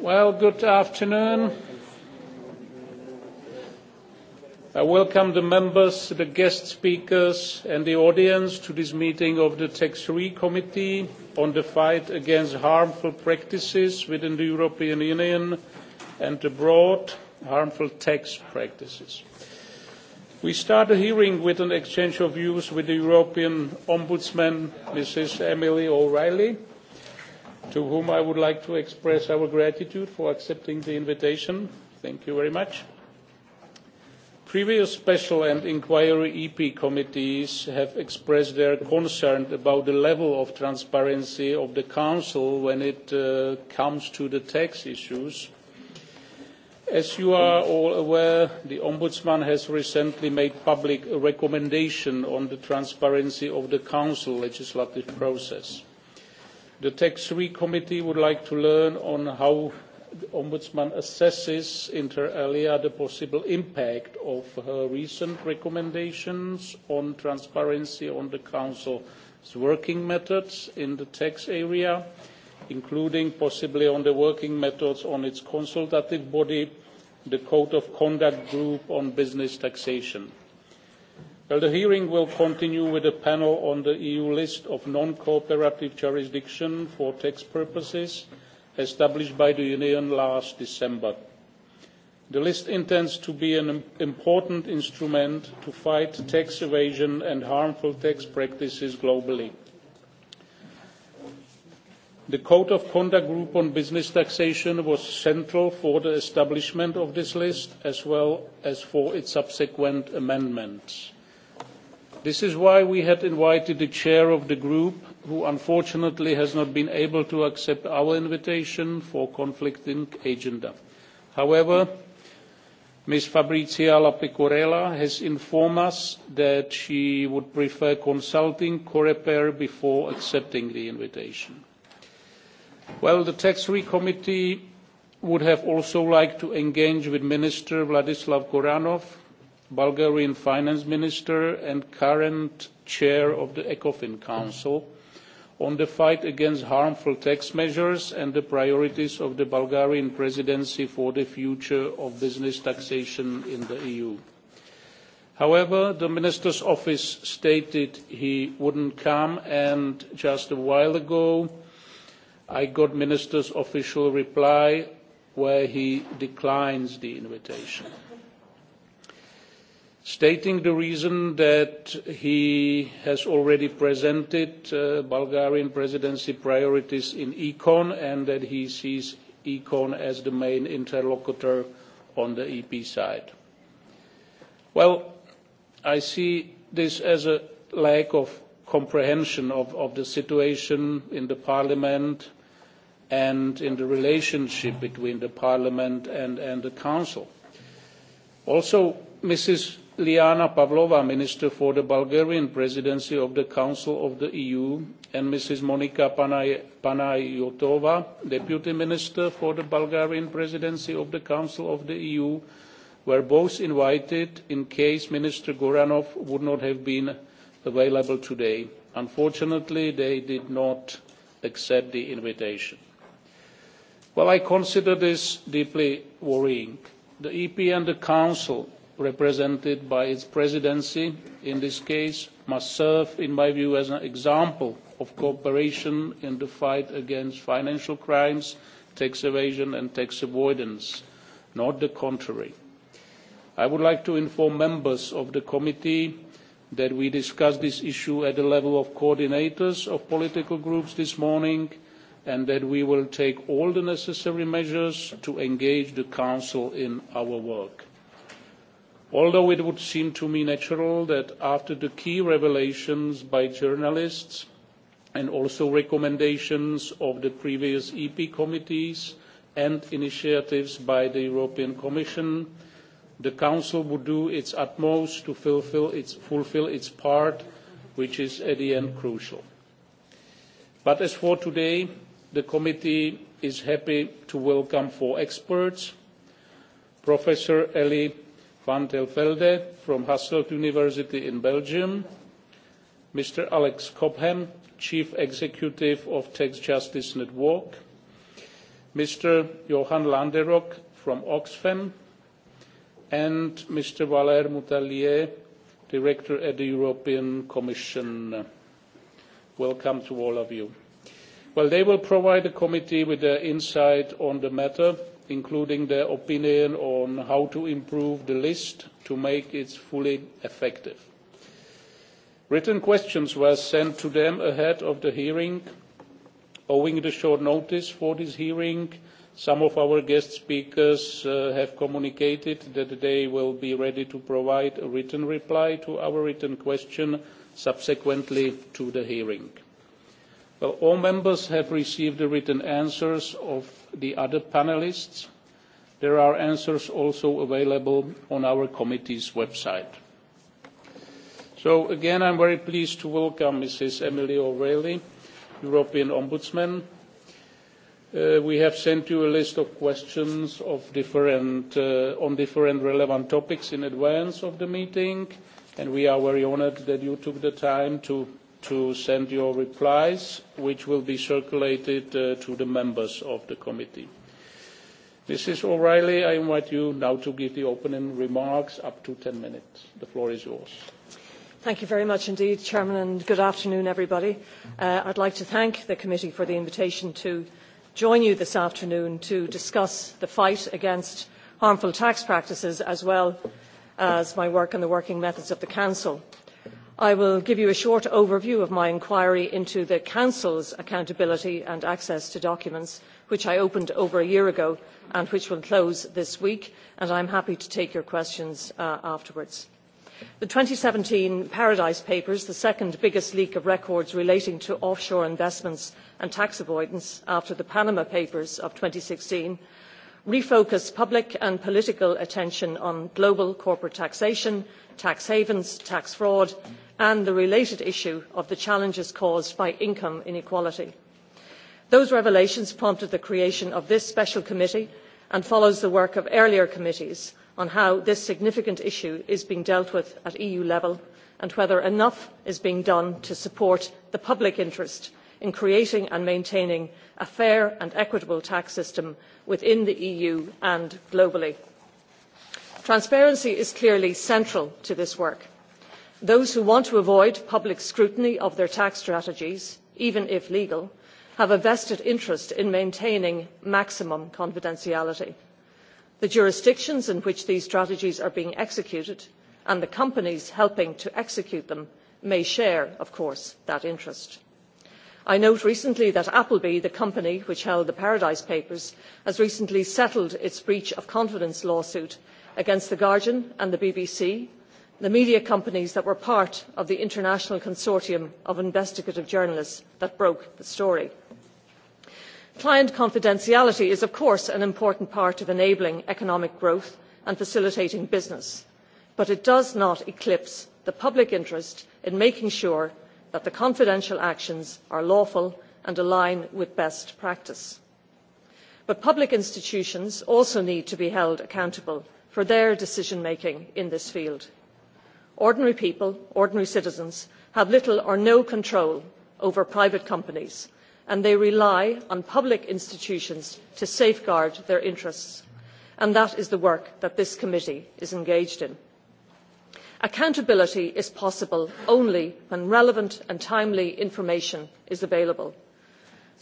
Well, good afternoon. I welcome the members, the guest speakers and the audience to this meeting of the Tax 3 Committee on the fight against harmful practices within the European Union and abroad, harmful tax practices. We start the hearing with an exchange of views with the European Ombudsman, Mrs. Emily O'Reilly, to whom I would like to express our gratitude for accepting the invitation. Thank you very much. Previous special and inquiry EP committees have expressed their concern about the level of transparency of the Council when it uh, comes to the tax issues As you are all aware, the Ombudsman has recently made public a recommendation on the transparency of the Council legislative process. The Tax 3 Committee would like to learn on how the Ombudsman assesses inter alia the possible impact of her recent recommendations on transparency on the Council's working methods in the tax area including possibly on the working methods on its consultative body the code of conduct group on business taxation. the hearing will continue with a panel on the eu list of non cooperative jurisdictions for tax purposes established by the union last december. the list intends to be an important instrument to fight tax evasion and harmful tax practices globally The Code of Conduct Group on Business Taxation was central for the establishment of this list as well as for its subsequent amendments. This is why we had invited the chair of the group, who unfortunately has not been able to accept our invitation for conflicting agenda. However, Ms. Fabrizia Lapicorella has informed us that she would prefer consulting COREPER before accepting the invitation well the tax three committee would have also liked to engage with minister vladislav goranov bulgarian finance minister and current chair of the ecofin council on the fight against harmful tax measures and the priorities of the bulgarian presidency for the future of business taxation in the eu. however the minister's office stated he would not come and just a while ago i got minister's official reply where he declines the invitation, stating the reason that he has already presented uh, Bulgarian presidency priorities in Econ and that he sees Econ as the main interlocutor on the EP side. Well, I see this as a lack of comprehension of, of the situation in the Parliament and in the relationship between the Parliament and, and the Council. Also, Mrs. Liana Pavlova, Minister for the Bulgarian Presidency of the Council of the EU, and Mrs. Monika Panayotova, Deputy Minister for the Bulgarian Presidency of the Council of the EU, were both invited in case Minister Goranov would not have been available today. Unfortunately, they did not accept the invitation well i consider this deeply worrying. the ep and the council represented by its presidency in this case must serve in my view as an example of cooperation in the fight against financial crimes tax evasion and tax avoidance not the contrary. i would like to inform members of the committee that we discussed this issue at the level of coordinators of political groups this morning and that we will take all the necessary measures to engage the Council in our work. Although it would seem to me natural that after the key revelations by journalists and also recommendations of the previous EP committees and initiatives by the European Commission, the Council would do its utmost to fulfill its, fulfill its part, which is at the end crucial. But as for today, the committee is happy to welcome four experts Professor Ellie van Velde from Hasselt University in Belgium, Mr. Alex Cobham, Chief Executive of Tax Justice Network, Mr. Johan Landerok from Oxfam, and Mr. Valer mutelier Director at the European Commission. Welcome to all of you. Well, they will provide the committee with their insight on the matter, including their opinion on how to improve the list to make it fully effective. Written questions were sent to them ahead of the hearing. Owing the short notice for this hearing, some of our guest speakers uh, have communicated that they will be ready to provide a written reply to our written question subsequently to the hearing all members have received the written answers of the other panelists. There are answers also available on our committee's website. So again, I'm very pleased to welcome Mrs. Emily O'Reilly, European Ombudsman. Uh, we have sent you a list of questions uh, on different relevant topics in advance of the meeting, and we are very honored that you took the time to to send your replies, which will be circulated uh, to the members of the committee. Mrs. O'Reilly, I invite you now to give the opening remarks up to 10 minutes. The floor is yours. Thank you very much indeed, Chairman, and good afternoon, everybody. Uh, I'd like to thank the committee for the invitation to join you this afternoon to discuss the fight against harmful tax practices as well as my work on the working methods of the Council i will give you a short overview of my inquiry into the council's accountability and access to documents which i opened over a year ago and which will close this week and i am happy to take your questions uh, afterwards. the 2017 seventeen paradise papers the second biggest leak of records relating to offshore investments and tax avoidance after the panama papers of 2016 sixteen refocus public and political attention on global corporate taxation tax havens tax fraud and the related issue of the challenges caused by income inequality. those revelations prompted the creation of this special committee and follows the work of earlier committees on how this significant issue is being dealt with at eu level and whether enough is being done to support the public interest in creating and maintaining a fair and equitable tax system within the eu and globally. transparency is clearly central to this work. those who want to avoid public scrutiny of their tax strategies even if legal have a vested interest in maintaining maximum confidentiality. the jurisdictions in which these strategies are being executed and the companies helping to execute them may share of course that interest i note recently that appleby the company which held the paradise papers has recently settled its breach of confidence lawsuit against the guardian and the bbc the media companies that were part of the international consortium of investigative journalists that broke the story. client confidentiality is of course an important part of enabling economic growth and facilitating business but it does not eclipse the public interest in making sure that the confidential actions are lawful and align with best practice but public institutions also need to be held accountable for their decision making in this field. ordinary people ordinary citizens have little or no control over private companies and they rely on public institutions to safeguard their interests and that is the work that this committee is engaged in accountability is possible only when relevant and timely information is available.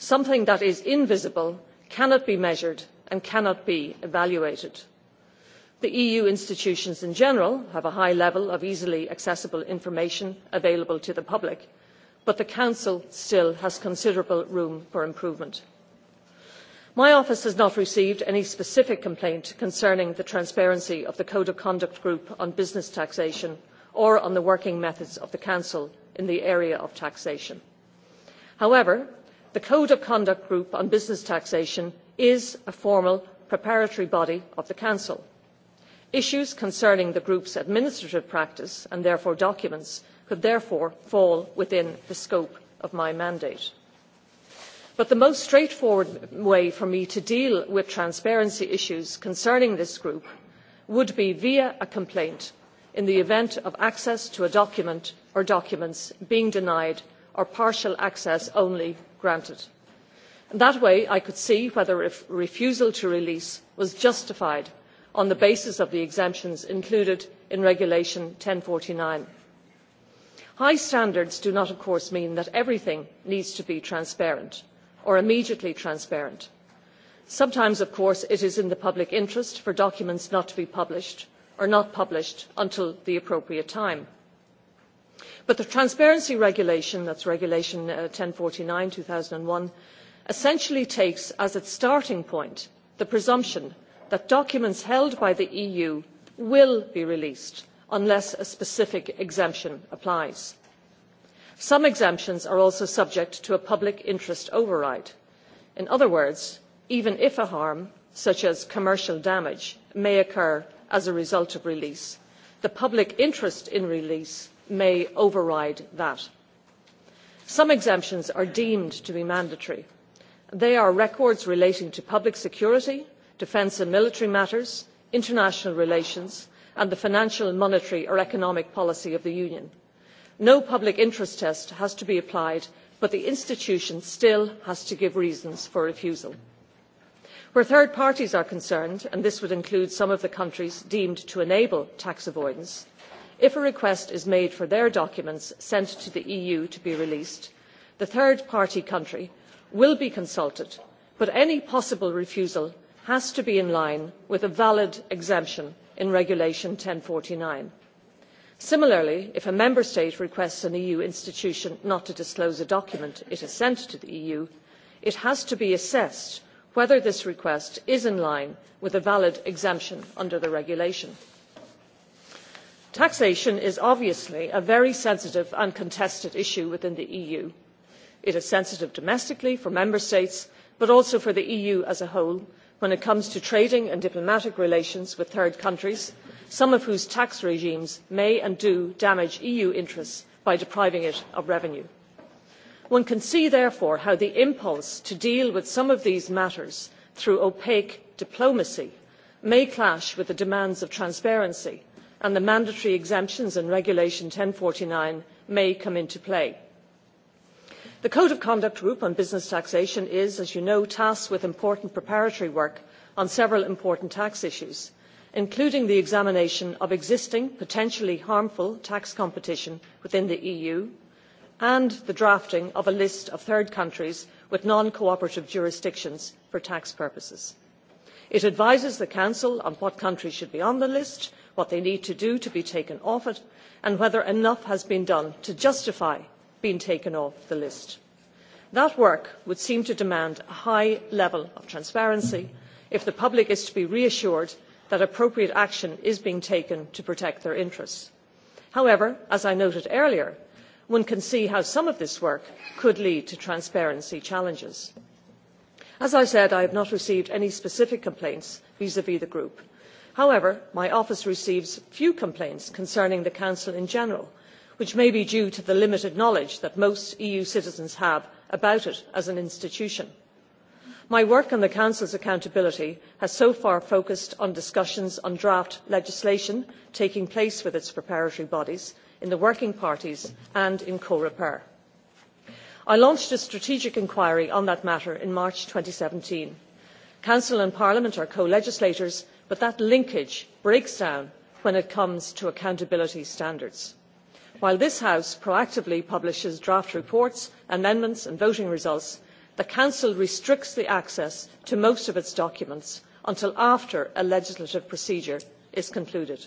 something that is invisible cannot be measured and cannot be evaluated. the eu institutions in general have a high level of easily accessible information available to the public but the council still has considerable room for improvement my office has not received any specific complaint concerning the transparency of the code of conduct group on business taxation or on the working methods of the council in the area of taxation. however the code of conduct group on business taxation is a formal preparatory body of the council. issues concerning the group's administrative practice and therefore documents could therefore fall within the scope of my mandate but the most straightforward way for me to deal with transparency issues concerning this group would be via a complaint in the event of access to a document or documents being denied or partial access only granted. that way i could see whether a refusal to release was justified on the basis of the exemptions included in regulation no one thousand and forty nine high standards do not of course mean that everything needs to be transparent or immediately transparent. sometimes of course it is in the public interest for documents not to be published or not published until the appropriate time but the transparency regulation that is regulation uh, no one and forty nine two thousand and one essentially takes as its starting point the presumption that documents held by the eu will be released unless a specific exemption applies some exemptions are also subject to a public interest override. in other words even if a harm such as commercial damage may occur as a result of release the public interest in release may override that. some exemptions are deemed to be mandatory. they are records relating to public security defence and military matters international relations and the financial monetary or economic policy of the union no public interest test has to be applied but the institution still has to give reasons for refusal. where third parties are concerned and this would include some of the countries deemed to enable tax avoidance if a request is made for their documents sent to the eu to be released the third party country will be consulted but any possible refusal has to be in line with a valid exemption in regulation no one and forty nine similarly if a member state requests an eu institution not to disclose a document it has sent to the eu it has to be assessed whether this request is in line with a valid exemption under the regulation. taxation is obviously a very sensitive and contested issue within the eu. it is sensitive domestically for member states but also for the eu as a whole when it comes to trading and diplomatic relations with third countries some of whose tax regimes may and do damage eu interests by depriving it of revenue. one can see therefore how the impulse to deal with some of these matters through opaque diplomacy may clash with the demands of transparency and the mandatory exemptions in regulation no one thousand and forty nine may come into play the code of conduct group on business taxation is as you know tasked with important preparatory work on several important tax issues including the examination of existing potentially harmful tax competition within the eu and the drafting of a list of third countries with non cooperative jurisdictions for tax purposes. it advises the council on what countries should be on the list what they need to do to be taken off it and whether enough has been done to justify been taken off the list. that work would seem to demand a high level of transparency if the public is to be reassured that appropriate action is being taken to protect their interests. however as i noted earlier one can see how some of this work could lead to transparency challenges. as i said i have not received any specific complaints vis vis the group. however my office receives few complaints concerning the council in general which may be due to the limited knowledge that most eu citizens have about it as an institution. my work on the council's accountability has so far focused on discussions on draft legislation taking place with its preparatory bodies in the working parties and in coreper. i launched a strategic inquiry on that matter in march. two thousand and seventeen council and parliament are co legislators but that linkage breaks down when it comes to accountability standards while this house proactively publishes draft reports amendments and voting results the council restricts access to most of its documents until after a legislative procedure is concluded.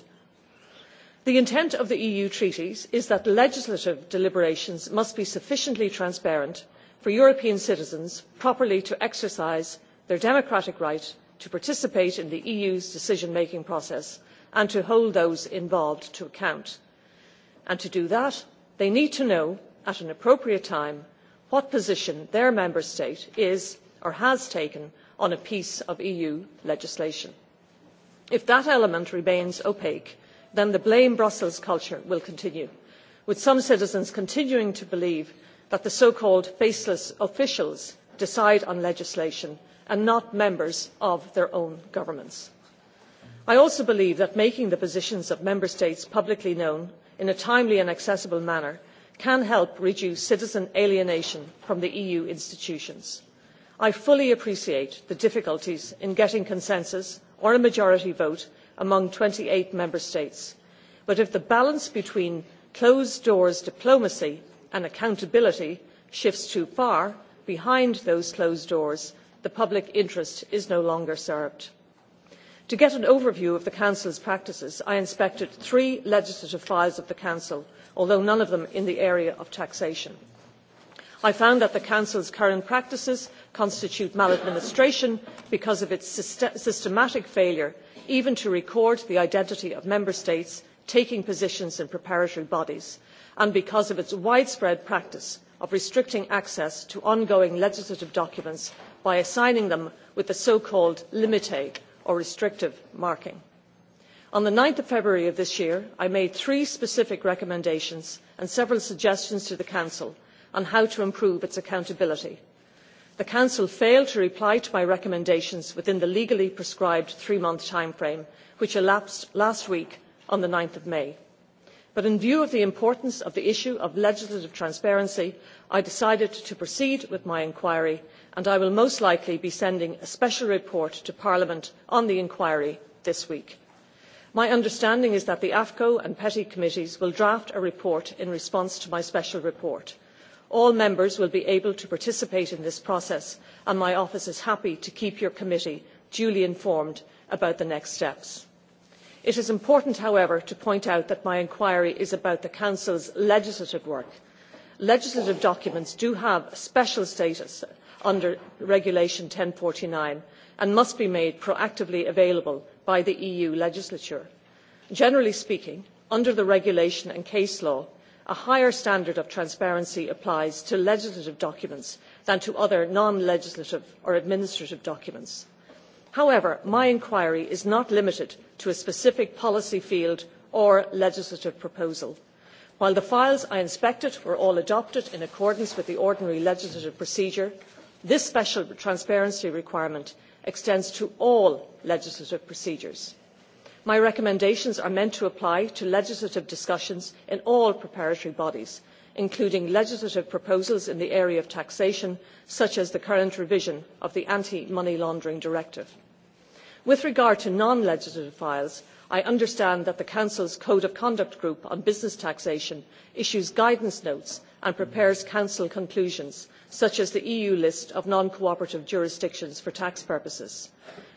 the intent of the eu treaties is that legislative deliberations must be sufficiently transparent for european citizens properly to exercise their democratic right to participate in the eu's decision making process and to hold those involved to account and to do that they need to know at an appropriate time what position their member state is or has taken on a piece of eu legislation. if that element remains opaque then the blame brussels' culture will continue with some citizens continuing to believe that the so called faceless officials decide on legislation and not members of their own governments. i also believe that making the positions of member states publicly known in a timely and accessible manner can help reduce citizen alienation from the eu institutions. i fully appreciate the difficulties in getting consensus or a majority vote among twenty eight member states but if the balance between closed doors diplomacy and accountability shifts too far behind those closed doors the public interest is no longer served to get an overview of the council's practices i inspected three legislative files of the council although none of them in the area of taxation. i found that the council's current practices constitute maladministration because of its systematic failure even to record the identity of member states taking positions in preparatory bodies and because of its widespread practice of restricting access to ongoing legislative documents by assigning them with the so called limit' or restrictive marking. on of february of this year i made three specific recommendations and several suggestions to the council on how to improve its accountability. the council failed to reply to my recommendations within the legally prescribed three month timeframe which elapsed last week on of may but in view of the importance of the issue of legislative transparency i decided to proceed with my inquiry and i will most likely be sending a special report to parliament on the inquiry this week. my understanding is that the afco and peti committees will draft a report in response to my special report. all members will be able to participate in this process and my office is happy to keep your committee duly informed about the next steps. it is important however to point out that my inquiry is about the council's legislative work. legislative documents do have a special status under regulation no one thousand and forty nine and must be made proactively available by the eu legislature. generally speaking under the regulation and case law a higher standard of transparency applies to legislative documents than to other non legislative or administrative documents. however my inquiry is not limited to a specific policy field or legislative proposal while the files i inspected were all adopted in accordance with the ordinary legislative procedure this special transparency requirement extends to all legislative procedures. my recommendations are meant to apply to legislative discussions in all preparatory bodies including legislative proposals in the area of taxation such as the current revision of the anti money laundering directive. with regard to non legislative files i understand that the council's code of conduct group on business taxation issues guidance notes and prepares council conclusions such as the eu list of non cooperative jurisdictions for tax purposes.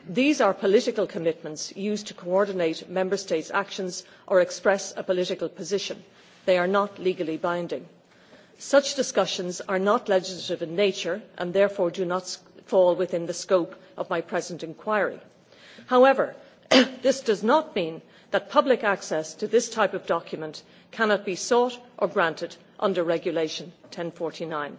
these are political commitments used to coordinate member states' actions or express a political position. they are not legally binding. such discussions are not legislative in nature and therefore do not fall within the scope of my present inquiry. however this does not mean that public access to this type of document cannot be sought or granted under regulation no and forty nine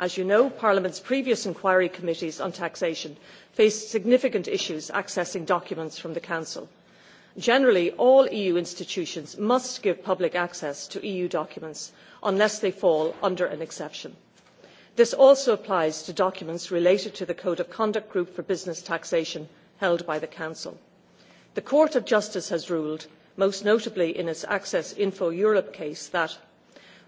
as you know parliament's previous inquiry committees on taxation faced significant issues accessing documents from the council. generally all eu institutions must give public access to eu documents unless they fall under an exception. this also applies to documents related to the code of conduct group for business taxation held by the council. the court of justice has ruled most notably in its access info europe case that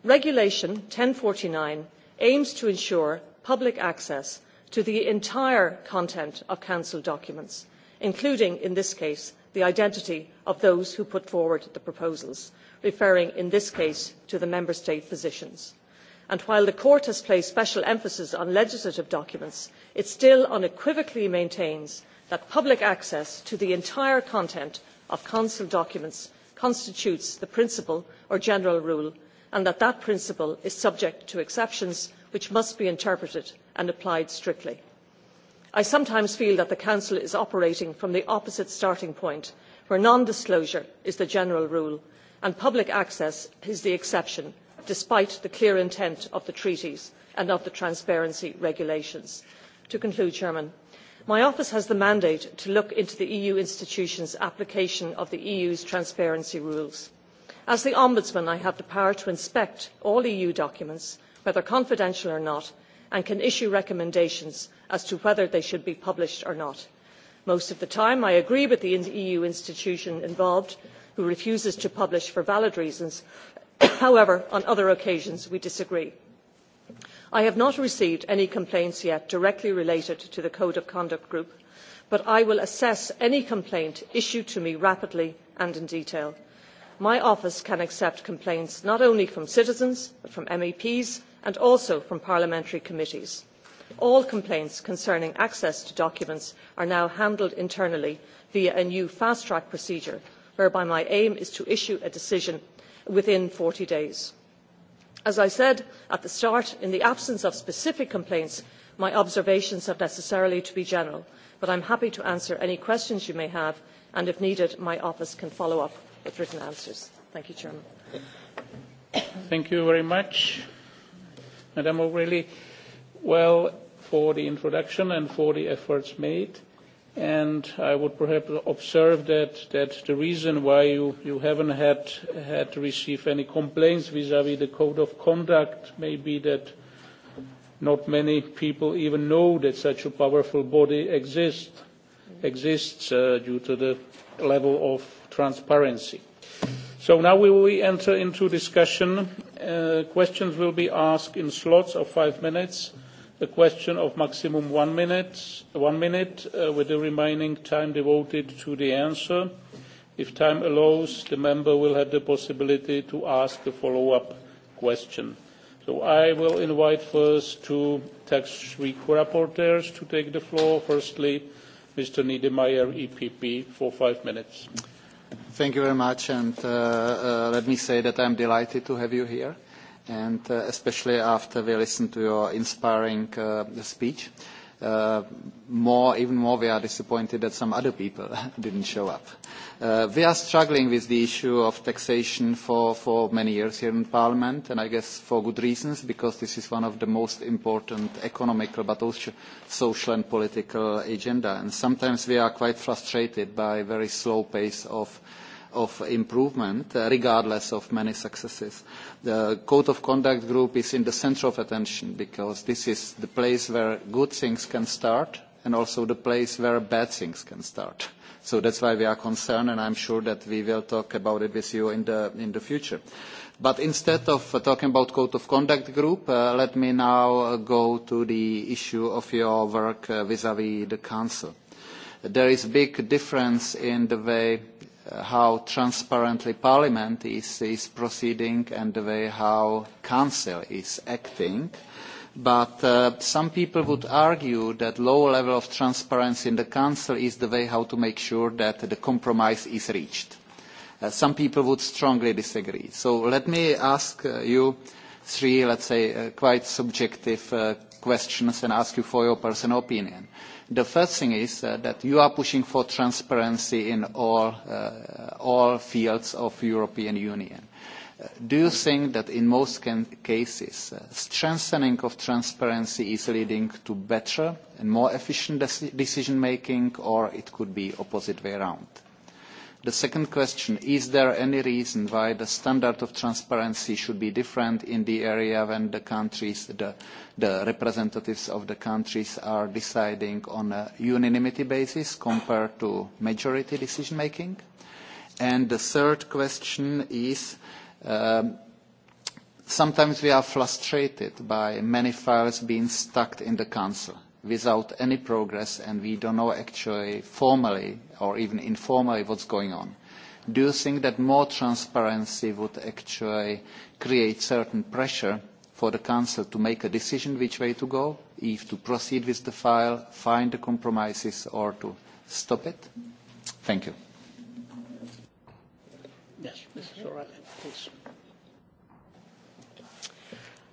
regulation no one thousand and forty nine aims to ensure public access to the entire content of council documents including in this case the identity of those who put forward the proposals referring in this case to the member state positions and while the court has placed special emphasis on legislative documents it still unequivocally maintains that public access to the entire content of council documents constitutes the principle or general rule and that that principle is subject to exceptions which must be interpreted and applied strictly. i sometimes feel that the council is operating from the opposite starting point where non disclosure is the general rule and public access is the exception despite the clear intent of the treaties and of the transparency regulations. to conclude Chairman, my office has the mandate to look into the eu institutions' application of the eu's transparency rules as the ombudsman i have the power to inspect all eu documents whether confidential or not and can issue recommendations as to whether they should be published or not. most of the time i agree with the eu institution involved who refuses to publish for valid reasons however on other occasions we disagree. i have not received any complaints yet directly related to the code of conduct group but i will assess any complaint issued to me rapidly and in detail my office can accept complaints not only from citizens but from meps and also from parliamentary committees. all complaints concerning access to documents are now handled internally via a new fast track procedure whereby my aim is to issue a decision within forty days. as i said at the start in the absence of specific complaints my observations have necessarily to be general but i am happy to answer any questions you may have and if needed my office can follow up with written answers. Thank you, Chairman. Thank you very much, Madam O'Reilly. Well, for the introduction and for the efforts made. And I would perhaps observe that, that the reason why you, you haven't had, had receive any complaints vis-à-vis the code of conduct may be that not many people even know that such a powerful body exists exists uh, due to the level of transparency. So now we will enter into discussion. Uh, questions will be asked in slots of five minutes, a question of maximum one minute, one minute uh, with the remaining time devoted to the answer. If time allows, the member will have the possibility to ask a follow-up question. So I will invite first two tax rapporteurs to take the floor. Firstly, Mr. Niedermayer, EPP, for five minutes. Thank you very much, and uh, uh, let me say that I'm delighted to have you here, and uh, especially after we listened to your inspiring uh, speech. Uh, more, even more we are disappointed that some other people didn't show up. Uh, we are struggling with the issue of taxation for, for many years here in Parliament, and I guess for good reasons, because this is one of the most important economical but also social and political agenda. And sometimes we are quite frustrated by very slow pace of of improvement, uh, regardless of many successes. The Code of Conduct Group is in the centre of attention because this is the place where good things can start and also the place where bad things can start. So that's why we are concerned, and I'm sure that we will talk about it with you in the, in the future. But instead of uh, talking about Code of Conduct Group, uh, let me now uh, go to the issue of your work vis-à-vis uh, -vis the Council. There is a big difference in the way how transparently Parliament is, proceeding and the way how Council is acting. But uh, some people would argue that low level of transparency in the Council is the way how to make sure that the compromise is reached. Uh, some people would strongly disagree. So let me ask uh, you three, let's say, quite subjective questions and ask you for your personal opinion The first thing is uh, that you are pushing for transparency in all, uh, all fields of European Union. Uh, do you think that in most cases, strengthening of transparency is leading to better and more efficient decision-making, or it could be opposite way around? the second question is there any reason why the standard of transparency should be different in the area when the countries the, representatives of the countries are deciding on a unanimity basis compared to majority decision making and the third question is um, sometimes we are frustrated by many files being stuck in the council without any progress and we don't know actually formally or even informally what's going on. Do you think that more transparency would actually create certain pressure for the Council to make a decision which way to go, if to proceed with the file, find the compromises or to stop it? Thank you. Yes,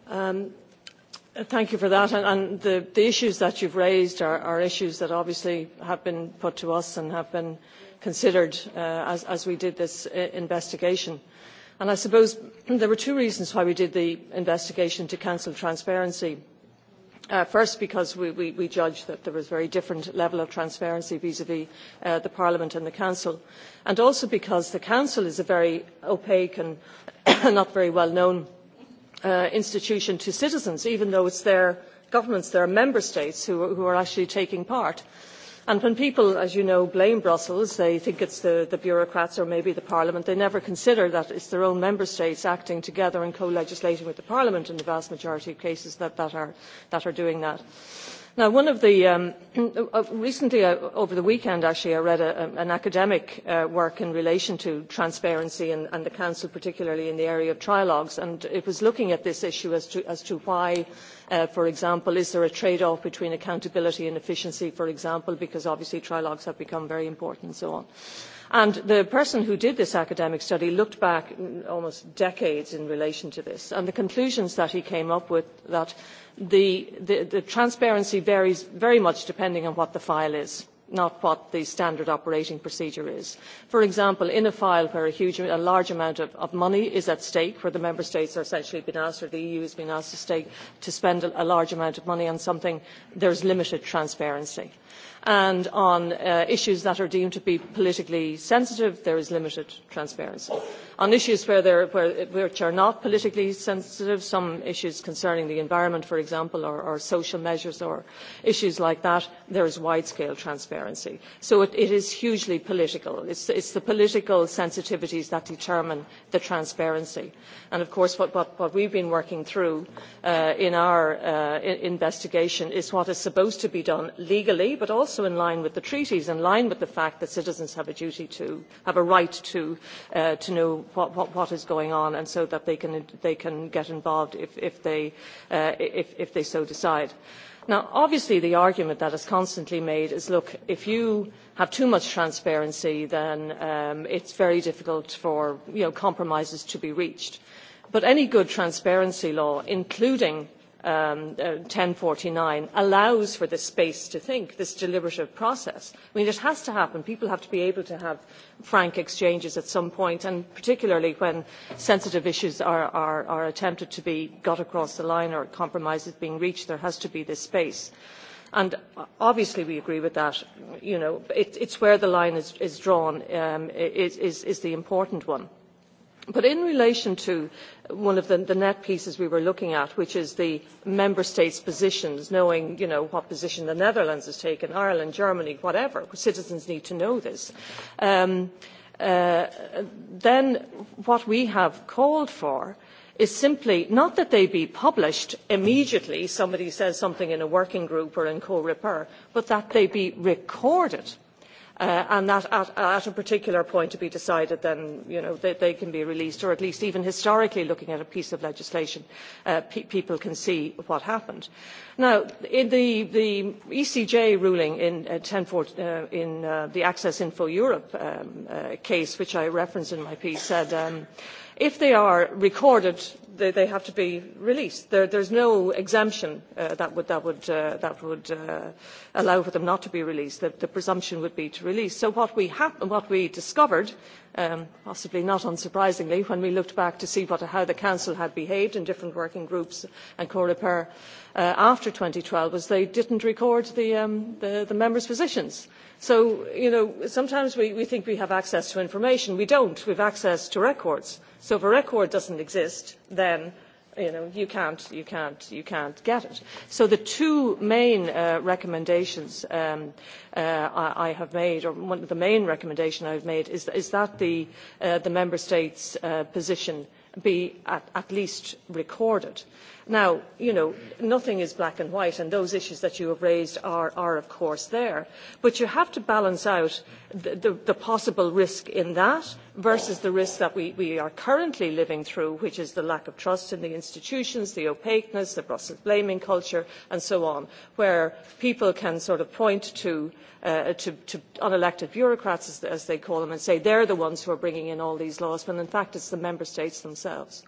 Um, Thank you for that. And, the, issues that you've raised are, are issues that obviously have been put to us and have been considered uh, as, as we did this uh, investigation. And I suppose there were two reasons why we did the investigation to cancel transparency. Uh, first, because we, we, we judged that there was a very different level of transparency vis-à-vis the Parliament and the Council, and also because the Council is a very opaque and not very well known Uh, institution to citizens even though it is their governments their member states who, are actually taking part. And when people as you know blame brussels they think it's is the bureaucrats or maybe the parliament they never consider that it is their own member states acting together and co legislating with the parliament in the vast majority of cases that are doing that. Now, one of the um, uh, recently uh, over the weekend actually i read a, an academic uh, work in relation to transparency and, and the council particularly in the area of trilogues and it was looking at this issue as to, as to why Uh, for example, is there a trade-off between accountability and efficiency, for example, because obviously trilogues have become very important and so on. And the person who did this academic study looked back almost decades in relation to this, and the conclusions that he came up with that the, the, the transparency varies very much depending on what the file is not what the standard operating procedure is. For example, in a file where a, huge, a large amount of, money is at stake, where the member states are essentially being asked, or the EU has been asked to, stake, to spend a large amount of money on something, there is limited transparency and on uh, issues that are deemed to be politically sensitive there is limited transparency. on issues where there, where, which are not politically sensitive some issues concerning the environment for example or, or social measures or issues like that there is wide scale transparency. so it, is hugely political. it is the political sensitivities that determine the transparency and of course what, what, we have been working through uh, in our uh, investigation is what is supposed to be done legally but also in line with the treaties in line with the fact that citizens have a duty to have a right to uh, to know what, what what is going on and so that they can they can get involved if if they uh, if if they so decide now obviously the argument that is constantly made is look if you have too much transparency then um, it's very difficult for you know compromises to be reached but any good transparency law including um, uh, forty 1049 allows for this space to think, this deliberative process. I mean, it has to happen. People have to be able to have frank exchanges at some point, and particularly when sensitive issues are, are, attempted to be got across the line or compromises being reached, there has to be this space. And uh, obviously we agree with that. You know, it, it's where the line is, drawn um, is, is the important one But in relation to one of the, the net pieces we were looking at, which is the member states' positions, knowing you know, what position the Netherlands has taken, Ireland, Germany, whatever, citizens need to know this. Um, uh, then what we have called for is simply not that they be published immediately, somebody says something in a working group or in co-repair, but that they be recorded Uh, and that at, a particular point to be decided then you know they, they can be released or at least even historically looking at a piece of legislation uh, people can see what happened. now in the, the ecj ruling in, uh, 10, uh, in the access info europe um, case which i referenced in my piece said um, if they are recorded they, have to be released. There, is no exemption uh, that would, uh, uh, allow for them not to be released. The, presumption would be to release. So what we, discovered, um, possibly not unsurprisingly, when we looked back to see how the Council had behaved in different working groups and coreper Uh, after 2012 was they did not record um, the, the, members' positions. So, you know, sometimes we, we think we have access to information. We don't. We have access to records. So if a record doesn't exist, then you know you can't you get it so the two main uh, recommendations um, uh, I, have made or one of the main recommendations I have made is, is that the member states position be at, least recorded. Now, you know, nothing is black and white, and those issues that you have raised are, are of course, there. But you have to balance out the, the, the possible risk in that versus the risk that we, we are currently living through which is the lack of trust in the institutions the opaqueness the brussels blaming culture and so on where people can sort of point to, uh, unelected bureaucrats as, they call them and say they're the ones who are bringing in all these laws when in fact it's the member states themselves.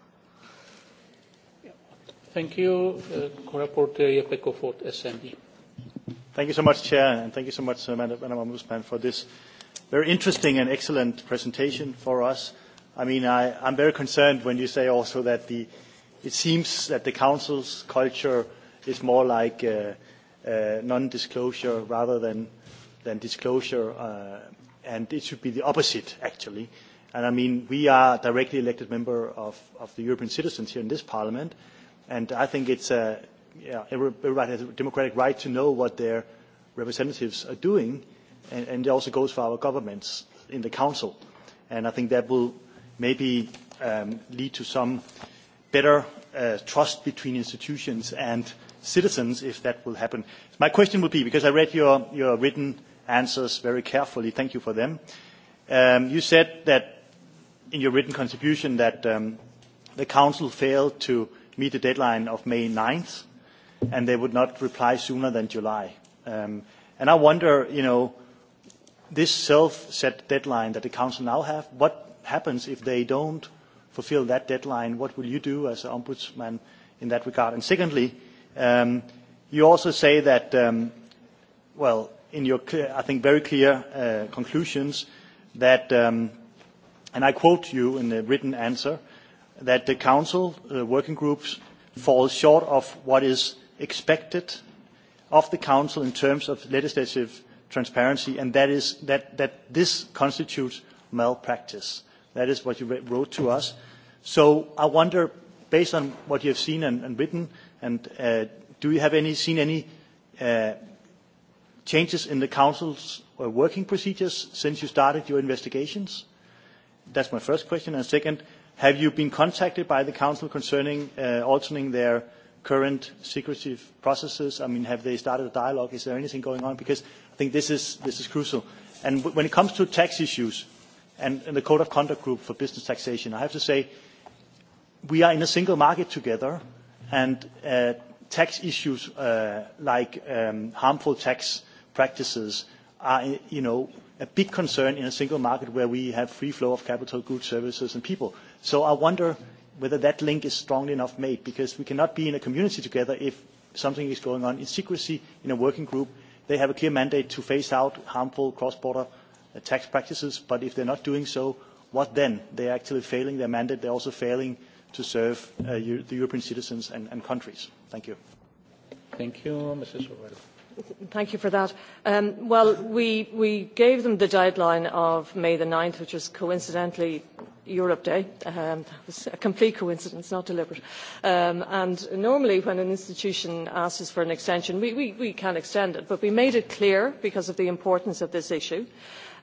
Thank you, uh, Thank you so much, Chair, and thank you so much, uh, Madam Ombudsman, for this very interesting and excellent presentation for us. I mean, I, I'm very concerned when you say also that the, it seems that the Council's culture is more like uh, uh, non-disclosure rather than, than disclosure, uh, and it should be the opposite, actually. And I mean, we are directly elected member of, of the European citizens here in this Parliament, and I think it's a, uh, yeah, everybody has a democratic right to know what their representatives are doing, and, and it also goes for our governments in the Council. And I think that will maybe um, lead to some better uh, trust between institutions and citizens if that will happen. My question would be, because I read your, your written answers very carefully, thank you for them. Um, you said that in your written contribution that um, the Council failed to meet the deadline of May 9th, and they would not reply sooner than July. Um, and I wonder, you know, this self-set deadline that the council now have, what happens if they don't fulfill that deadline? What will you do as an ombudsman in that regard? And secondly, um, you also say that, um, well, in your, clear, I think, very clear uh, conclusions that, um, and I quote you in the written answer, that the council uh, working groups fall short of what is expected of the council in terms of legislative transparency and that is that, that this constitutes malpractice. That is what you wrote to us. So I wonder, based on what you have seen and, and written, and uh, do you have any, seen any uh, changes in the Council's uh, working procedures since you started your investigations? That's my first question. And second, have you been contacted by the Council concerning uh, altering their current secretive processes? I mean, have they started a dialogue? Is there anything going on? Because think this is, this is crucial. And when it comes to tax issues and, the Code of Conduct Group for Business Taxation, I have to say we are in a single market together and uh, tax issues uh, like um, harmful tax practices are you know, a big concern in a single market where we have free flow of capital, goods, services and people. So I wonder whether that link is strongly enough made because we cannot be in a community together if something is going on in secrecy in a working group they have a clear mandate to phase out harmful cross border uh, tax practices but if they are not doing so what then? they are actually failing their mandate they are also failing to serve uh, the european citizens and, countries. thank you. thank you mrs thank you for that. Um, well we, we gave them the deadline of may the 9th which is coincidentally Europe Day. was um, a complete coincidence, not deliberate. Um, and normally when an institution asks us for an extension, we, we, can extend it, but we made it clear because of the importance of this issue.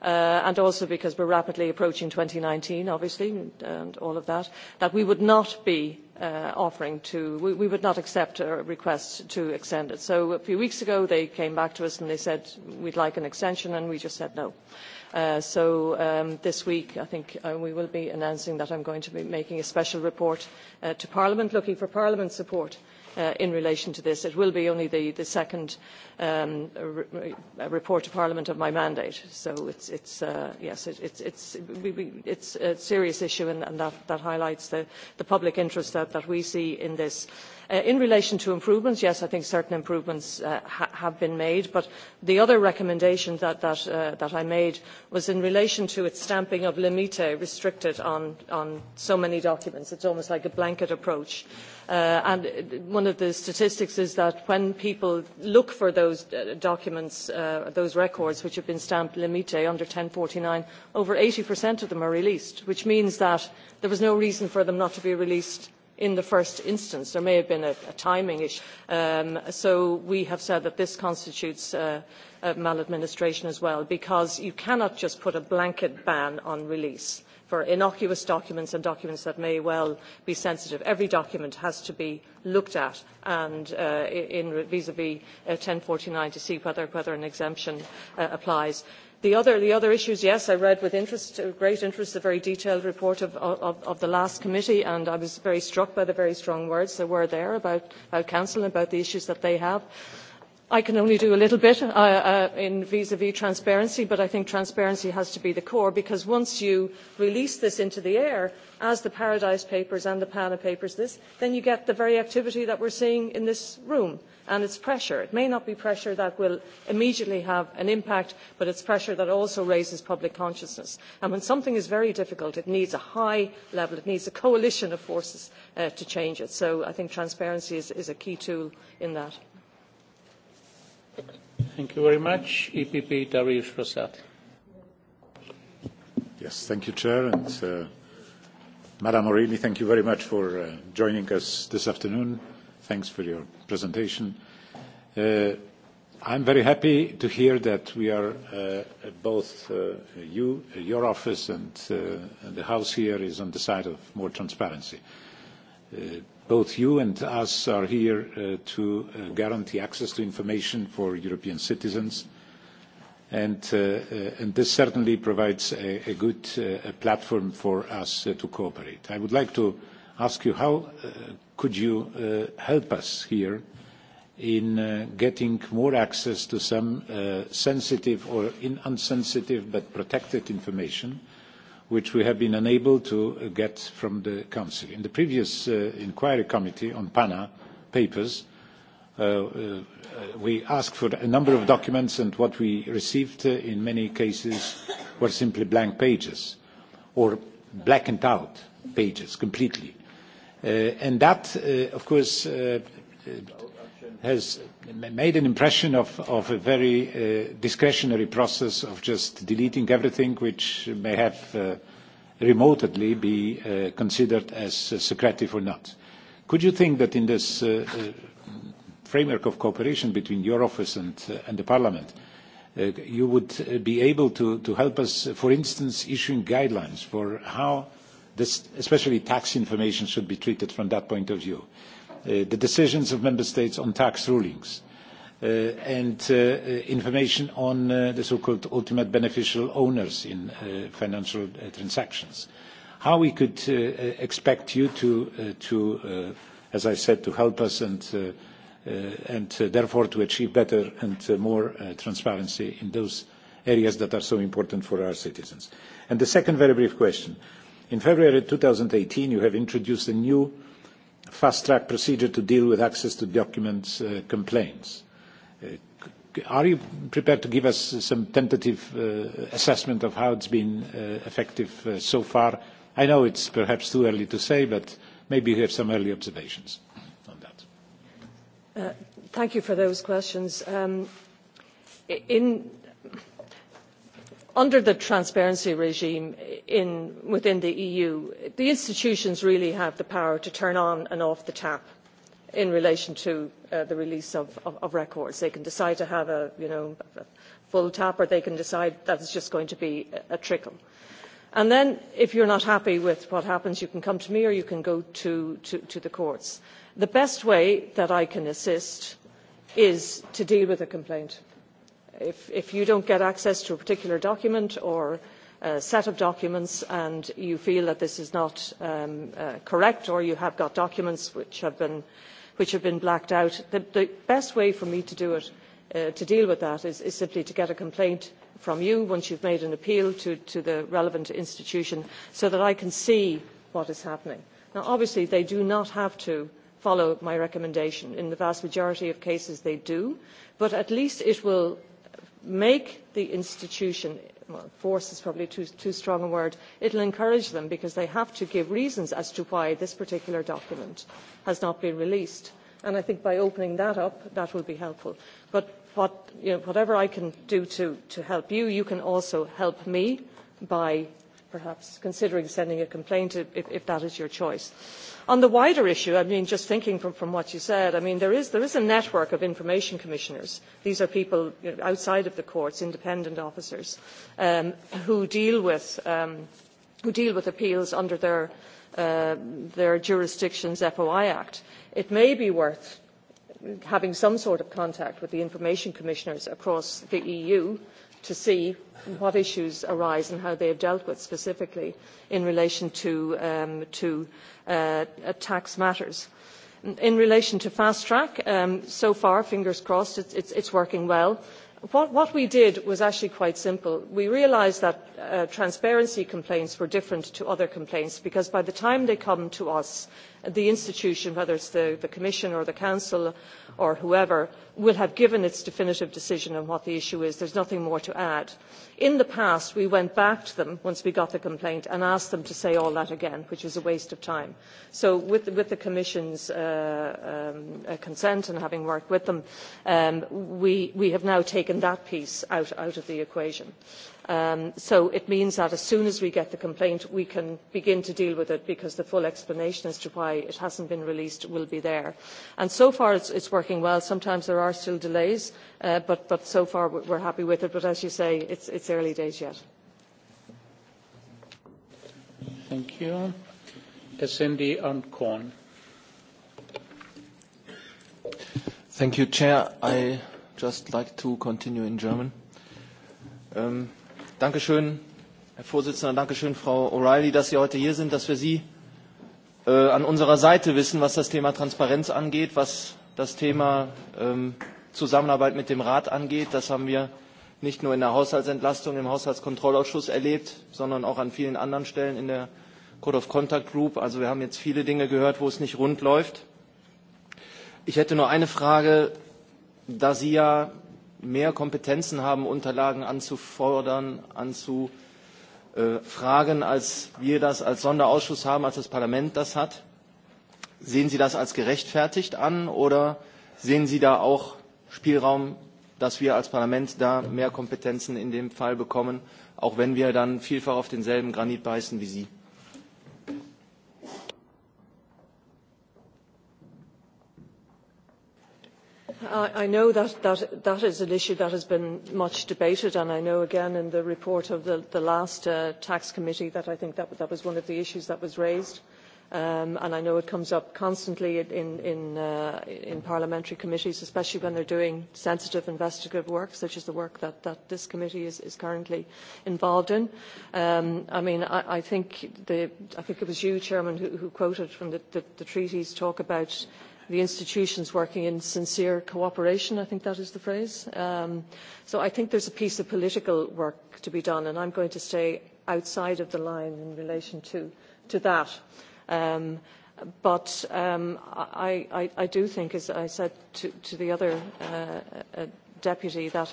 Uh, and also because we are rapidly approaching two thousand and nineteen obviously and all of that that we would not be uh, offering to we, we would not accept a request to extend it. so a few weeks ago they came back to us and they said we would like an extension and we just said no. Uh, so um, this week i think uh, we will be announcing that i am going to be making a special report uh, to parliament looking for parliament's support in relation to this. it will be only the, the second Um, report to Parliament of my mandate. So it's, it's, uh, yes, it, it's, it's, it's a serious issue and, that, that highlights the, the public interest that, we see in this. Uh, in relation to improvements, yes, I think certain improvements uh, have been made, but the other recommendation that, that, that I made was in relation to its stamping of limite restricted on, on so many documents. It's almost like a blanket approach. and one of the statistics is that when people look for those those uh, documents, uh, those records which have been stamped limite under 1049, over 80% of them are released, which means that there was no reason for them not to be released in the first instance. There may have been a, timing issue. Um, so we have said that this constitutes uh, maladministration as well, because you cannot just put a blanket ban on release for innocuous documents and documents that may well be sensitive. Every document has to be looked at and uh, in vis a vis -vis, uh, 1049 to see whether, whether an exemption uh, applies. The other, the other issues, yes, I read with interest, uh, great interest the very detailed report of, of, of the last committee and I was very struck by the very strong words that were there about, about Council and about the issues that they have i can only do a little bit uh, uh, in vis vis transparency but i think transparency has to be the core because once you release this into the air as the paradise papers and the pana papers this then you get the very activity that we're seeing in this room and it's pressure it may not be pressure that will immediately have an impact but it's pressure that also raises public consciousness and when something is very difficult it needs a high level it needs a coalition of forces uh, to change it so i think transparency is a key tool in that Thank you very much. EPP, Darius Rosati. Yes, thank you, Chair. And uh, Madam O'Reilly, thank you very much for uh, joining us this afternoon. Thanks for your presentation. Uh, I'm very happy to hear that we are uh, both uh, you, your office and, uh, and the House here is on the side of more transparency. Uh, Uh, both you and us are here uh, to uh, guarantee access to information for European citizens, and, and this certainly provides a, good platform for us to cooperate. I would like to ask you, how could you help us here in getting more access to some sensitive or unsensitive but protected information which we have been unable to get from the Council. In the previous uh, inquiry committee on PANA papers, uh, uh, we asked for a number of documents and what we received in many cases were simply blank pages or blackened out pages completely. And that, of course, has made an impression of, of a very uh, discretionary process of just deleting everything which may have uh, remotely be uh, considered as secretive or not. Could you think that in this framework of cooperation between your office and, the parliament, you would be able to, to help us, for instance, issuing guidelines for how this, especially tax information should be treated from that point of view? Uh, the decisions of member states on tax rulings uh, and uh, information on the so-called ultimate beneficial owners in financial transactions. How we could expect you to, as I said, to help us and therefore to achieve better and more transparency in those areas that are so important for our citizens. And the second very brief question. In February 2018, you have introduced a new fast track procedure to deal with access to documents uh, complaints. Uh, are you prepared to give us some tentative uh, assessment of how it's been effective so far? I know it's perhaps too early to say, but maybe you have some early observations on that. Thank you for those questions. Um, in under the transparency regime within the eu the institutions really have the power to turn on and off the tap in relation to uh, the release of, records. they can decide to have a, full tap or they can decide that it's just going to be a, trickle. and then if you're not happy with what happens you can come to me or you can go to, to the courts. the best way that i can assist is to deal with a complaint if, you don't get access to a particular document or a set of documents and you feel that this is not um, uh, correct or you have got documents which have been, blacked out, the, best way for me to do it, uh, to deal with that, is, simply to get a complaint from you once you've made an appeal to, to the relevant institution so that I can see what is happening. Now, obviously, they do not have to follow my recommendation. In the vast majority of cases, they do, but at least it will make the institution well, force is probably too, too strong a word it will encourage them because they have to give reasons as to why this particular document has not been released and i think by opening that up that will be helpful but what, you know, whatever i can do to, to help you you can also help me by perhaps considering sending a complaint if, if that is your choice. on the wider issue i mean just thinking from, from what you said i mean there is, there is a network of information commissioners these are people you know, outside of the courts independent officers um, who deal with um, who deal with appeals under their uh, their jurisdiction's foi act. it may be worth having some sort of contact with the information commissioners across the eu to see what issues arise and how they have dealt with specifically in relation to, um, to uh, tax matters. In relation to fast track, um, so far, fingers crossed, it's, it's, working well. What, what we did was actually quite simple. We realised that uh, transparency complaints were different to other complaints because by the time they come to us, the institution whether it is the, commission or the council or whoever will have given its definitive decision on what the issue is. there is nothing more to add. in the past we went back to them once we got the complaint and asked them to say all that again which was a waste of time. so with, the commission's uh, um, uh, consent and having worked with them um, we, have now taken that piece out of the equation. Um, so it means that as soon as we get the complaint we can begin to deal with it because the full explanation as to why it has not been released will be there. so far it is working well. sometimes there are still delays uh, but, so far we are happy with it but as you say it is early days yet. Thank you. I just like to continue in German. Um, Danke schön, Herr Vorsitzender, schön Frau O'Reilly, dass Sie heute hier sind, dass wir Sie äh, an unserer Seite wissen, was das Thema Transparenz angeht, was das Thema ähm, Zusammenarbeit mit dem Rat angeht. Das haben wir nicht nur in der Haushaltsentlastung im Haushaltskontrollausschuss erlebt, sondern auch an vielen anderen Stellen in der Code of Contact Group. Also wir haben jetzt viele Dinge gehört, wo es nicht rund läuft. Ich hätte nur eine Frage, da Sie ja mehr Kompetenzen haben, Unterlagen anzufordern, anzufragen, als wir das als Sonderausschuss haben, als das Parlament das hat. Sehen Sie das als gerechtfertigt an oder sehen Sie da auch Spielraum, dass wir als Parlament da mehr Kompetenzen in dem Fall bekommen, auch wenn wir dann vielfach auf denselben Granit beißen wie Sie? I, know that, that that is an issue that has been much debated and I know again in the report of the, the last uh, tax committee that I think that, that was one of the issues that was raised um, and I know it comes up constantly in, in, uh, in parliamentary committees, especially when they're doing sensitive investigative work, such as the work that, that this committee is, is currently involved in. Um, I mean, I, I, think the, I think it was you, Chairman, who, who quoted from the, the, the treaties talk about the institutions working in sincere cooperation i think that is the phrase um, so i think there's a piece of political work to be done and i'm going to stay outside of the line in relation to, to that um, but um, I, I, i do think as i said to, to the other uh, uh, deputy that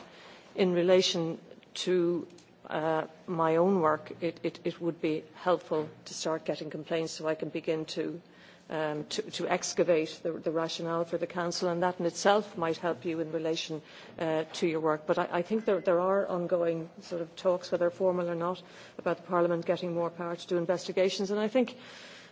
in relation to uh, my own work it, it, it would be helpful to start getting complaints so i can begin to Um, to, to excavate the, the rationale for the council and that in itself might help you in relation uh, to your work but i, I think there, there are ongoing sort of talks whether formal or not about parliament getting more power to do investigations and i think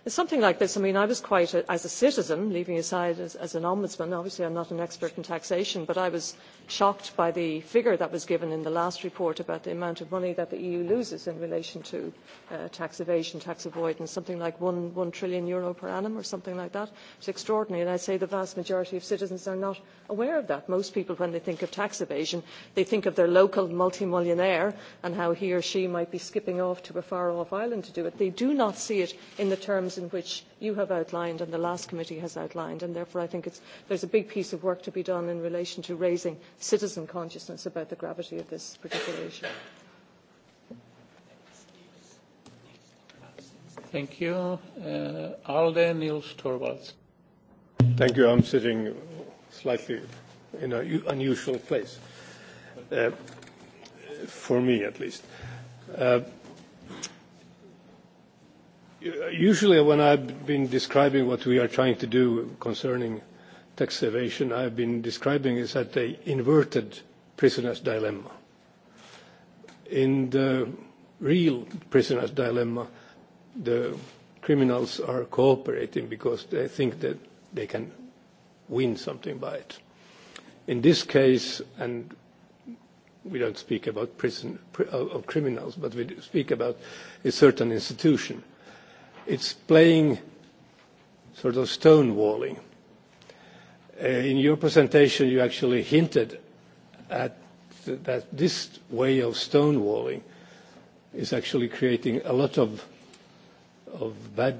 is something like this. I mean, I was quite, as a citizen, leaving aside as, an ombudsman, obviously I am not an expert in taxation, but I was shocked by the figure that was given in the last report about the amount of money that the EU loses in relation to uh, tax evasion, tax avoidance, something like one, trillion euro per annum or something like that. It is extraordinary, and I say the vast majority of citizens are not aware of that. Most people, when they think of tax evasion, they think of their local multimillionaire and how he or she might be skipping off to a far-off island to do it. They do not see it in the terms those in which you have outlined and the last committee has outlined and therefore i think it's, there's a big piece of work to be done in relation to raising citizen consciousness about the gravity of this particular issue. Thank you. Uh, Alde Niels Thank you. I'm sitting slightly in an unusual place, uh, for me at least. Uh, Usually when I've been describing what we are trying to do concerning tax evasion, I've been describing is that the inverted prisoner's dilemma. In the real prisoner's dilemma, the criminals are cooperating because they think that they can win something by it. In this case, and we don't speak about prison of criminals, but we speak about a certain institution it's playing sort of stonewalling. Uh, in your presentation, you actually hinted at that this way of stonewalling is actually creating a lot of, of bad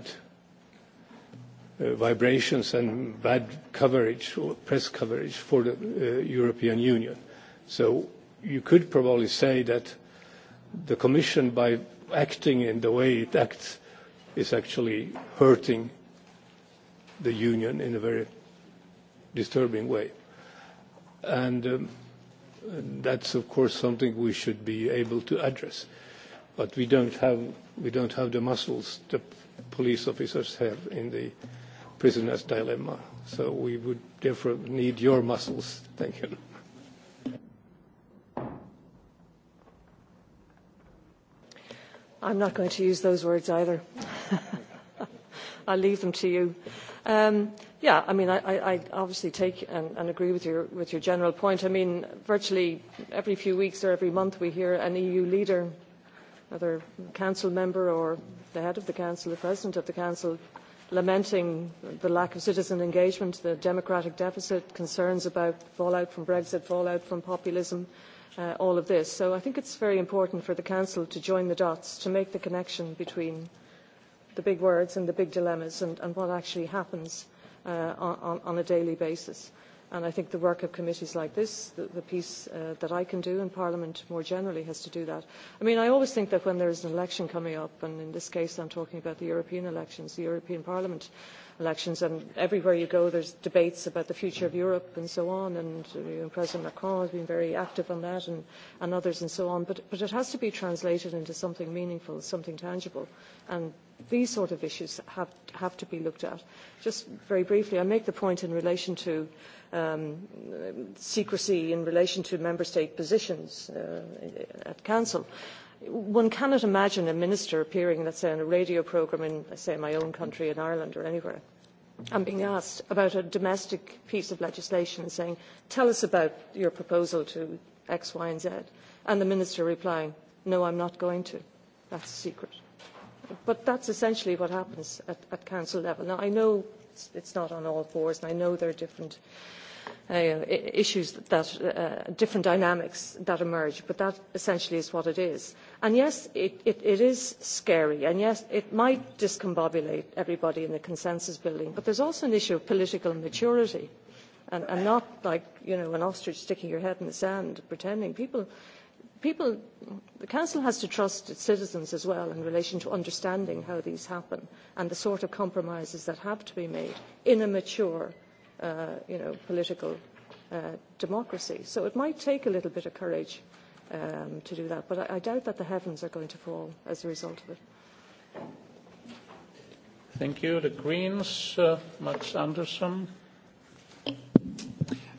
uh, vibrations and bad coverage, or press coverage for the uh, European Union. So you could probably say that the Commission, by acting in the way it acts, is actually hurting the union in a very disturbing way. And um, that's, of course, something we should be able to address. But we don't have, we don't have the muscles the police officers have in the prisoner's dilemma. So we would therefore need your muscles. Thank you. I'm not going to use those words either. I'll leave them to you. Um, yeah, I mean, I, I obviously take and, and agree with your, with your general point. I mean, virtually every few weeks or every month we hear an EU leader, whether council member or the head of the council, the president of the council, lamenting the lack of citizen engagement, the democratic deficit, concerns about fallout from Brexit, fallout from populism, uh, all of this. So I think it's very important for the council to join the dots, to make the connection between the big words and the big dilemmas and, and what actually happens uh, on, on a daily basis. And I think the work of committees like this, the, the piece uh, that I can do in Parliament more generally has to do that. I mean, I always think that when there is an election coming up, and in this case I'm talking about the European elections, the European Parliament, elections and everywhere you go there's debates about the future of Europe and so on and uh, you know, President Macron has been very active on that and, and others and so on but, but it has to be translated into something meaningful, something tangible and these sort of issues have, have to be looked at. Just very briefly, I make the point in relation to um, secrecy in relation to member state positions uh, at council one cannot imagine a minister appearing, let's say, on a radio programme in, say, my own country in Ireland or anywhere, and being asked about a domestic piece of legislation and saying, tell us about your proposal to X, Y, and Z, and the minister replying, no, I'm not going to. That's a secret. But that's essentially what happens at, council level. Now, I know it's, it's not on all fours, and I know there are different Uh, issues that uh, different dynamics that emerge but that essentially is what it is and yes it, it, it is scary and yes it might discombobulate everybody in the consensus building but there's also an issue of political maturity and, and not like you know an ostrich sticking your head in the sand pretending people people the council has to trust its citizens as well in relation to understanding how these happen and the sort of compromises that have to be made in a mature uh, you know, political uh, democracy. So it might take a little bit of courage um, to do that, but I, doubt that the heavens are going to fall as a result of it. Thank you. The Greens, uh, Max Anderson.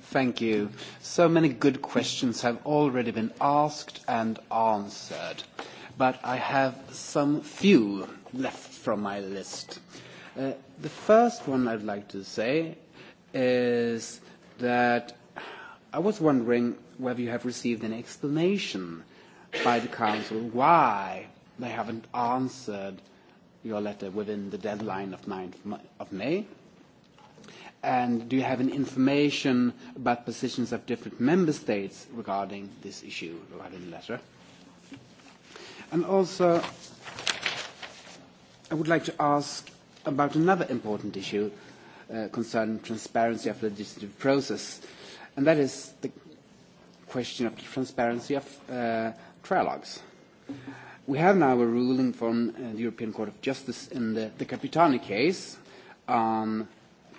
Thank you. So many good questions have already been asked and answered, but I have some few left from my list. Uh, the first one I'd like to say is that I was wondering whether you have received an explanation by the Council why they haven't answered your letter within the deadline of 9th of May. And do you have any information about positions of different member states regarding this issue, regarding the letter? And also, I would like to ask about another important issue, Uh, concerning transparency of the legislative process, and that is the question of transparency of uh, trilogues. We have now a ruling from uh, the European Court of Justice in the, the Capitani case on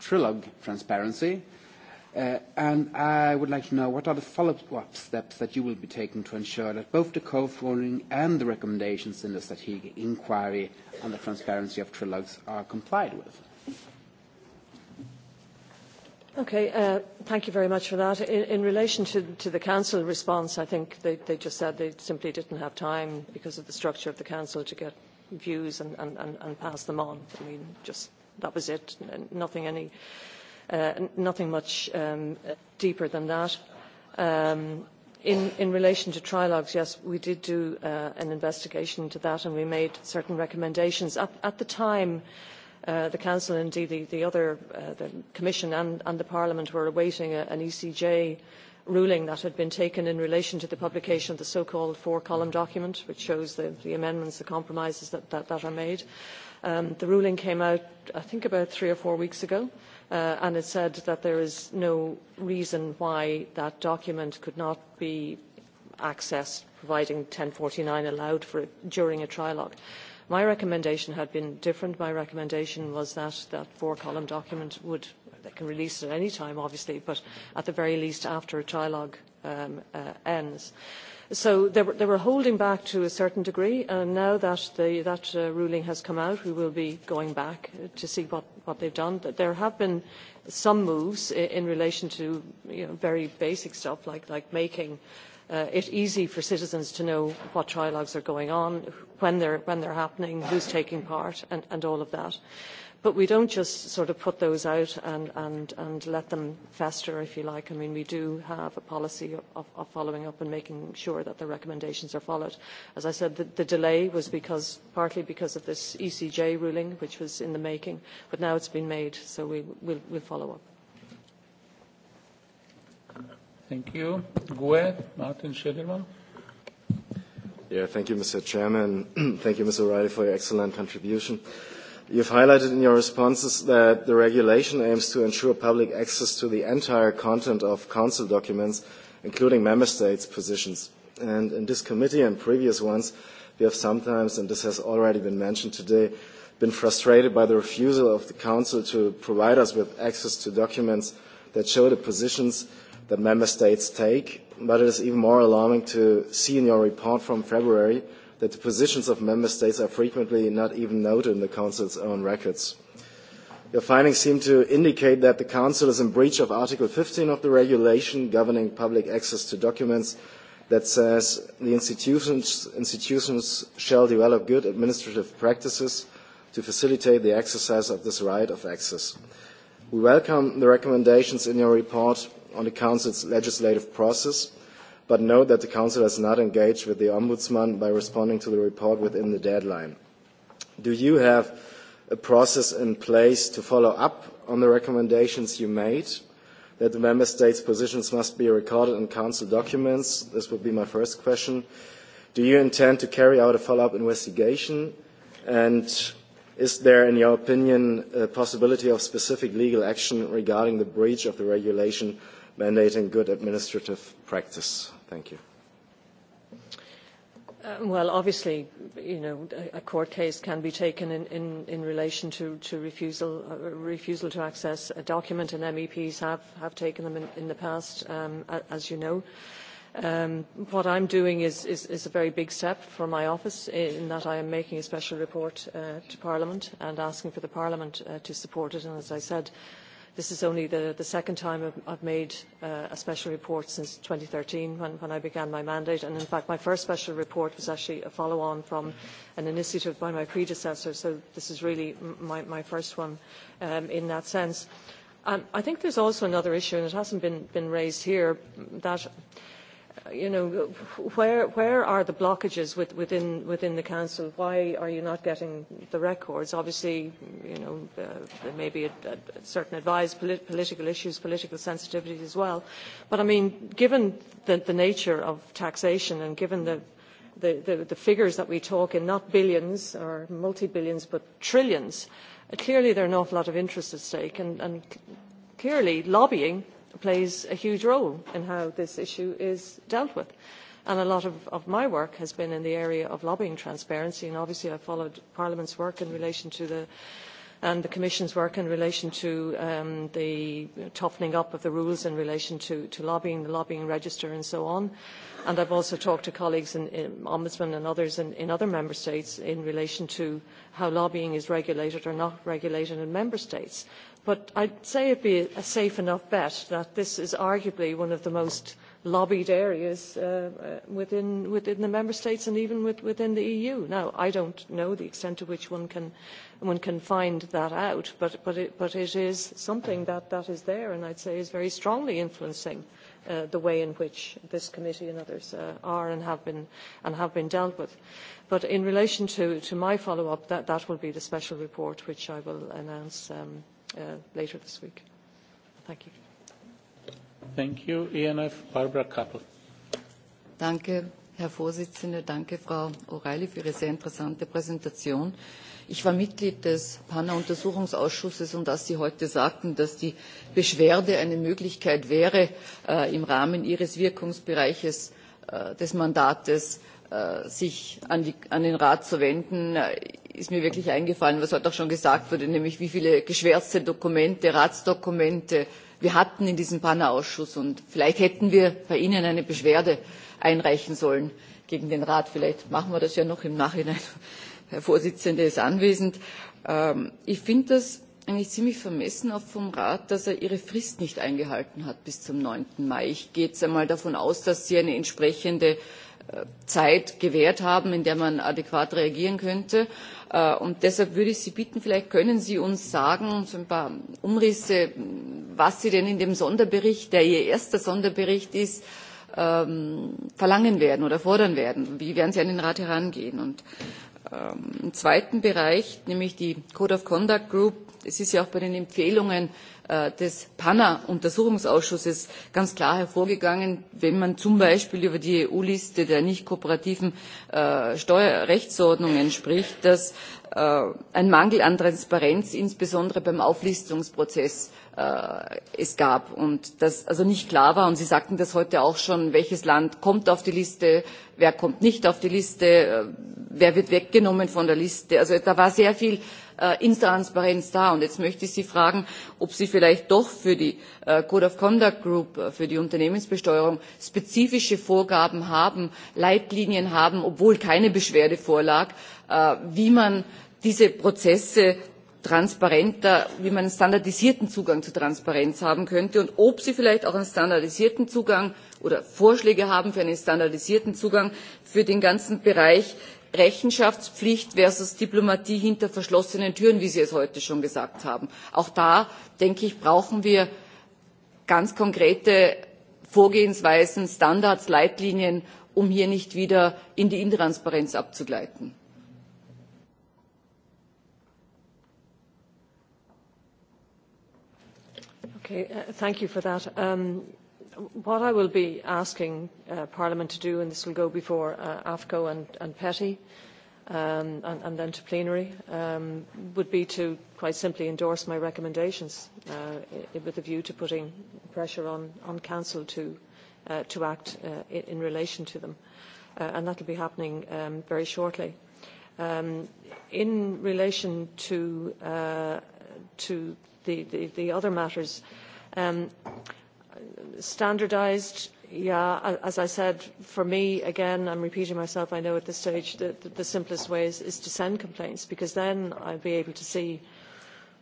trilogue transparency, uh, and I would like to know what are the follow-up steps that you will be taking to ensure that both the co-founding and the recommendations in the strategic inquiry on the transparency of trilogues are complied with? Okay, uh, thank you very much for that. In, in relation to, to the council response, I think they, they just said they simply didn't have time because of the structure of the council to get views and, and, and, and pass them on. I mean, just that was it. Nothing any, uh, nothing much um, deeper than that. Um, in, in relation to trilogues, yes, we did do uh, an investigation into that and we made certain recommendations. At, at the time, Uh, the Council and indeed the, other uh, the Commission and, the Parliament were awaiting an ECJ ruling that had been taken in relation to the publication of the so called four column document, which shows the, amendments, the compromises that, that, are made. Um, the ruling came out I think about three or four weeks ago. Uh, and it said that there is no reason why that document could not be accessed, providing 1049 allowed for it during a trilogue my recommendation had been different my recommendation was that that four column document would they can release it at any time obviously but at the very least after a trilogue um, uh, ends so they were, they were holding back to a certain degree and now that the, that uh, ruling has come out we will be going back to see what, what they've done. there have been some moves in, in relation to you know, very basic stuff like, like making Uh, it easy for citizens to know what trilogues are going on, when they're, when they're happening, who's taking part, and, and all of that. But we don't just sort of put those out and, and, and let them fester, if you like. I mean, we do have a policy of, of following up and making sure that the recommendations are followed. As I said, the, the delay was because, partly because of this ECJ ruling, which was in the making, but now it's been made, so we, will we'll follow up. Thank you. Gue, Martin Schiedemann. Yeah, thank you, Mr. Chairman. thank you, Mr. Riley, for your excellent contribution. You've highlighted in your responses that the regulation aims to ensure public access to the entire content of Council documents, including Member States' positions. And in this committee and previous ones, we have sometimes, and this has already been mentioned today, been frustrated by the refusal of the Council to provide us with access to documents that show the positions that member states take, but it is even more alarming to see in your report from February that the positions of member states are frequently not even noted in the Council's own records. Your findings seem to indicate that the Council is in breach of Article 15 of the regulation governing public access to documents that says the institutions, institutions shall develop good administrative practices to facilitate the exercise of this right of access. We welcome the recommendations in your report on the Council's legislative process, but note that the Council has not engaged with the Ombudsman by responding to the report within the deadline. Do you have a process in place to follow up on the recommendations you made that the member states' positions must be recorded in council documents? This would be my first question. Do you intend to carry out a follow-up investigation? And is there, in your opinion, a possibility of specific legal action regarding the breach of the regulation mandating good administrative practice? Thank you. Uh, well, obviously, you know, a court case can be taken in, in, relation to, to refusal, uh, refusal to access a document, and MEPs have, have taken them in, the past, um, as you know. What um, what I'm doing is, is, a very big step for my office in that I am making a special report uh, to Parliament and asking for the Parliament to support it. And as I said, This is only the, second time I've, made uh, a special report since 2013 when, when I began my mandate. And in fact, my first special report was actually a follow-on from an initiative by my predecessor. So this is really my, first one um, in that sense. Um, I think there's also another issue, and it hasn't been, been raised here, that you know, where, where are the blockages with, within, within the council? Why are you not getting the records? Obviously, you know, uh, there may be a, a certain advised polit political issues, political sensitivities as well. But I mean, given the, the nature of taxation and given the, the, the, the figures that we talk in, not billions or multi-billions, but trillions, uh, clearly there are an awful lot of interests at stake. And, and clearly lobbying plays a huge role in how this issue is dealt with. And a lot of, of my work has been in the area of lobbying transparency, and obviously I followed Parliament's work in relation to the and the Commission's work in relation to um, the toughening up of the rules in relation to, to lobbying, the lobbying register and so on. And I've also talked to colleagues in, Ombudsmen Ombudsman and others in, in other Member States in relation to how lobbying is regulated or not regulated in Member States but i'd say it'd be a safe enough bet that this is arguably one of the most lobbied areas uh, uh, within, the member states and even within the eu. now i don't know the extent to which one can, one can find that out but, but, it, is something that, that is there and i'd say is very strongly influencing uh, the way in which this committee and others are and have been and have been dealt with. But in relation to, to my follow up, that, will be the special report which I will announce um, Uh, later this week. Thank you. Thank you. ENF Barbara Kappel. Danke, Herr Vorsitzender. Danke, Frau O'Reilly, für Ihre sehr interessante Präsentation. Ich war Mitglied des PANA-Untersuchungsausschusses und dass Sie heute sagten, dass die Beschwerde eine Möglichkeit wäre, äh, im Rahmen Ihres Wirkungsbereiches äh, des Mandates äh, sich an, die, an den Rat zu wenden. Äh, ist mir wirklich eingefallen, was heute auch schon gesagt wurde, nämlich wie viele geschwärzte Dokumente, Ratsdokumente wir hatten in diesem Panna-Ausschuss. Und vielleicht hätten wir bei Ihnen eine Beschwerde einreichen sollen gegen den Rat. Vielleicht machen wir das ja noch im Nachhinein. Herr Vorsitzende, ist anwesend. Ähm, ich finde das eigentlich ziemlich vermessen auch vom Rat, dass er ihre Frist nicht eingehalten hat bis zum 9. Mai. Ich gehe jetzt einmal davon aus, dass Sie eine entsprechende Äh, Zeit gewährt haben, in der man adäquat reagieren könnte. Äh, und deshalb würde ich Sie bitten, vielleicht können Sie uns sagen, so ein paar Umrisse, was Sie denn in dem Sonderbericht, der Ihr erster Sonderbericht ist, ähm, verlangen werden oder fordern werden. Wie werden Sie an den Rat herangehen? Und ähm, im zweiten Bereich, nämlich die Code of Conduct Group, es ist ja auch bei den Empfehlungen Äh, des pana untersuchungsausschusses ganz klar hervorgegangen wenn man zum beispiel über die eu liste der nicht kooperativen äh, steuerrechtsordnungen spricht dass äh, ein mangel an transparenz insbesondere beim auflistungsprozess Äh, es gab und das also nicht klar war und Sie sagten das heute auch schon welches Land kommt auf die Liste, wer kommt nicht auf die Liste, äh, wer wird weggenommen von der Liste. Also da war sehr viel äh, Intransparenz da. Und jetzt möchte ich Sie fragen, ob Sie vielleicht doch für die Code of Conduct Group, für die Unternehmensbesteuerung spezifische Vorgaben haben, Leitlinien haben, obwohl keine Beschwerde vorlag, wie man diese Prozesse transparenter, wie man einen standardisierten Zugang zu Transparenz haben könnte und ob Sie vielleicht auch einen standardisierten Zugang oder Vorschläge haben für einen standardisierten Zugang für den ganzen Bereich Rechenschaftspflicht versus Diplomatie hinter verschlossenen Türen, wie Sie es heute schon gesagt haben. Auch da, denke ich, brauchen wir ganz konkrete Vorgehensweisen, Standards, Leitlinien, um hier nicht wieder in die Intransparenz abzugleiten. Uh, thank you for that. Um, what I will be asking uh, Parliament to do, and this will go before uh, AFCO and, and PETI, um, and, and then to plenary, um, would be to quite simply endorse my recommendations with a view to putting pressure on, on Council to, to act in relation to them. and that will be happening um, very shortly. Um, in relation to, to the, the, other matters. Um, standardised, yeah, as I said, for me, again, I'm repeating myself, I know at this stage, that the simplest way is, is to send complaints because then I'll be able to see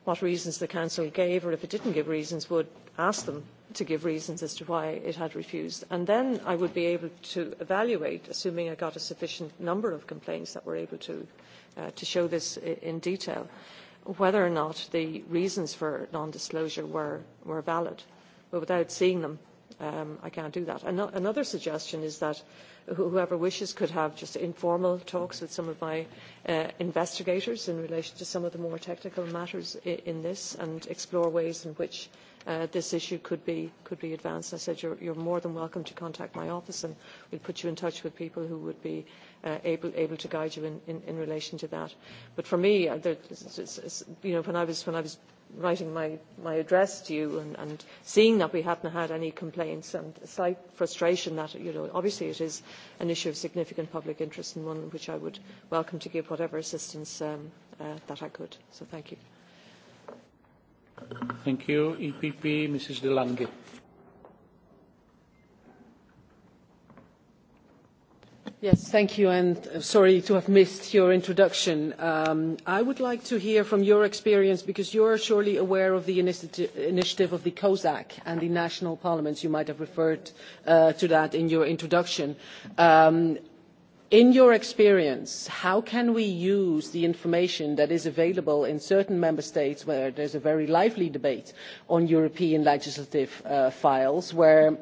what reasons the council gave or if it didn't give reasons would ask them to give reasons as to why it had refused and then i would be able to evaluate assuming i got a sufficient number of complaints that were able to, uh, to show this in detail whether or not the reasons for non-disclosure were, were valid. But without seeing them, um, I can't do that. another suggestion is that whoever wishes could have just informal talks with some of my uh, investigators in relation to some of the more technical matters in this and explore ways in which Uh, this issue could be, advanced. I said you're, are more than welcome to contact my office and we'll put you in touch with people who would be uh, able, to guide you in, in, relation to that. But for me, uh, you know, when I was, when I was writing my, my address to you and, seeing that we hadn't had any complaints and slight frustration that, you know, obviously it is an issue of significant public interest and one which I would welcome to give whatever assistance um, that I could. So thank you. Thank you. EPP, Mrs. De Yes, thank you, and uh, sorry to have missed your introduction. Um, I would like to hear from your experience, because you are surely aware of the initiative, of the COSAC and the national parliaments. You might have referred uh, to that in your introduction. Um, in your experience how can we use the information that is available in certain member states where there is a very lively debate on european legislative uh, files where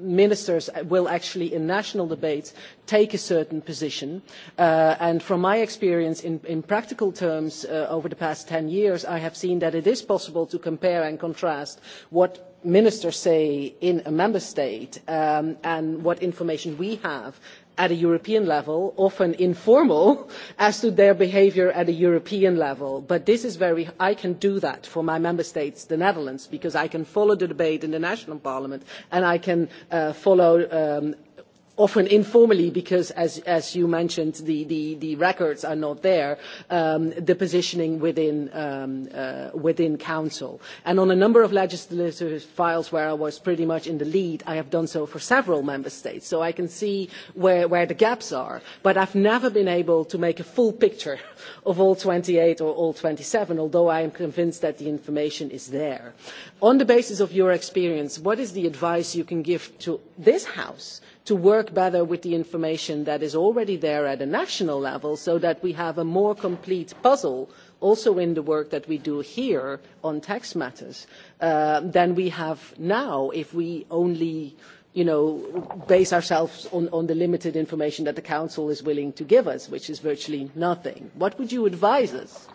ministers will actually in national debates take a certain position uh, and from my experience in, practical terms uh, over the past 10 years i have seen that it is possible to compare and contrast what ministers say in a member state um, and what information we have at a european level often informal as to their behaviour at a european level but this is very i can do that for my member states the netherlands because i can follow the debate in the national parliament and i can uh, follow um, often informally because as, you mentioned the, the, records are not there um, the positioning within, um, uh, within council and on a number of legislative files where i was pretty much in the lead i have done so for several member states so i can see where, where the gaps are but i've never been able to make a full picture of all 28 or all 27 although i am convinced that the information is there on the basis of your experience what is the advice you can give to this house to work better with the information that is already there at a national level so that we have a more complete puzzle also in the work that we do here on tax matters uh, than we have now if we only you know, base ourselves on the limited information that the Council is willing to give us, which is virtually nothing. What would you advise us?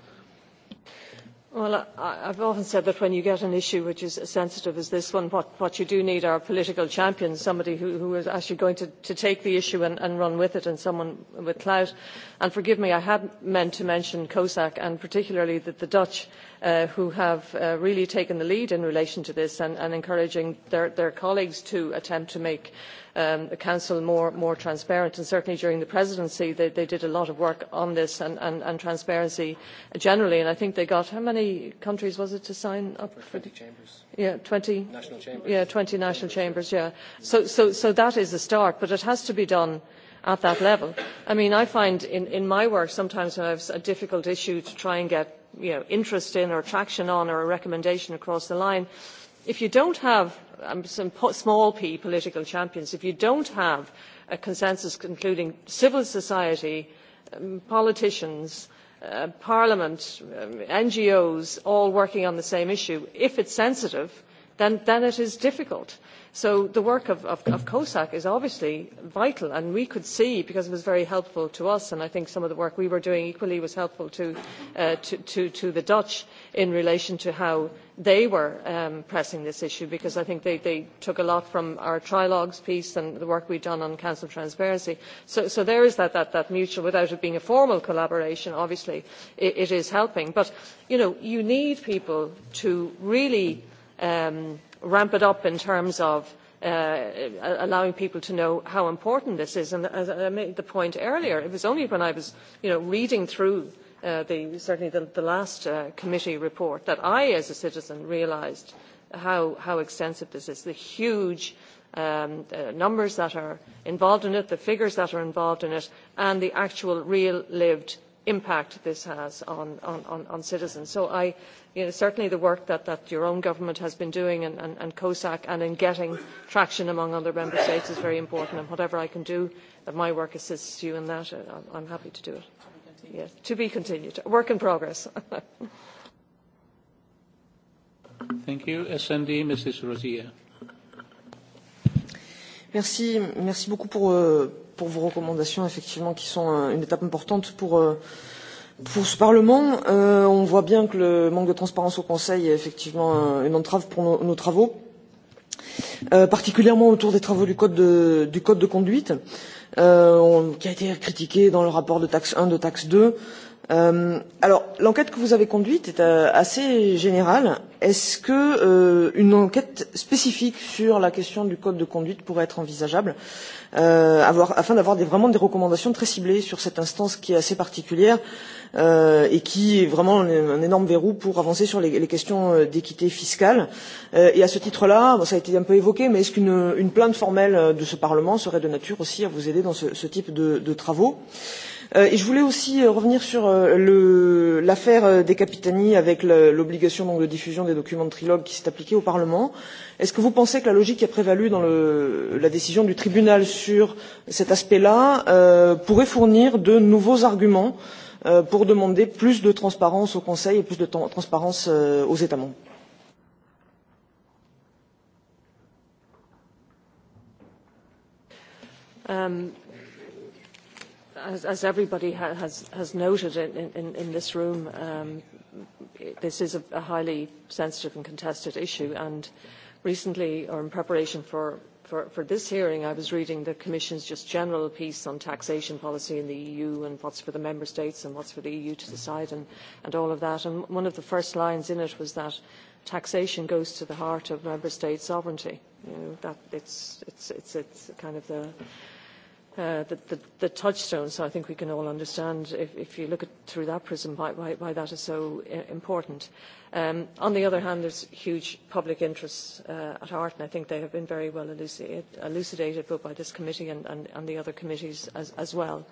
Well, I, I've often said that when you get an issue which is as sensitive as this one, what, what you do need are political champions, somebody who, who is actually going to, to take the issue and, run with it, and someone with clout. And forgive me, I had meant to mention COSAC, and particularly the Dutch, uh, who have uh, really taken the lead in relation to this and, encouraging their colleagues to attempt to make Um, the council more, transparent and certainly during the presidency they, did a lot of work on this and, transparency generally and i think they got how many countries was it to sign up for chambers yeah 20 national chambers yeah national yeah so, so, so that is a start but it has to be done at that level. I mean, I find in, in my work sometimes when I have a difficult issue to try and get interest in or traction on or a recommendation across the line, if you don't have and um, some small p political champions if you don't have a consensus including civil society um, politicians uh, parliament um, ngos all working on the same issue if it's sensitive then, it is difficult. So the work of, of, COSAC is obviously vital, and we could see, because it was very helpful to us, and I think some of the work we were doing equally was helpful to, uh, the Dutch in relation to how they were um, pressing this issue, because I think they, took a lot from our trilogues piece and the work we've done on council transparency. So, there is that, mutual, without it being a formal collaboration, obviously, it, is helping. But, you need people to really um, ramp it up in terms of uh, allowing people to know how important this is. And as I made the point earlier, it was only when I was you know, reading through uh, the, certainly the, the last uh, committee report that I, as a citizen, realised how, how extensive this is, the huge um, numbers that are involved in it, the figures that are involved in it, and the actual real lived impact this has on, on, on, on citizens. So I you know, certainly the work that, that your own government has been doing and, and, and COSAC and in getting traction among other member states is very important. And whatever I can do that my work assists you in that, uh, I'm, I'm happy to do it. Yes, to be continued. Work in progress. Thank you. SND, Mrs. Rosier. Merci, merci beaucoup pour, euh, pour vos recommandations, effectivement, qui sont euh, une étape importante pour euh, Pour ce Parlement, euh, on voit bien que le manque de transparence au Conseil est effectivement euh, une entrave pour nos, nos travaux, euh, particulièrement autour des travaux du Code de, du code de conduite, euh, on, qui a été critiqué dans le rapport de taxe 1, de taxe 2. Euh, alors, l'enquête que vous avez conduite est euh, assez générale. Est-ce que euh, une enquête spécifique sur la question du code de conduite pourrait être envisageable, euh, avoir, afin d'avoir vraiment des recommandations très ciblées sur cette instance qui est assez particulière et qui est vraiment un, énorme verrou pour avancer sur les, les questions d'équité fiscale Et à ce titre-là, cela ça a été un peu évoqué, mais est-ce qu'une une plainte formelle de ce Parlement serait de nature aussi à vous aider dans ce, ce type de travaux Euh, et je voulais aussi euh, revenir sur euh, l'affaire des Capitani avec l'obligation de diffusion des documents de trilogue qui s'est appliquée au Parlement. Est-ce que vous pensez que la logique qui a prévalu dans la décision du tribunal sur cet aspect-là pourrait fournir de nouveaux arguments pour demander plus de transparence au Conseil et plus de transparence aux États membres as, everybody has, noted in, this room, um, this is a, highly sensitive and contested issue. And recently, or in preparation for, for, for this hearing, I was reading the Commission's just general piece on taxation policy in the EU and what's for the Member States and what's for the EU to decide and, and all of that. And one of the first lines in it was that taxation goes to the heart of Member State sovereignty. You know, that it's, it's, it's, it's kind of the Uh, the, the, touchstone. So I think we can all understand, if, if you look at through that prism, why, why, why that is so uh, important. Um, on the other hand, there's huge public interests uh, at heart, and I think they have been very well elucidated, elucidated both by this committee and, and, and the other committees as, as well.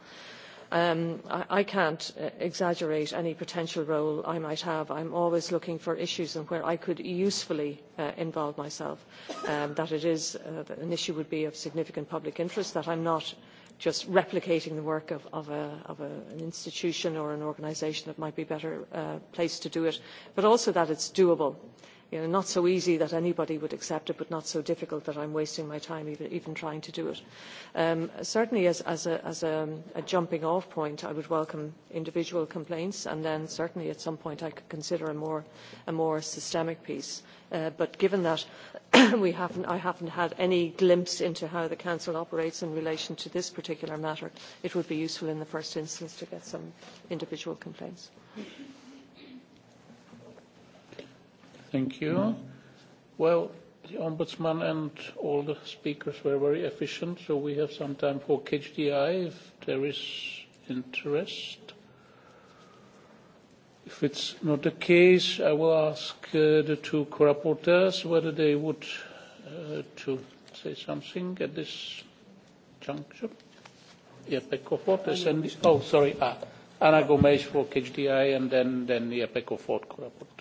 Um, I, I can't exaggerate any potential role I might have. I'm always looking for issues and where I could usefully involve myself, um, that it is uh, an issue would be of significant public interest, that I'm not just replicating the work of, of, a, of a, an institution or an organisation that might be better uh, placed to do it, but also that it's doable. You know, not so easy that anybody would accept it, but not so difficult that I'm wasting my time even, even trying to do it. Um, certainly as, as, a, as a, a jumping off point, I would welcome individual complaints, and then certainly at some point I could consider a more, a more systemic piece. Uh, but given that we haven't, I haven't had any glimpse into how the Council operates in relation to this particular matter, it would be useful in the first instance to get some individual complaints. Thank you. Well, the Ombudsman and all the speakers were very efficient, so we have some time for KHDI if there is interest. If it's not the case, I will ask uh, the two co-rapporteurs whether they would uh, to say something at this juncture. Yeah, Pekko Fort is and oh, sorry, ah, Anna Gomez for KHDI and then then yeah, Pekko Fort co-rapporteur.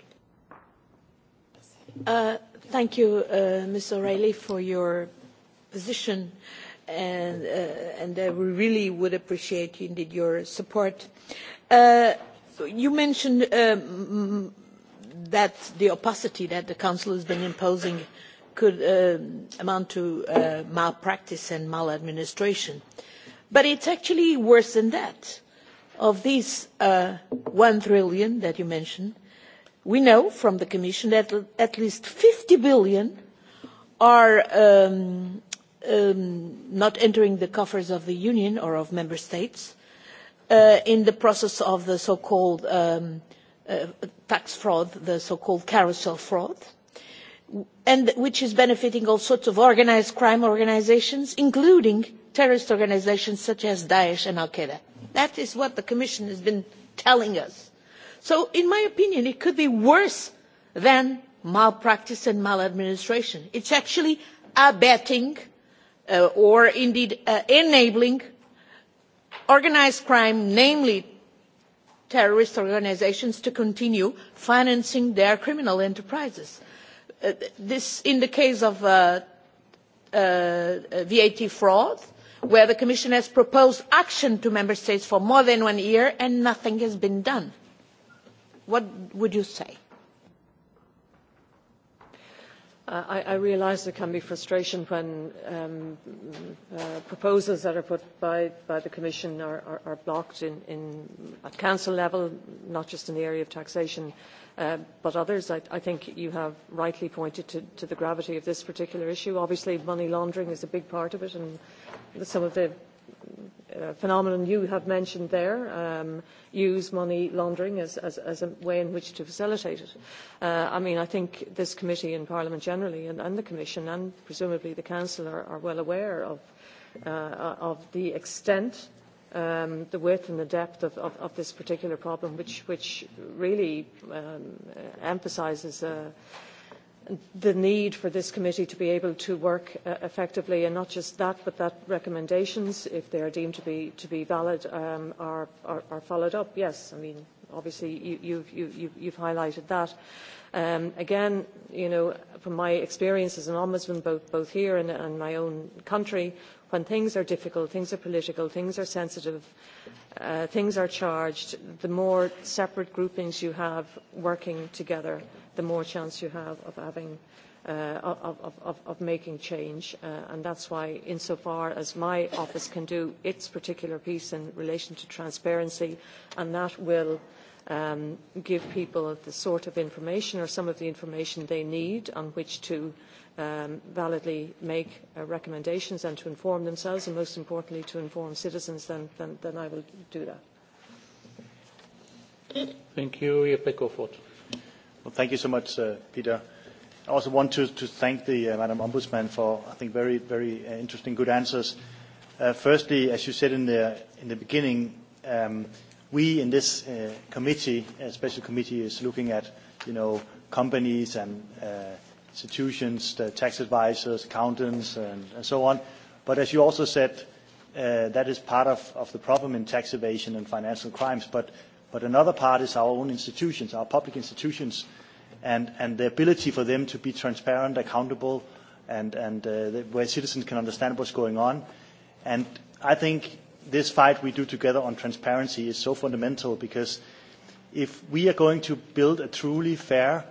Uh, thank you, uh, Ms. O'Reilly, for your position, and uh, and uh, we really would appreciate indeed your support. Uh, you mentioned uh, that the opacity that the council has been imposing could uh, amount to uh, malpractice and maladministration but it's actually worse than that. of these uh, one trillion that you mentioned we know from the commission that at least 50 billion are um, um, not entering the coffers of the union or of member states Uh, in the process of the so called um, uh, tax fraud the so called carousel fraud and which is benefiting all sorts of organised crime organisations including terrorist organisations such as daesh and al qaeda. that is what the commission has been telling us. so in my opinion it could be worse than malpractice and maladministration. it is actually abetting uh, or indeed enabling organised crime namely terrorist organisations to continue financing their criminal enterprises. Uh, this in the case of uh, uh, VAT fraud, where the Commission has proposed action to Member States for more than one year and nothing has been done. What would you say? I, I realise there can be frustration when um, uh, proposals that are put by, by the Commission are, are, are blocked in, in, at Council level, not just in the area of taxation, uh, but others. I, I think you have rightly pointed to, to the gravity of this particular issue. Obviously, money laundering is a big part of it, and some of the Uh, phenomenon you have mentioned there, um, use money laundering as, as, as a way in which to facilitate it. Uh, I mean, I think this committee and Parliament generally and, and the Commission and presumably the Council are, are well aware of, uh, of the extent um, the width and the depth of, of, this particular problem, which, which really um, emphasizes uh, the need for this committee to be able to work uh, effectively and not just that but that recommendations if they are deemed to be to be valid um, are, are are followed up yes i mean obviously you you've you you've highlighted that um, again you know from my experience as an ombudsman both both here and in my own country when things are difficult things are political things are sensitive uh, things are charged the more separate groupings you have working together the more chance you have of having uh, of, of, of, making change uh, and that's why insofar as my office can do its particular piece in relation to transparency and that will um, give people the sort of information or some of the information they need on which to um, validly make uh, recommendations and to inform themselves and most importantly to inform citizens then, then, then I will do that. Thank you. Jeppe Kofod. Well, thank you so much, uh, Peter. I also want to, to thank the uh, Madam Ombudsman for, I think, very, very uh, interesting, good answers. Uh, firstly, as you said in the, in the beginning, um, we in this uh, committee, a special committee, is looking at, you know, companies and uh, institutions, the tax advisors, accountants, and, and so on. But as you also said, uh, that is part of, of the problem in tax evasion and financial crimes. But But another part is our own institutions, our public institutions, and, and the ability for them to be transparent, accountable, and, and uh, where citizens can understand what's going on. And I think this fight we do together on transparency is so fundamental because if we are going to build a truly fair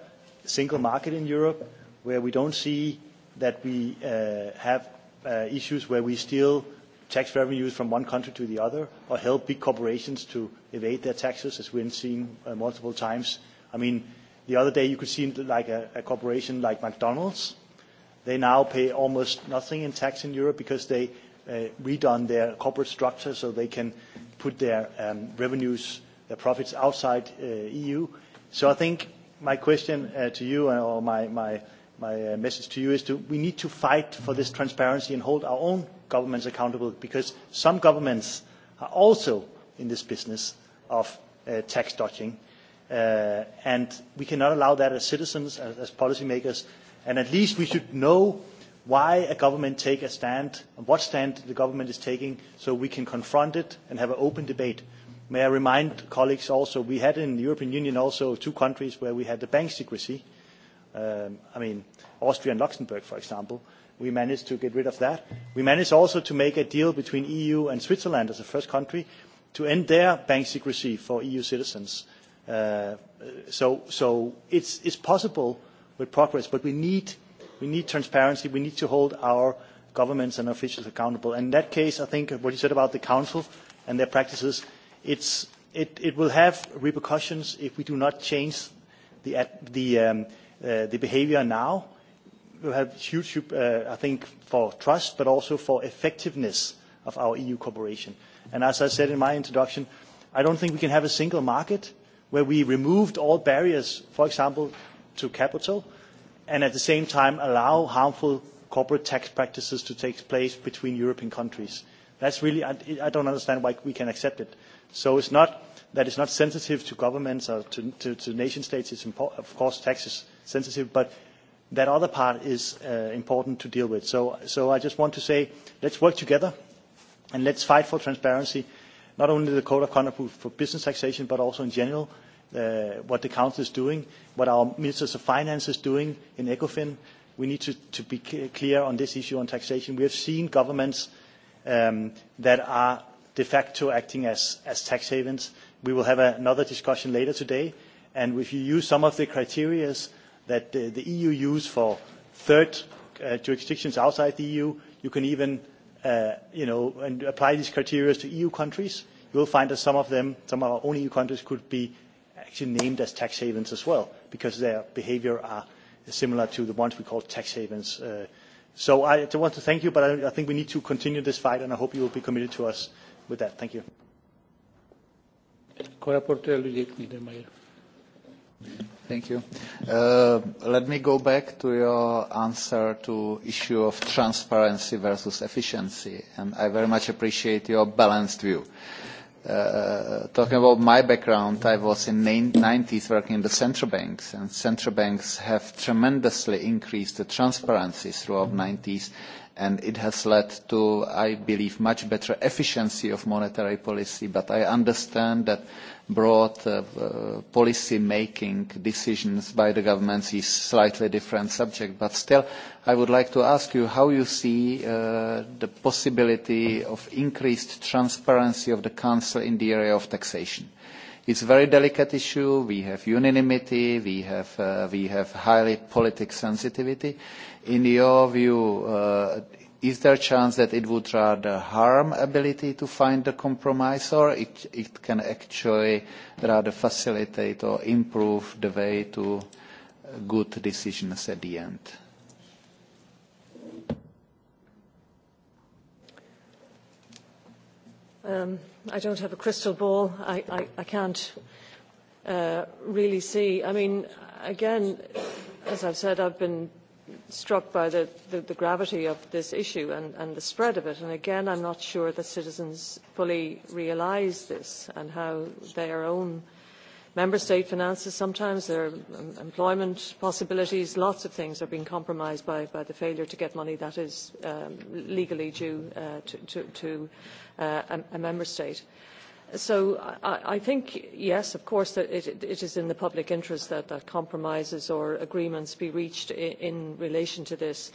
single market in Europe where we don't see that we uh, have uh, issues where we still tax revenues from one country to the other or help big corporations to evade their taxes, as we've seen uh, multiple times. I mean, the other day you could see like a, a corporation like McDonald's. They now pay almost nothing in tax in Europe because they uh, redone their corporate structure so they can put their um, revenues, their profits outside uh, EU. So I think my question uh, to you uh, or my, my, my uh, message to you is to we need to fight for this transparency and hold our own governments accountable because some governments are also in this business of uh, tax dodging uh, and we cannot allow that as citizens as, as policymakers and at least we should know why a government takes a stand and what stand the government is taking so we can confront it and have an open debate. may i remind colleagues also we had in the european union also two countries where we had the bank secrecy um, i mean austria and luxembourg for example we managed to get rid of that. We managed also to make a deal between EU and Switzerland as a first country to end their bank secrecy for EU citizens. Uh, so so it's, it's possible with progress, but we need, we need transparency. We need to hold our governments and officials accountable. And in that case, I think what you said about the Council and their practices, it's, it, it will have repercussions if we do not change the, the, um, uh, the behavior now have huge, uh, I think, for trust, but also for effectiveness of our EU cooperation. And as I said in my introduction, I don't think we can have a single market where we removed all barriers, for example, to capital, and at the same time allow harmful corporate tax practices to take place between European countries. That's really, I, I don't understand why we can accept it. So it's not that it's not sensitive to governments or to, to, nation states. It's, of course, tax sensitive, but that other part is uh, important to deal with. So, I just want to say, let's work together and let's fight for transparency, not only the code of conduct for business taxation, but also in general, uh, what the council is doing, what our ministers of finance is doing in ECOFIN. We need to, be clear on this issue on taxation. We have seen governments um, that are de facto acting as, as tax havens. We will have another discussion later today, and if you use some of the criterias that the EU e use for third uh, jurisdictions outside the EU. You can even uh, you know, and apply these criteria to EU countries. You will find that some of them, some of our own EU countries could be actually named as tax havens as well because their behavior are similar to the ones we call tax havens. Uh, so I want to thank you, but I, I think we need to continue this fight, and I hope you will be committed to us with that. Thank you. Thank you. Uh, let me go back to your answer to issue of transparency versus efficiency, and I very much appreciate your balanced view. Uh, talking about my background, I was in the 90s working in the central banks, and central banks have tremendously increased the transparency throughout mm-hmm. the 90s, and it has led to, I believe, much better efficiency of monetary policy. But I understand that broad uh, uh, policy making decisions by the governments is a slightly different subject but still i would like to ask you how you see uh, the possibility of increased transparency of the council in the area of taxation it's a very delicate issue we have unanimity we have we have highly political sensitivity in your view is there a chance that it would rather harm ability to find a compromise or it, it can actually rather facilitate or improve the way to uh, good decisions at the end? Um, I don't have a crystal ball. I, I, I can't uh, really see. I mean, again, as I've said, I've been struck by the, the, the gravity of this issue and, and the spread of it. And again, I'm not sure that citizens fully realise this and how their own member state finances, sometimes their employment possibilities, lots of things are being compromised by, by the failure to get money that is um, legally due uh, to, uh, a member state so I, I think, yes, of course, that it, is in the public interest that, compromises or agreements be reached in, in relation to this.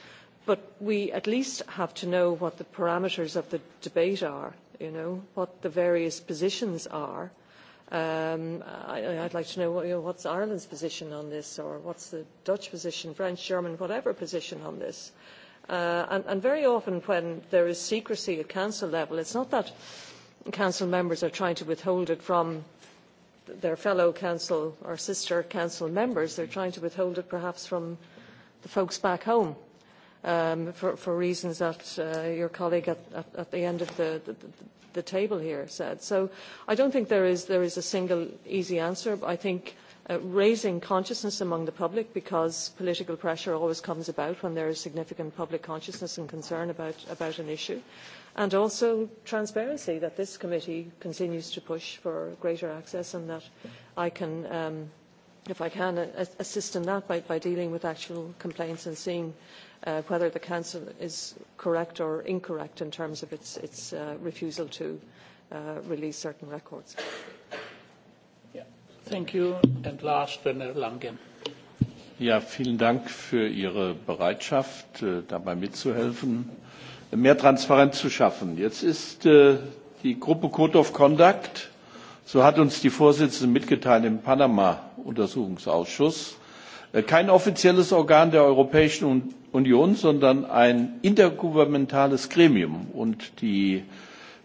But we at least have to know what the parameters of the debate are, you know, what the various positions are. Um, I, I'd like to know, you know what's Ireland's position on this, or what's the Dutch position, French, German, whatever position on this. Uh, and, and very often when there is secrecy at council level, it's not that council members are trying to withhold it from their fellow council or sister council members they're trying to withhold it perhaps from the folks back home um, for, for reasons that uh, your colleague at, at, at the end of the, the, the table here said. So I don't think there is, there is a single easy answer. But I think uh, raising consciousness among the public, because political pressure always comes about when there is significant public consciousness and concern about, about an issue, and also transparency that this committee continues to push for greater access and that I can, um, if I can, uh, assist in that by, dealing with actual complaints and seeing uh, whether the Council is correct or incorrect in terms of its, its uh, refusal to uh, release certain records. Yeah. Thank you. And last, Werner Langen. Ja, vielen Dank für Ihre Bereitschaft, äh, dabei mitzuhelfen mehr Transparenz zu schaffen. Jetzt ist äh, die Gruppe Code of Conduct, so hat uns die Vorsitzende mitgeteilt im Panama-Untersuchungsausschuss, äh, kein offizielles Organ der Europäischen Union, sondern ein intergouvernementales Gremium. Und die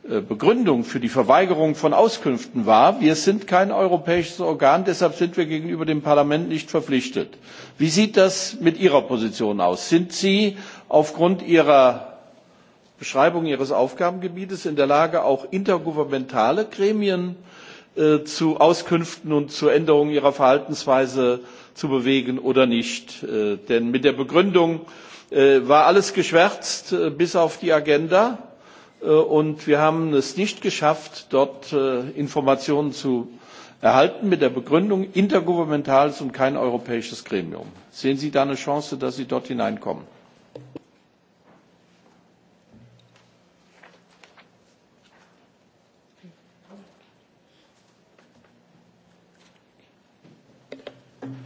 äh, Begründung für die Verweigerung von Auskünften war, wir sind kein europäisches Organ, deshalb sind wir gegenüber dem Parlament nicht verpflichtet. Wie sieht das mit Ihrer Position aus? Sind Sie aufgrund Ihrer Beschreibung ihres Aufgabengebietes in der Lage, auch intergouvernementale Gremien äh, zu Auskünften und zur Änderung ihrer Verhaltensweise zu bewegen oder nicht. Äh, denn mit der Begründung äh, war alles geschwärzt bis auf die Agenda und wir haben es nicht geschafft, dort Informationen zu erhalten mit der Begründung intergouvernementales und kein europäisches Gremium. Sehen Sie da eine Chance, dass Sie dort hineinkommen?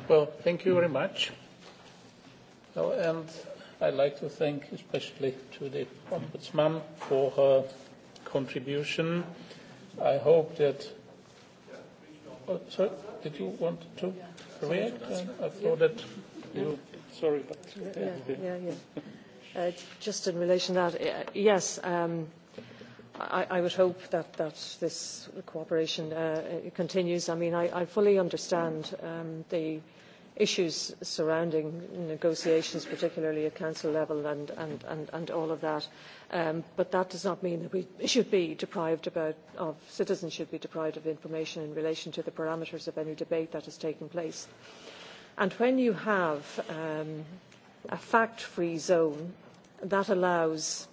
Well, thank you very much. Oh, and I'd like to thank especially to the Ombudsman for her contribution. I hope that... Oh, sorry, did you want to react? I thought that you... Sorry. But... Yeah, yeah, yeah. Uh, just in relation to that, uh, yes, um, I, I would hope that, that this cooperation uh, continues. I mean, I, I fully understand um, the issues surrounding negotiations, particularly at council level and, and, and, all of that. Um, but that does not mean that we should be deprived about, of citizens should be deprived of information in relation to the parameters of any debate that has taken place. And when you have um, a fact-free zone, that allows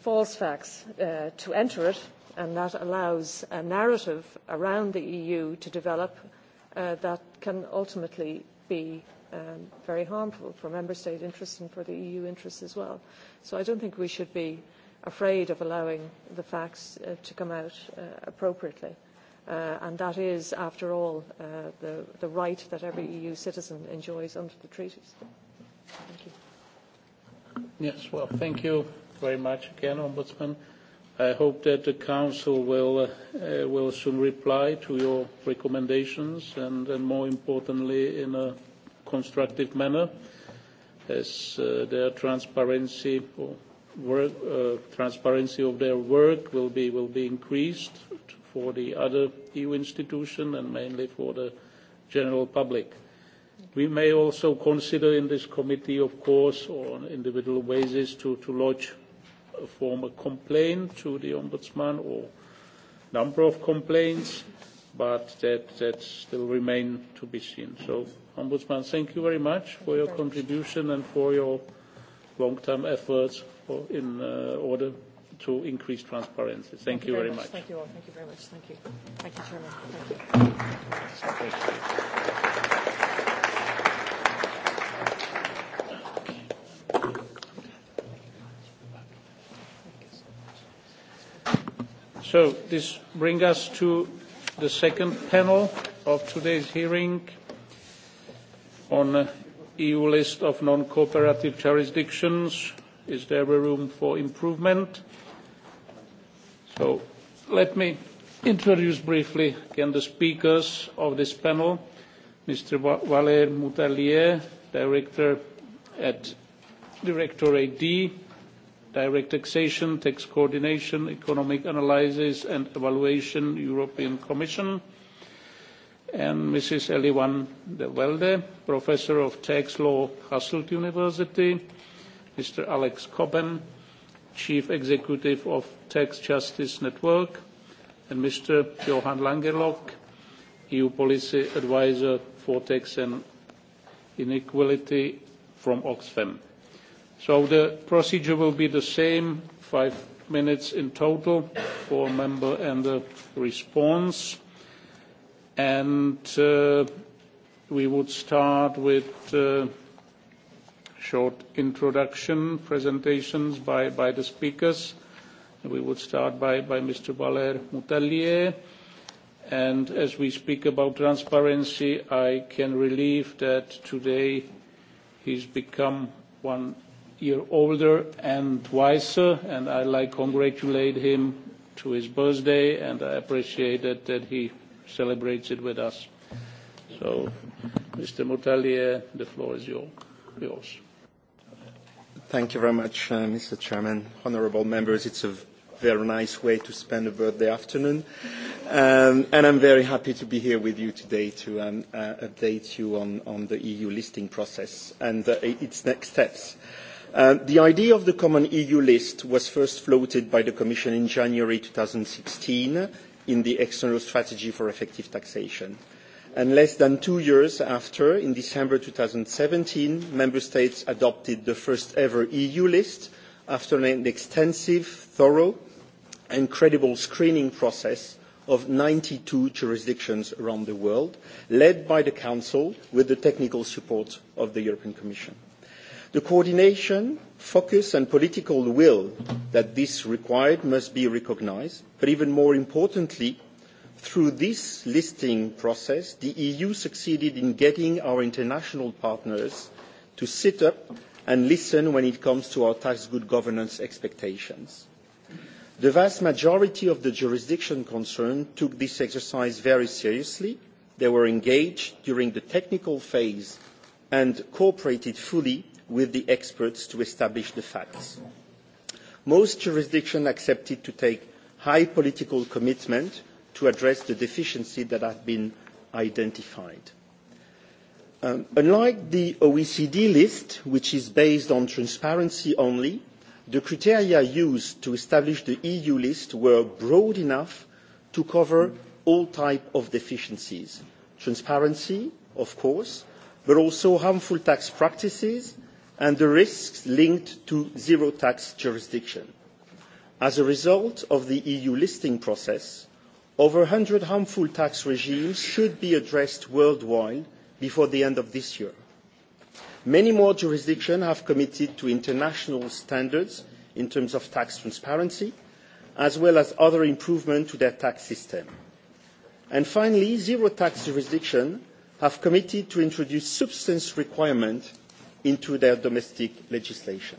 false facts uh, to enter it, and that allows a narrative around the EU to develop uh, that can ultimately be um, very harmful for member state interests and for the EU interests as well. So I don't think we should be afraid of allowing the facts uh, to come out uh, appropriately. Uh, and that is, after all, the, the right that every EU citizen enjoys under the treaties. Thank you. Yes, well, thank you very much again, Ombudsman. I hope that the Council will, uh, will soon reply to your recommendations and, and more importantly, in a constructive manner, as uh, their transparency uh, transparency of their work will be, will be increased for the other EU institution and mainly for the general public. We may also consider in this committee, of course, on individual basis, to, to lodge a formal complaint to the ombudsman or number of complaints, but that, that still remain to be seen. So, Ombudsman, thank you very much for your contribution and for your long-term efforts in uh, order to increase transparency. Thank, you very, much. Thank you all. Thank you very much. Thank you. Thank you, Chairman. Thank you. So this brings us to the second panel of today's hearing on uh, EU list of non-cooperative jurisdictions. Is there a room for improvement? So let me introduce briefly again the speakers of this panel. Mr. Valer Moutalier, Director at Directorate D direct taxation, tax coordination, economic analysis and evaluation, European Commission, and Mrs. Elivan de Velde, Professor of Tax Law, Hasselt University, Mr. Alex Cobben, Chief Executive of Tax Justice Network, and Mr. Johan Langelock, EU Policy Advisor for Tax and Inequality from Oxfam. So the procedure will be the same, five minutes in total for a member and the response. And uh, we would start with uh, short introduction presentations by, by the speakers. We would start by, by Mr. Valer Moutallier. And as we speak about transparency, I can relieve that today he's become one year older and wiser, and I like congratulate him to his birthday, and I appreciate it that he celebrates it with us. So, Mr. Motalier, the floor is yours. Thank you very much, uh, Mr. Chairman. Honorable members, it's a very nice way to spend a birthday afternoon. and um, and I'm very happy to be here with you today to um, uh, update you on, on the EU listing process and uh, its next steps. Uh, the idea of the common EU list was first floated by the Commission in January sixteen in the External Strategy for Effective Taxation. And less than two years after, in December seventeen, Member States adopted the first ever EU list after an extensive, thorough and credible screening process of 92 jurisdictions around the world, led by the Council with the technical support of the European Commission. The coordination, focus and political will that this required must be recognised, but even more importantly, through this listing process, the EU succeeded in getting our international partners to sit up and listen when it comes to our tax good governance expectations. The vast majority of the jurisdictions concerned took this exercise very seriously. They were engaged during the technical phase and cooperated fully with the experts to establish the facts. Most jurisdictions accepted to take high political commitment to address the deficiencies that have been identified. Um, unlike the OECD list, which is based on transparency only, the criteria used to establish the EU list were broad enough to cover all types of deficiencies. Transparency, of course, but also harmful tax practices, and the risks linked to zero tax jurisdiction. As a result of the EU listing process, over 100 harmful tax regimes should be addressed worldwide before the end of this year. Many more jurisdictions have committed to international standards in terms of tax transparency, as well as other improvements to their tax system. And finally, zero tax jurisdictions have committed to introduce substance requirements into their domestic legislation.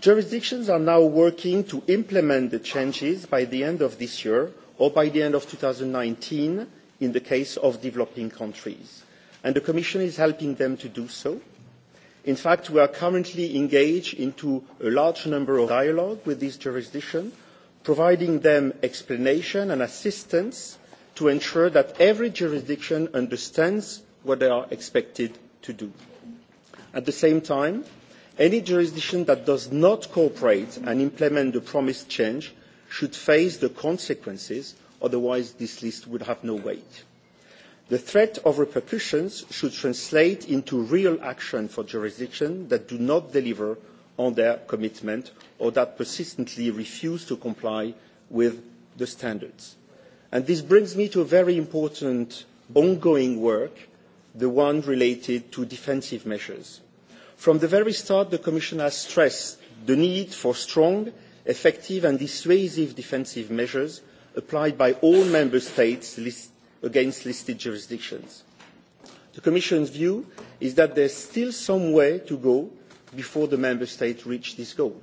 Jurisdictions are now working to implement the changes by the end of this year or by the end of 2019 in the case of developing countries. And the Commission is helping them to do so. In fact, we are currently engaged in a large number of dialogue with these jurisdictions, providing them explanation and assistance to ensure that every jurisdiction understands what they are expected to do. At the same time, any jurisdiction that does not cooperate and implement the promised change should face the consequences, otherwise this list would have no weight. The threat of repercussions should translate into real action for jurisdictions that do not deliver on their commitment or that persistently refuse to comply with the standards. And this brings me to a very important ongoing work, the one related to defensive measures from the very start the commission has stressed the need for strong effective and dissuasive defensive measures applied by all member states against listed jurisdictions. the commission's view is that there is still some way to go before the member states reach this goal.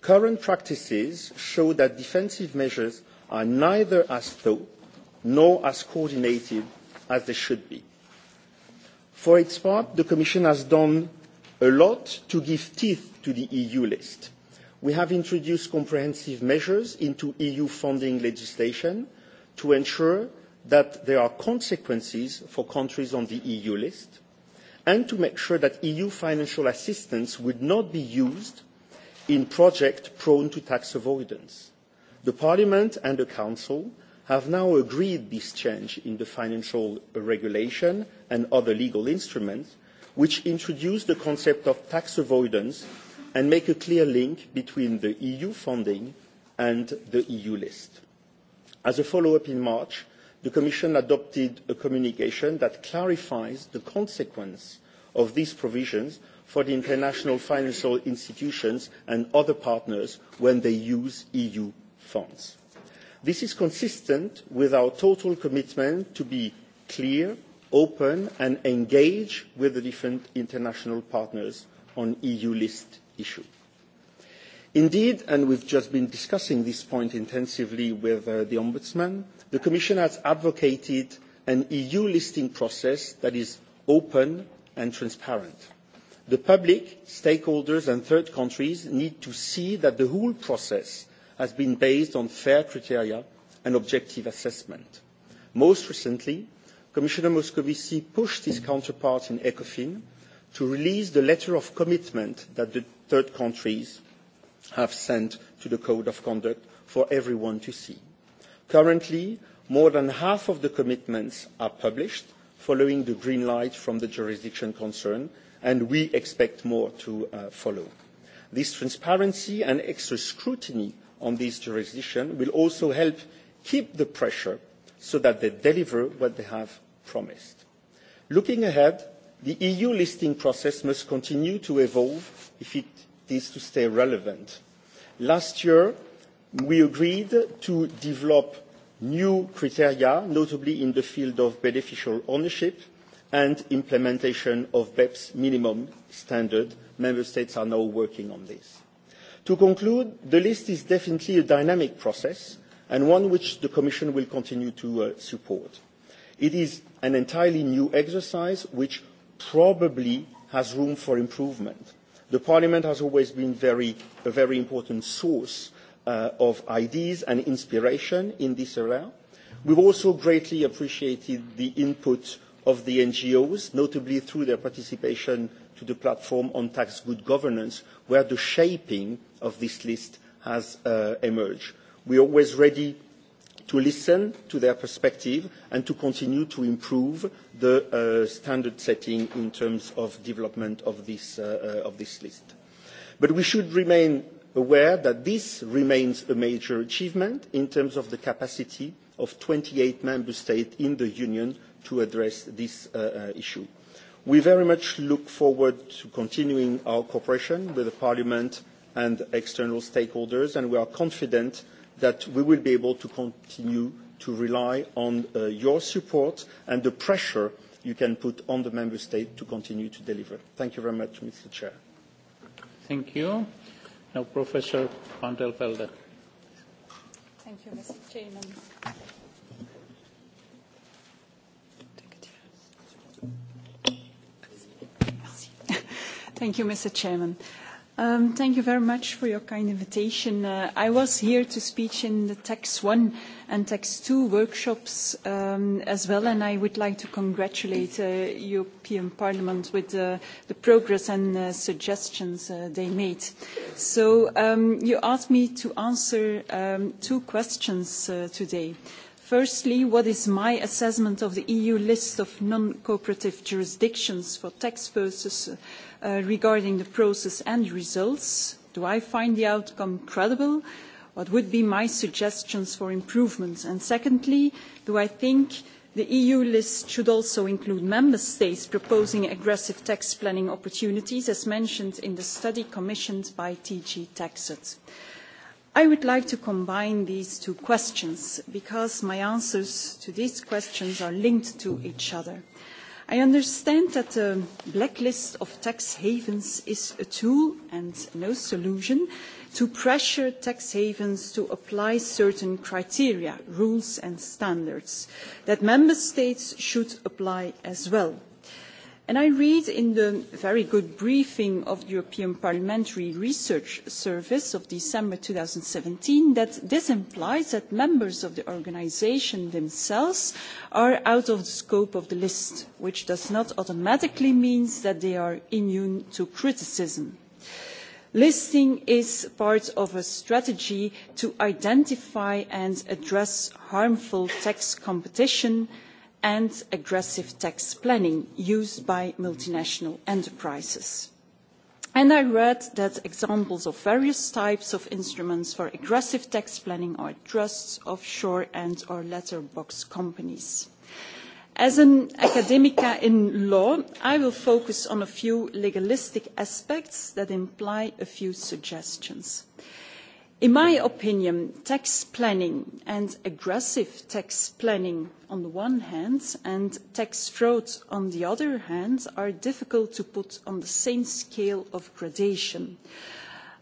current practices show that defensive measures are neither as thorough nor as coordinated as they should be. for its part the commission has done a lot to give teeth to the EU list. We have introduced comprehensive measures into EU funding legislation to ensure that there are consequences for countries on the EU list and to make sure that EU financial assistance would not be used in projects prone to tax avoidance. The Parliament and the Council have now agreed this change in the financial regulation and other legal instruments which introduce the concept of tax avoidance and make a clear link between the EU funding and the EU list. As a follow-up in March, the Commission adopted a communication that clarifies the consequence of these provisions for the international financial institutions and other partners when they use EU funds. This is consistent with our total commitment to be clear open and engage with the different international partners on EU list issue. Indeed, and we've just been discussing this point intensively with uh, the Ombudsman, the Commission has advocated an EU listing process that is open and transparent. The public, stakeholders and third countries need to see that the whole process has been based on fair criteria and objective assessment. Most recently, Commissioner Moscovici pushed his counterpart in ECOFIN to release the letter of commitment that the third countries have sent to the Code of Conduct for everyone to see. Currently, more than half of the commitments are published following the green light from the jurisdiction concerned, and we expect more to uh, follow. This transparency and extra scrutiny on these jurisdictions will also help keep the pressure so that they deliver what they have promised. Looking ahead, the EU listing process must continue to evolve if it is to stay relevant. Last year, we agreed to develop new criteria, notably in the field of beneficial ownership and implementation of BEPS minimum standard. Member States are now working on this. To conclude, the list is definitely a dynamic process and one which the Commission will continue to uh, support. It is an entirely new exercise which probably has room for improvement. The Parliament has always been very, a very important source uh, of ideas and inspiration in this area. We've also greatly appreciated the input of the NGOs, notably through their participation to the platform on tax good governance, where the shaping of this list has uh, emerged. We are always ready to listen to their perspective and to continue to improve the uh, standard setting in terms of development uh, uh, of this, list. But we should remain aware that this remains a major achievement in terms of the capacity of 28 member states in the Union to address this issue. We very much look forward to continuing our cooperation with the Parliament and external stakeholders, and we are confident that we will be able to continue to rely on uh, your support and the pressure you can put on the member state to continue to deliver. Thank you very much, Mr. Chair. Thank you. Now, Professor Van der Velde. Thank you, Mr. Chairman. Thank you, Mr. Chairman. Um, thank you very much for your kind invitation. Uh, I was here to speak in the Tax 1 and Tax 2 workshops um, as well, and I would like to congratulate the uh, European Parliament with uh, the progress and uh, suggestions uh, they made. So um, you asked me to answer um, two questions uh, today. Firstly, what is my assessment of the EU list of non-cooperative jurisdictions for tax purposes uh, regarding the process and results? Do I find the outcome credible? What would be my suggestions for improvements? And secondly, do I think the eu list should also include member states proposing aggressive tax planning opportunities as mentioned in the study commissioned by tg TAXIT? I would like to combine these two questions because my answers to these questions are linked to each other. I understand that the blacklist of tax havens is a tool and no solution to pressure tax havens to apply certain criteria, rules and standards that member states should apply as well And I read in the very good briefing of the European Parliamentary Research Service of December 2017 that this implies that members of the organisation themselves are out of the scope of the list, which does not automatically mean that they are immune to criticism. Listing is part of a strategy to identify and address harmful tax competition – and aggressive tax planning used by multinational enterprises. And I read that examples of various types of instruments for aggressive tax planning are trusts, offshore and or letterbox companies. As an academica in law, I will focus on a few legalistic aspects that imply a few suggestions in my opinion tax planning and aggressive tax planning on the one hand and tax fraud on the other hand are difficult to put on the same scale of gradation.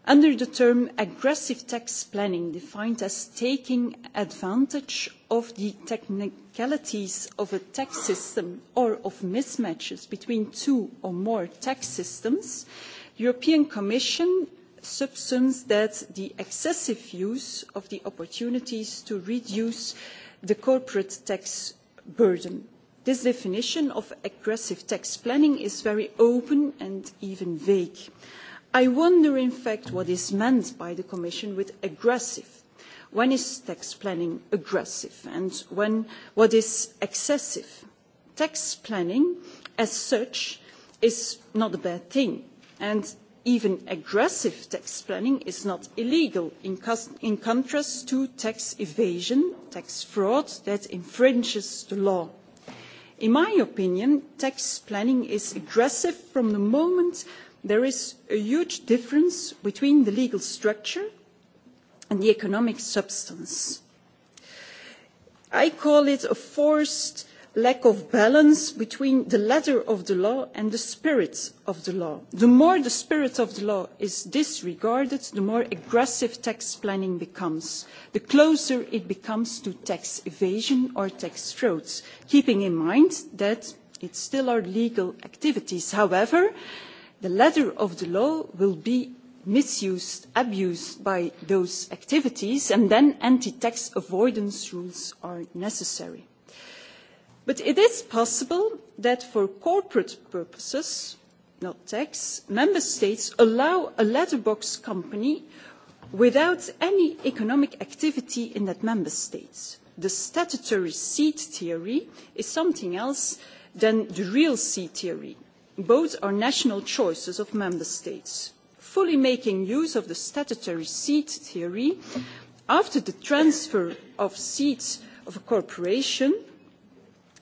under the term aggressive tax planning defined as taking advantage of the technicalities of a tax system or of mismatches between two or more tax systems the european commission substance that the excessive use of the opportunities to reduce the corporate tax burden. This definition of aggressive tax planning is very open and even vague. I wonder, in fact, what is meant by the Commission with aggressive. When is tax planning aggressive and when, what is excessive? Tax planning, as such, is not a bad thing. And even aggressive tax planning is not illegal in, contrast to tax evasion tax fraud that infringes the law. in my opinion tax planning is aggressive from the moment there is a huge difference between the legal structure and the economic substance. i call it a forced lack of balance between the letter of the law and the spirit of the law. the more the spirit of the law is disregarded the more aggressive tax planning becomes the closer it becomes to tax evasion or tax fraud keeping in mind that it still are legal activities. however the letter of the law will be misused abused by those activities and then anti tax avoidance rules are necessary but it is possible that for corporate purposes not tax member states allow a letterbox company without any economic activity in that member state. the statutory seat theory is something else than the real seat theory. both are national choices of member states. fully making use of the statutory seat theory after the transfer of seats of a corporation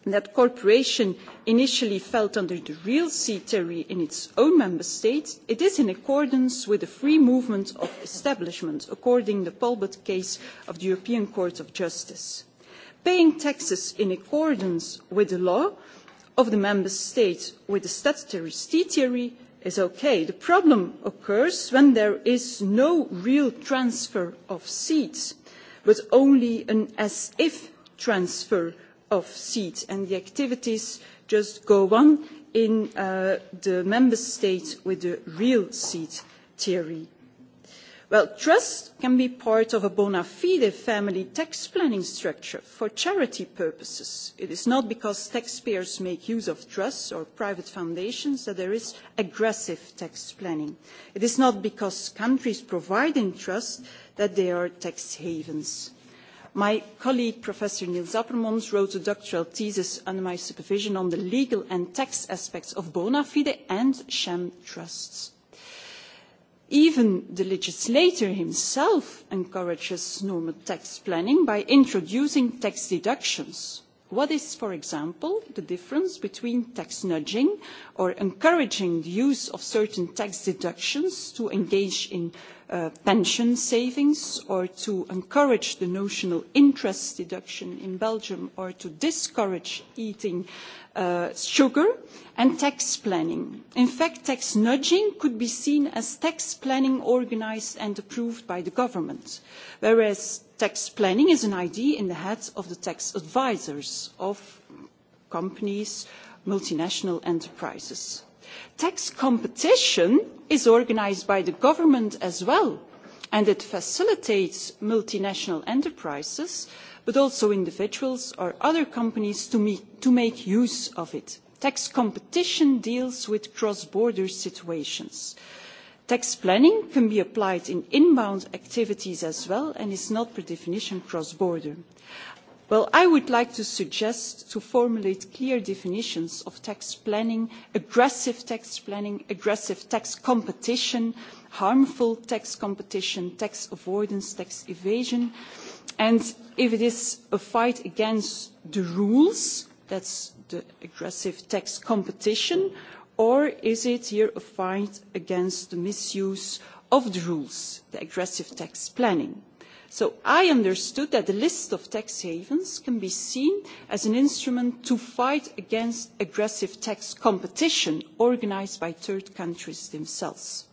that corporation initially felt under the real sea theory in its own member state, it is in accordance with the free movement of establishments according to the Polbert case of the European Court of Justice. Paying taxes in accordance with the law of the member state with the statutory sea theory is okay. The problem occurs when there is no real transfer of seats, but only an as-if transfer of seats and the activities just go on in uh, the member states with the real seed theory. Well, trust can be part of a bona fide family tax planning structure for charity purposes. It is not because taxpayers make use of trusts or private foundations that there is aggressive tax planning. It is not because countries provide in trust that they are tax havens My colleague, Professor Niels appermans wrote a doctoral thesis under my supervision on the legal and tax aspects of bona fide and sham trusts. Even the legislator himself encourages normal tax planning by introducing tax deductions What is, for example, the difference between tax nudging or encouraging the use of certain tax deductions to engage in uh, pension savings or to encourage the notional interest deduction in Belgium or to discourage eating uh, sugar and tax planning? In fact, tax nudging could be seen as tax planning organised and approved by the government, whereas tax planning is an idea in the heads of the tax advisers of companies multinational enterprises. tax competition is organised by the government as well and it facilitates multinational enterprises but also individuals or other companies to make use of it. tax competition deals with cross border situations tax planning can be applied in inbound activities as well and is not per definition cross border. well i would like to suggest to formulate clear definitions of tax planning aggressive tax planning aggressive tax competition harmful tax competition tax avoidance tax evasion and if it is a fight against the rules that is the aggressive tax competition or is it here a fight against the misuse of the rules the aggressive tax planning? so i understood that the list of tax havens can be seen as an instrument to fight against aggressive tax competition organised by third countries themselves.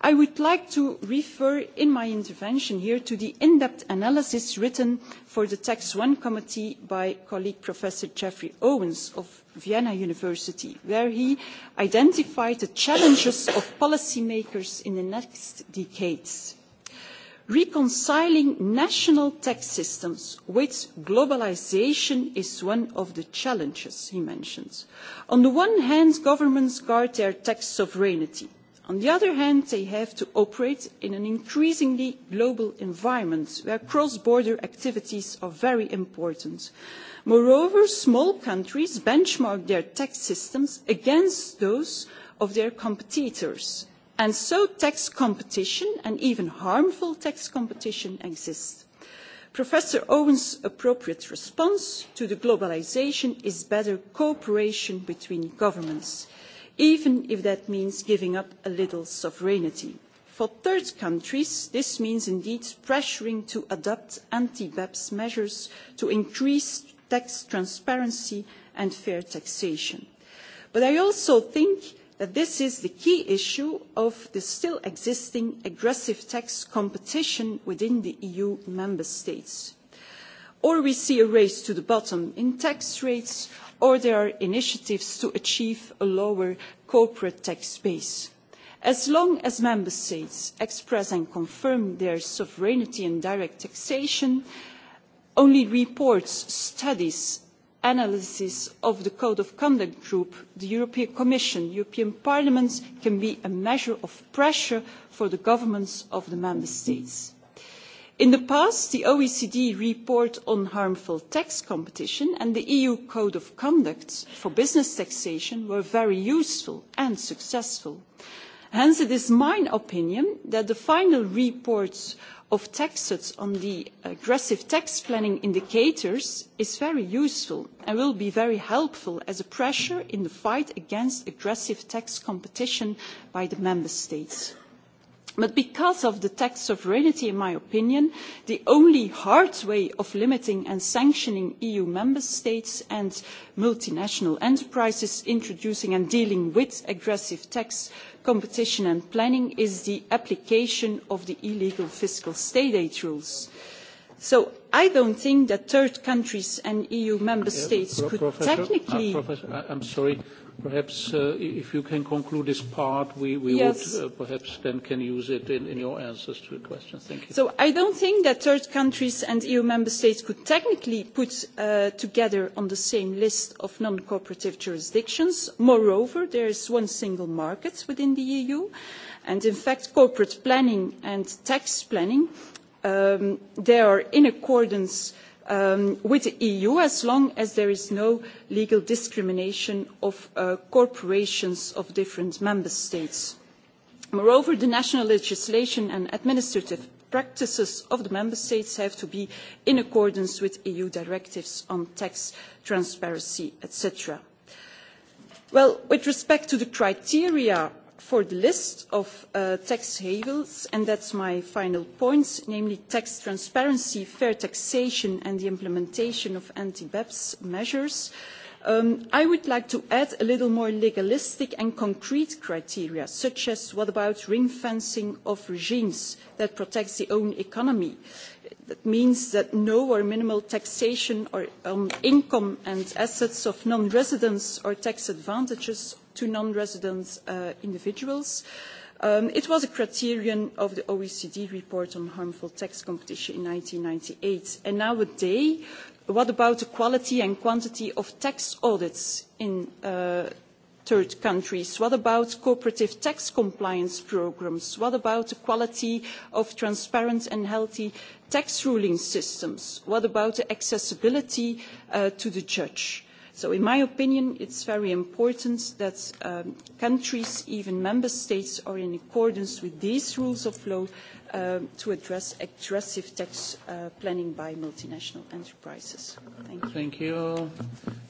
I would like to refer in my intervention here to the in-depth analysis written for the Tax One committee by colleague Professor Jeffrey Owens of Vienna University, where he identified the challenges of policymakers in the next decades. Reconciling national tax systems with globalisation is one of the challenges he mentions. On the one hand, governments guard their tax sovereignty on the other hand they have to operate in an increasingly global environment where cross border activities are very important. moreover small countries benchmark their tax systems against those of their competitors and so tax competition and even harmful tax competition exists. professor owen's appropriate response to the globalisation is better cooperation between governments even if that means giving up a little sovereignty. For third countries, this means indeed pressuring to adopt anti-BEPS measures to increase tax transparency and fair taxation. But I also think that this is the key issue of the still existing aggressive tax competition within the EU member states. Or we see a race to the bottom in tax rates, or there are initiatives to achieve a lower corporate tax base. As long as Member States express and confirm their sovereignty in direct taxation, only reports, studies, analysis of the Code of Conduct Group, the European Commission, European Parliament can be a measure of pressure for the governments of the Member States in the past the oecd report on harmful tax competition and the eu code of conduct for business taxation were very useful and successful. hence it is my opinion that the final reports of taxes on the aggressive tax planning indicators is very useful and will be very helpful as a pressure in the fight against aggressive tax competition by the member states but because of the tax sovereignty in my opinion the only hard way of limiting and sanctioning eu member states and multinational enterprises introducing and dealing with aggressive tax competition and planning is the application of the illegal fiscal state aid rules. so i do not think that third countries and eu member states could uh, technically. i sorry Perhaps uh, if you can conclude this part, we, we yes. would uh, perhaps then can use it in, in your answers to the question. Thank you. So I don't think that third countries and EU member states could technically put uh, together on the same list of non-cooperative jurisdictions. Moreover, there is one single market within the EU. And in fact, corporate planning and tax planning, um, they are in accordance Um, with the EU as long as there is no legal discrimination of uh, corporations of different member states. Moreover, the national legislation and administrative practices of the member states have to be in accordance with EU directives on tax transparency, etc. Well, with respect to the criteria for the list of uh, tax havens, and that's my final point, namely tax transparency, fair taxation, and the implementation of anti-BEPS measures, um, I would like to add a little more legalistic and concrete criteria, such as what about ring fencing of regimes that protects the own economy? That means that no or minimal taxation on um, income and assets of non-residents or tax advantages to non-resident uh, individuals. Um, it was a criterion of the OECD report on harmful tax competition in 1998. And nowadays, what about the quality and quantity of tax audits in uh, third countries? What about cooperative tax compliance programmes? What about the quality of transparent and healthy tax ruling systems? What about the accessibility uh, to the judge? So in my opinion, it's very important that um, countries, even member states, are in accordance with these rules of law um, to address aggressive tax uh, planning by multinational enterprises. Thank you. Thank you.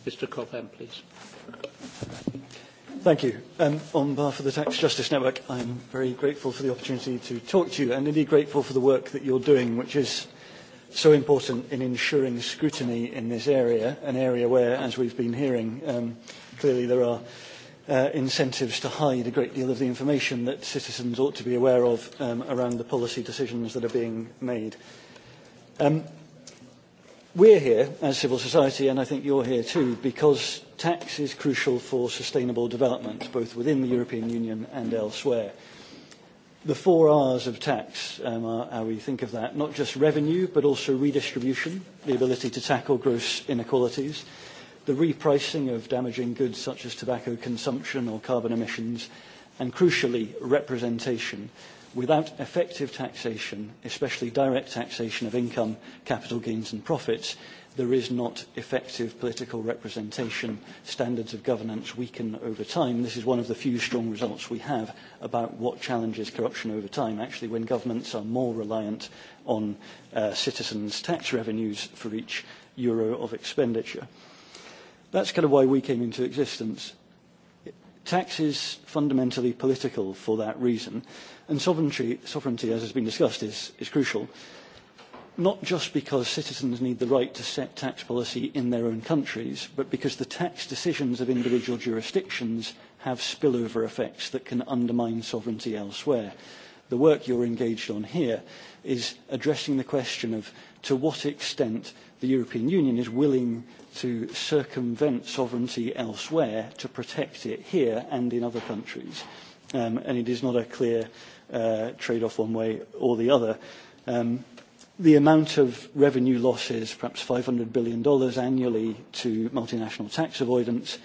Mr. Copham, please. Thank you. Um, on behalf of the Tax Justice Network, I'm very grateful for the opportunity to talk to you and indeed grateful for the work that you're doing, which is so important in ensuring scrutiny in this area, an area where, as we've been hearing, um, clearly there are uh, incentives to hide a great deal of the information that citizens ought to be aware of um, around the policy decisions that are being made. Um, we're here as civil society, and I think you're here too, because tax is crucial for sustainable development, both within the European Union and elsewhere the four R's of tax um, are how we think of that, not just revenue, but also redistribution, the ability to tackle gross inequalities, the repricing of damaging goods such as tobacco consumption or carbon emissions, and crucially representation without effective taxation especially direct taxation of income capital gains and profits there is not effective political representation standards of governance weaken over time this is one of the few strong results we have about what challenges corruption over time actually when governments are more reliant on uh, citizens tax revenues for each euro of expenditure that's kind of why we came into existence Tax is fundamentally political for that reason, and sovereignty, sovereignty as has been discussed, is, is crucial, not just because citizens need the right to set tax policy in their own countries, but because the tax decisions of individual jurisdictions have spillover effects that can undermine sovereignty elsewhere. The work you're engaged on here is addressing the question of to what extent the European Union is willing to circumvent sovereignty elsewhere to protect it here and in other countries. Um, and it is not a clear uh, trade-off one way or the other. Um, the amount of revenue losses, perhaps $500 billion annually to multinational tax avoidance,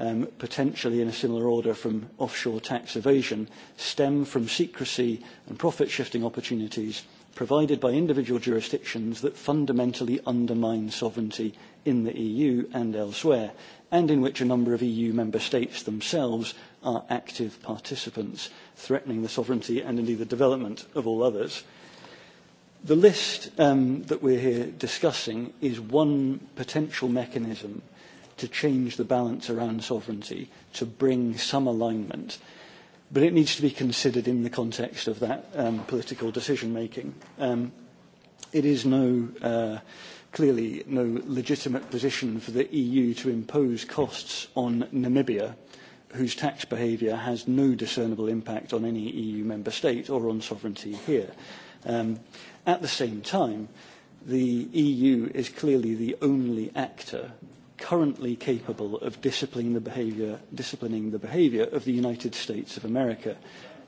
um, potentially in a similar order from offshore tax evasion, stem from secrecy and profit-shifting opportunities provided by individual jurisdictions that fundamentally undermine sovereignty in the EU and elsewhere, and in which a number of EU member states themselves are active participants, threatening the sovereignty and indeed the development of all others. The list that um, that we're here discussing is one potential mechanism to change the balance around sovereignty, to bring some alignment, but it needs to be considered in the context of that um, political decision making. Um, it is no uh, clearly no legitimate position for the EU to impose costs on Namibia, whose tax behaviour has no discernible impact on any EU member state or on sovereignty here. Um, at the same time, the EU is clearly the only actor currently capable of disciplining the behaviour, disciplining the behaviour of the United States of America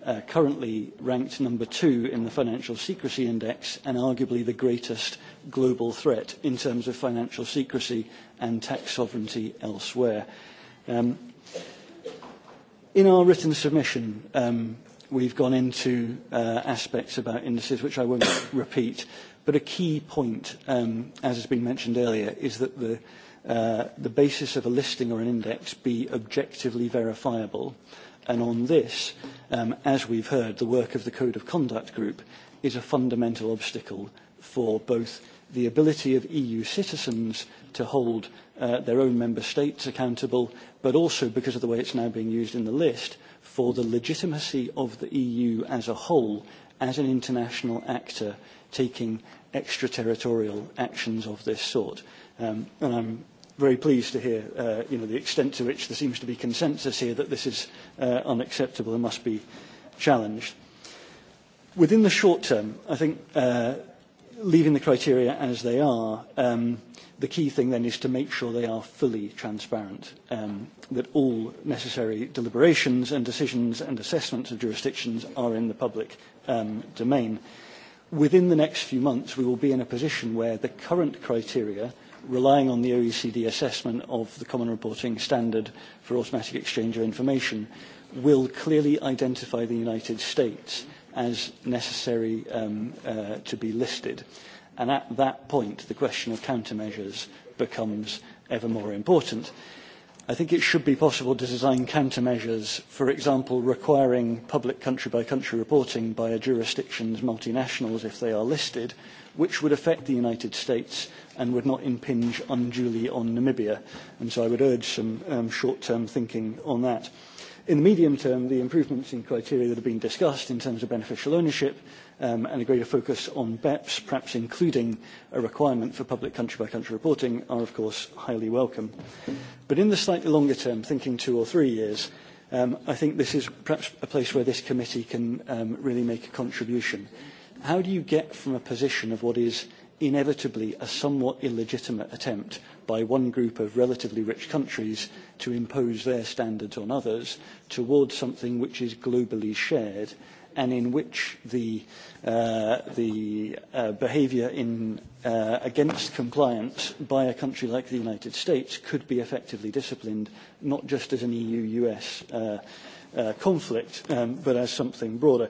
Uh, currently ranked number two in the financial secrecy index and arguably the greatest global threat in terms of financial secrecy and tax sovereignty elsewhere. Um, in our written submission, um, we've gone into uh, aspects about indices which I won't repeat, but a key point, um, as has been mentioned earlier, is that the, uh, the basis of a listing or an index be objectively verifiable And on this, um, as we've heard, the work of the Code of Conduct Group is a fundamental obstacle for both the ability of EU citizens to hold uh, their own member states accountable, but also because of the way it's now being used in the list, for the legitimacy of the EU as a whole as an international actor taking extraterritorial actions of this sort. Um, and I'm very pleased to hear uh, you know, the extent to which there seems to be consensus here that this is uh, unacceptable and must be challenged. Within the short term, I think uh, leaving the criteria as they are, um, the key thing then is to make sure they are fully transparent, um, that all necessary deliberations and decisions and assessments of jurisdictions are in the public um, domain. Within the next few months, we will be in a position where the current criteria relying on the OECD assessment of the Common Reporting Standard for Automatic Exchange of Information will clearly identify the United States as necessary um, uh, to be listed. And at that point, the question of countermeasures becomes ever more important. I think it should be possible to design countermeasures, for example, requiring public country-by-country -country reporting by a jurisdiction's multinationals if they are listed, which would affect the United States and would not impinge unduly on Namibia. And so I would urge some um, short-term thinking on that. In the medium term, the improvements in criteria that have been discussed in terms of beneficial ownership um, and a greater focus on BEPS, perhaps including a requirement for public country-by-country reporting, are of course highly welcome. But in the slightly longer term, thinking two or three years, um, I think this is perhaps a place where this committee can really make a contribution. How do you get from a position of what is inevitably a somewhat illegitimate attempt by one group of relatively rich countries to impose their standards on others towards something which is globally shared and in which the, uh, the uh, behaviour in, uh, against compliance by a country like the United States could be effectively disciplined, not just as an EU-US uh, uh, conflict, um, but as something broader.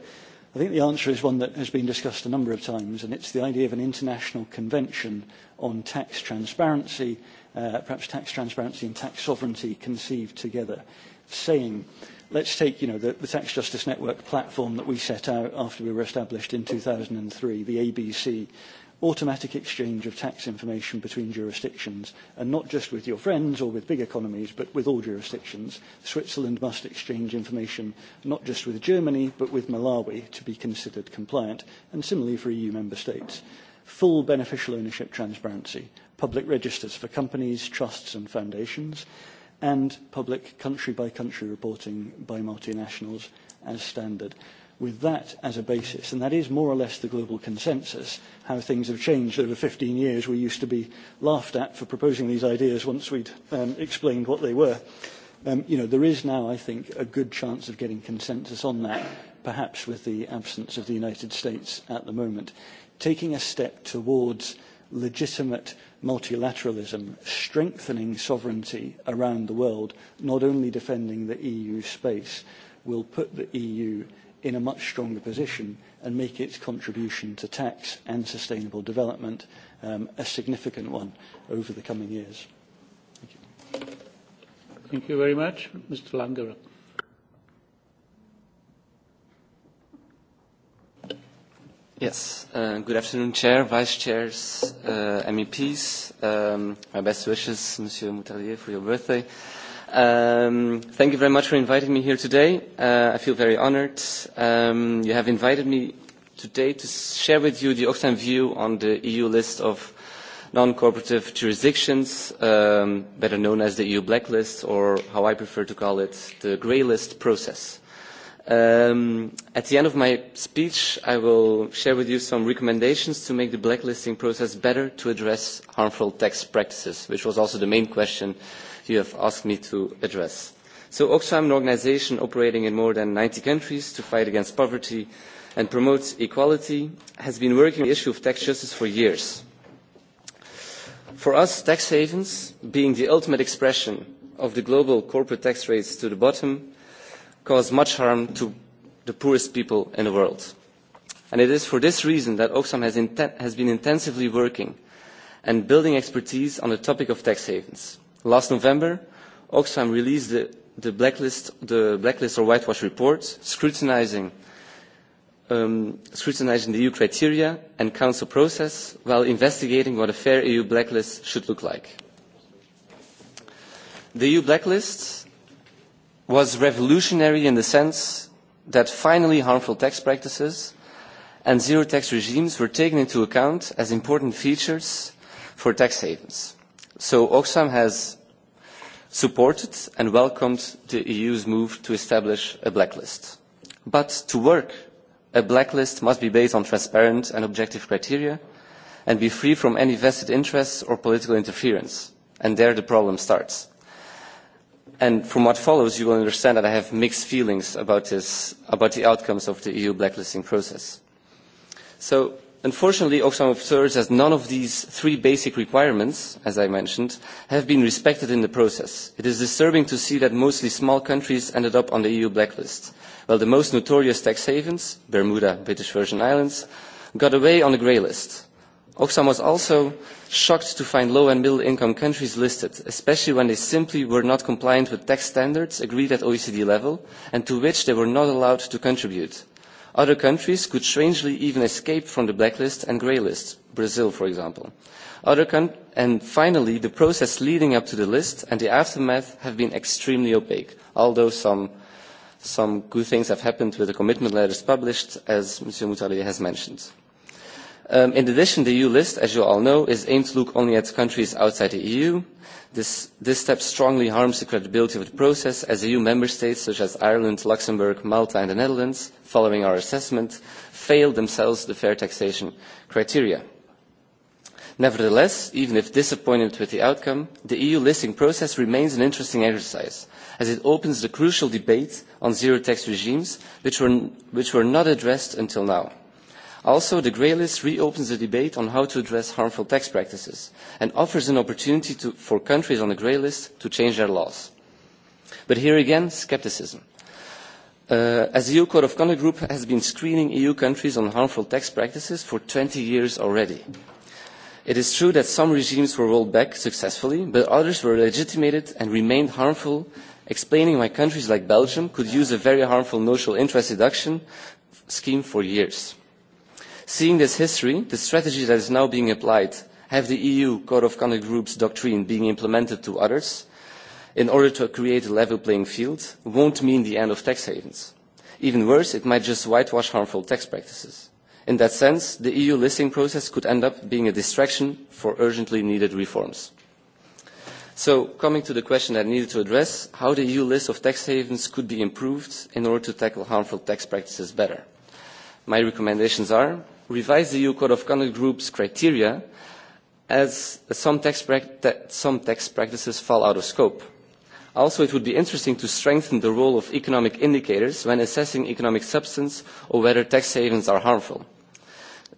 I think the answer is one that has been discussed a number of times, and it's the idea of an international convention on tax transparency, uh, perhaps tax transparency and tax sovereignty conceived together, saying, let's take you know, the, the Tax Justice Network platform that we set out after we were established in 2003, the ABC automatic exchange of tax information between jurisdictions, and not just with your friends or with big economies, but with all jurisdictions. Switzerland must exchange information not just with Germany, but with Malawi to be considered compliant, and similarly for EU member states. Full beneficial ownership transparency, public registers for companies, trusts and foundations, and public country-by-country reporting by multinationals as standard with that as a basis, and that is more or less the global consensus, how things have changed over 15 years. We used to be laughed at for proposing these ideas once we'd um, explained what they were. Um, you know, there is now, I think, a good chance of getting consensus on that, perhaps with the absence of the United States at the moment. Taking a step towards legitimate multilateralism, strengthening sovereignty around the world, not only defending the EU space, will put the EU in a much stronger position and make its contribution to tax and sustainable development um, a significant one over the coming years. Thank you. Thank you very much. Mr. Langer. Yes. Uh, good afternoon, Chair, Vice Chairs, uh, MEPs. Um, my best wishes, Monsieur Moutardier, for your birthday. Um, thank you very much for inviting me here today. Uh, I feel very honored. Um, you have invited me today to share with you the Oxfam view on the EU list of non-cooperative jurisdictions, um, better known as the EU blacklist, or how I prefer to call it, the grey list process. Um, at the end of my speech, I will share with you some recommendations to make the blacklisting process better to address harmful tax practices, which was also the main question you have asked me to address. So Oxfam, an organisation operating in more than 90 countries to fight against poverty and promote equality, has been working on the issue of tax justice for years. For us, tax havens, being the ultimate expression of the global corporate tax rates to the bottom, cause much harm to the poorest people in the world. And it is for this reason that Oxfam has, has been intensively working and building expertise on the topic of tax havens last november oxfam released the, blacklist the blacklist or whitewash report scrutinising um, scrutinizing the eu criteria and council process while investigating what a fair eu blacklist should look like the eu blacklist was revolutionary in the sense that finally harmful tax practices and zero tax regimes were taken into account as important features for tax havens So Oxfam has supported and welcomed the EU's move to establish a blacklist. But to work, a blacklist must be based on transparent and objective criteria and be free from any vested interests or political interference. And there the problem starts. And from what follows, you will understand that I have mixed feelings about, this, about the outcomes of the EU blacklisting process. So Unfortunately, Oxfam observes that none of these three basic requirements, as I mentioned, have been respected in the process. It is disturbing to see that mostly small countries ended up on the EU blacklist, while the most notorious tax havens, Bermuda, British Virgin Islands, got away on the grey list. Oxfam was also shocked to find low and middle income countries listed, especially when they simply were not compliant with tax standards agreed at OECD level and to which they were not allowed to contribute Other countries could strangely even escape from the blacklist and grey list, Brazil, for example. Other and finally, the process leading up to the list and the aftermath have been extremely opaque, although some, some good things have happened with the commitment letters published, as Mr. Moutalier has mentioned. Um, in addition, the EU list, as you all know, is aimed to look only at countries outside the EU, This, step strongly harms the credibility of the process as EU member states such as Ireland, Luxembourg, Malta and the Netherlands, following our assessment, failed themselves the fair taxation criteria. Nevertheless, even if disappointed with the outcome, the EU listing process remains an interesting exercise as it opens the crucial debate on zero tax regimes which were not addressed until now also the grey list reopens the debate on how to address harmful tax practices and offers an opportunity to, for countries on the grey list to change their laws but here again scepticism. Uh, as the eu code of conduct group has been screening eu countries on harmful tax practices for 20 years already it is true that some regimes were rolled back successfully but others were legitimated and remained harmful explaining why countries like belgium could use a very harmful notional interest deduction scheme for years. Seeing this history, the strategy that is now being applied, have the EU Code of Conduct Group's doctrine being implemented to others in order to create a level playing field won't mean the end of tax havens. Even worse, it might just whitewash harmful tax practices. In that sense, the EU listing process could end up being a distraction for urgently needed reforms. So, coming to the question that I needed to address, how the EU list of tax havens could be improved in order to tackle harmful tax practices better. My recommendations are revise the EU Code of Conduct Group's criteria as some tax, some tax practices fall out of scope. Also, it would be interesting to strengthen the role of economic indicators when assessing economic substance or whether tax havens are harmful.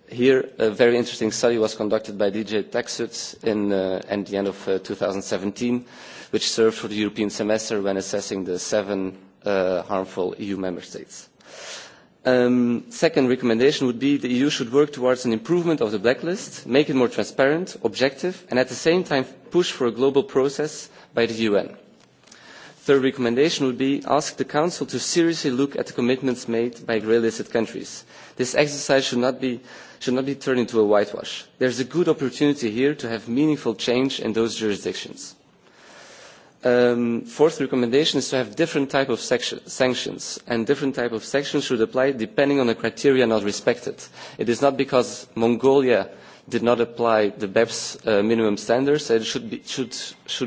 Here, a very interesting study was conducted by DJ Taxut in, uh, at the end of uh, 2017, which served for the European semester when assessing the seven uh, harmful EU member states. Um, second recommendation would be that the EU should work towards an improvement of the blacklist, make it more transparent, objective, and at the same time push for a global process by the UN. Third recommendation would be ask the Council to seriously look at the commitments made by grey listed countries. This exercise should not, be, should not be turned into a whitewash. There is a good opportunity here to have meaningful change in those jurisdictions. Um, fourth recommendation is to have different type of sanctions and different type of sanctions should apply depending on the criteria not respected. It is not because Mongolia did not apply the BEPS uh, minimum standards that it should, be, should,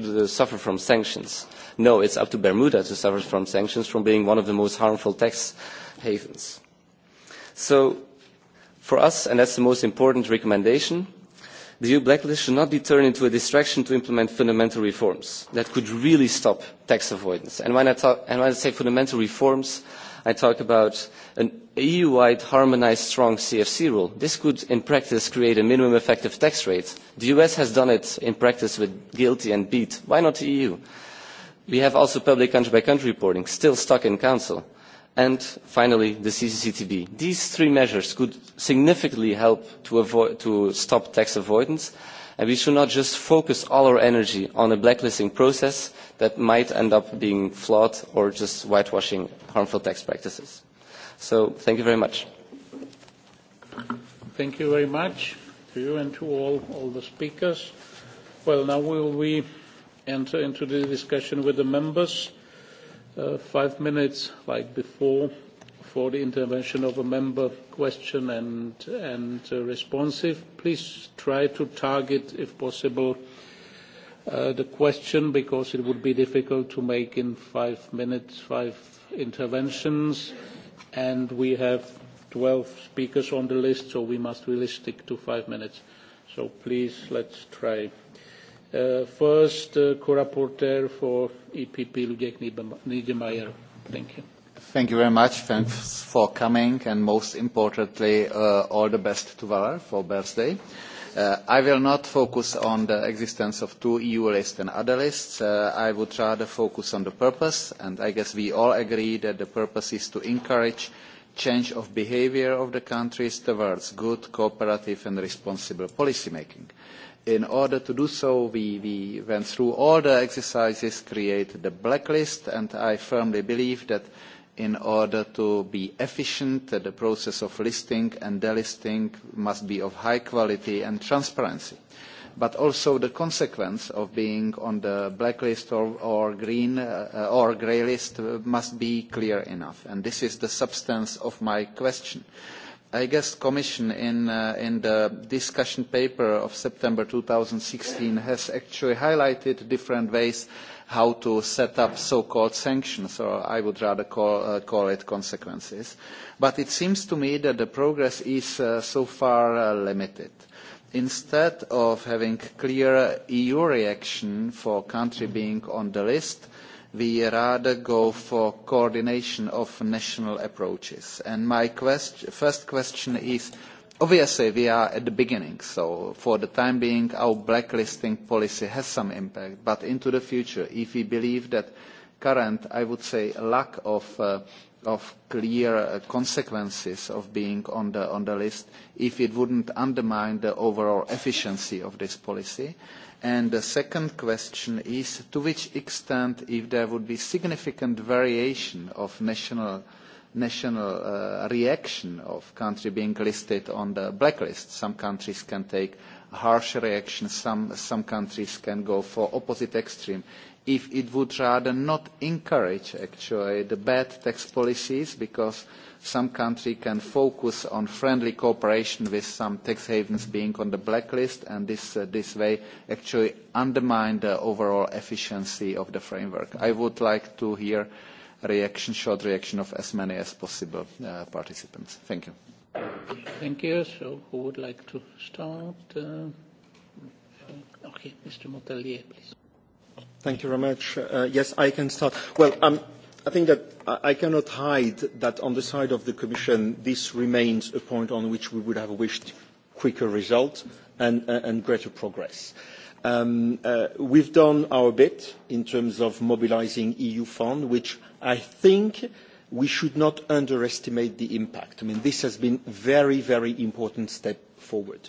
uh, suffer from sanctions. No, it's up to Bermuda to suffer from sanctions from being one of the most harmful tax havens. So for us, and is the most important recommendation, the eu blacklist should not be turned into a distraction to implement fundamental reforms that could really stop tax avoidance. And when I, talk, and when I say fundamental reforms, I talk about an EU-wide harmonized strong CFC rule. This could, in practice, create a minimum effective tax rate. The US has done it in practice with guilty and beat. Why not the EU? We have also public country by -country reporting, still stuck in council and finally the ccctb. these three measures could significantly help to, to stop tax avoidance and we should not just focus all our energy on a blacklisting process that might end up being flawed or just whitewashing harmful tax practices. so thank you very much. thank you very much to you and to all, all the speakers. well now will we enter into the discussion with the members. Uh, five minutes, like before, for the intervention of a member question and, and uh, responsive. Please try to target, if possible, uh, the question because it would be difficult to make in five minutes five interventions and we have 12 speakers on the list so we must really stick to five minutes. So please let's try Uh, first, uh, co-rapporteur for EPP, Ludek Niedermayer. Thank you. very much. Thanks for coming, and most importantly, uh, all the best to Valar for birthday. I will not focus on the existence of two EU lists and other lists. I would rather focus on the purpose, and I guess we all agree that the purpose is to encourage change of behaviour of the countries towards good, cooperative and responsible policy making in order to do so, we, we went through all the exercises, created the blacklist, and I firmly believe that in order to be efficient, the process of listing and delisting must be of high quality and transparency. But also the consequence of being on the blacklist or, green uh, or grey list must be clear enough. And this is the substance of my question i guess the Commission uh, in, the discussion paper of September 2016 has actually highlighted different ways how to set up so-called sanctions, or I would rather call, uh, call it consequences. But it seems to me that the progress is uh, so far limited. Instead of having clear EU reaction for a country being on the list, we rather go for coordination of national approaches. And my first question is obviously we are at the beginning so for the time being our blacklisting policy has some impact but into the future if we believe that current i would say lack of uh, of clear uh, consequences of being on the on the list if it wouldn't undermine the overall efficiency of this policy the second question is to which extent, if there would be significant variation of national uh, reaction of country being listed on the blacklist. Some countries can take harsh reaction, some, some countries can go for opposite extreme. If it would rather not encourage actually the bad tax policies because some countries can focus on friendly cooperation with some tax havens being on the blacklist and this, uh, this way actually undermine the overall efficiency of the framework. I would like to hear a reaction, short reaction of as many as possible uh, participants. Thank you. Thank you. So who would like to start? Uh, Mr. please. Thank you very much. yes, I can start. Um, i think that I cannot hide that on the side of the Commission, this remains a point on which we would have wished quicker results and, uh, greater progress. We um, have uh, we've done our bit in terms of mobilising EU funds, which I think we should not underestimate the impact. I mean, this has been a very, very important step forward.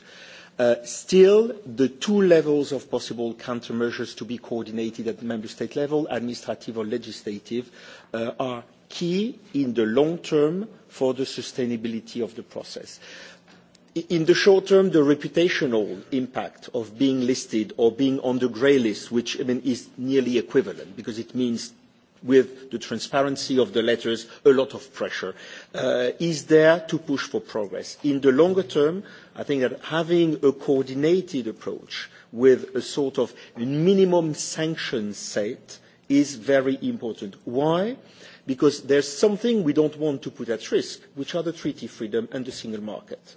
Uh, still, the two levels of possible countermeasures to be coordinated at the member state level, administrative or legislative, uh, are key in the long term for the sustainability of the process. In the short term, the reputational impact of being listed or being on the grey list, which is nearly equivalent because it means with the transparency of the letters, a lot of pressure, uh, is there to push for progress. In the longer term, i think that having a coordinated approach with a sort of minimum sanction set is very important. Why? Because there's something we don't want to put at risk, which are the treaty freedom and the single market.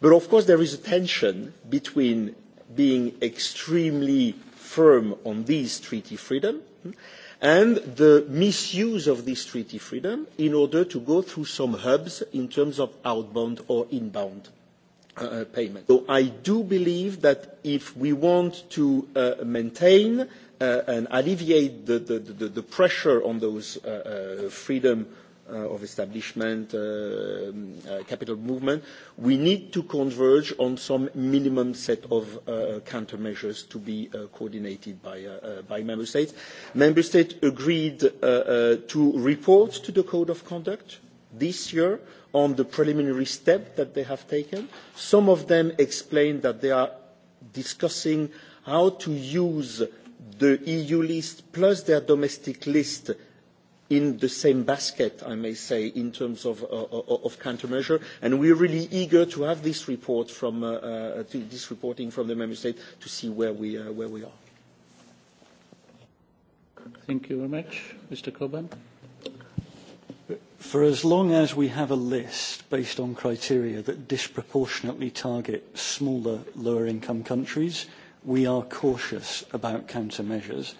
But of course there is a tension between being extremely firm on these treaty freedom and the misuse of this treaty freedom in order to go through some hubs in terms of outbound or inbound payments. Uh, uh, payment. So I do believe that if we want to uh, maintain and alleviate the, pressure on those freedom of establishment, capital movement, we need to converge on some minimum set of countermeasures to be coordinated by member states. Member states agreed to report to the code of conduct this year on the preliminary step that they have taken. Some of them explain that they are discussing how to use the EU list plus their domestic list in the same basket, I may say, in terms of, uh, uh of countermeasure. And are really eager to have this report from, uh, uh, to this reporting from the member state to see where we, uh, where we are. Thank you very much. Mr. Coburn for as long as we have a list based on criteria that disproportionately target smaller, lower income countries, we are cautious about countermeasures.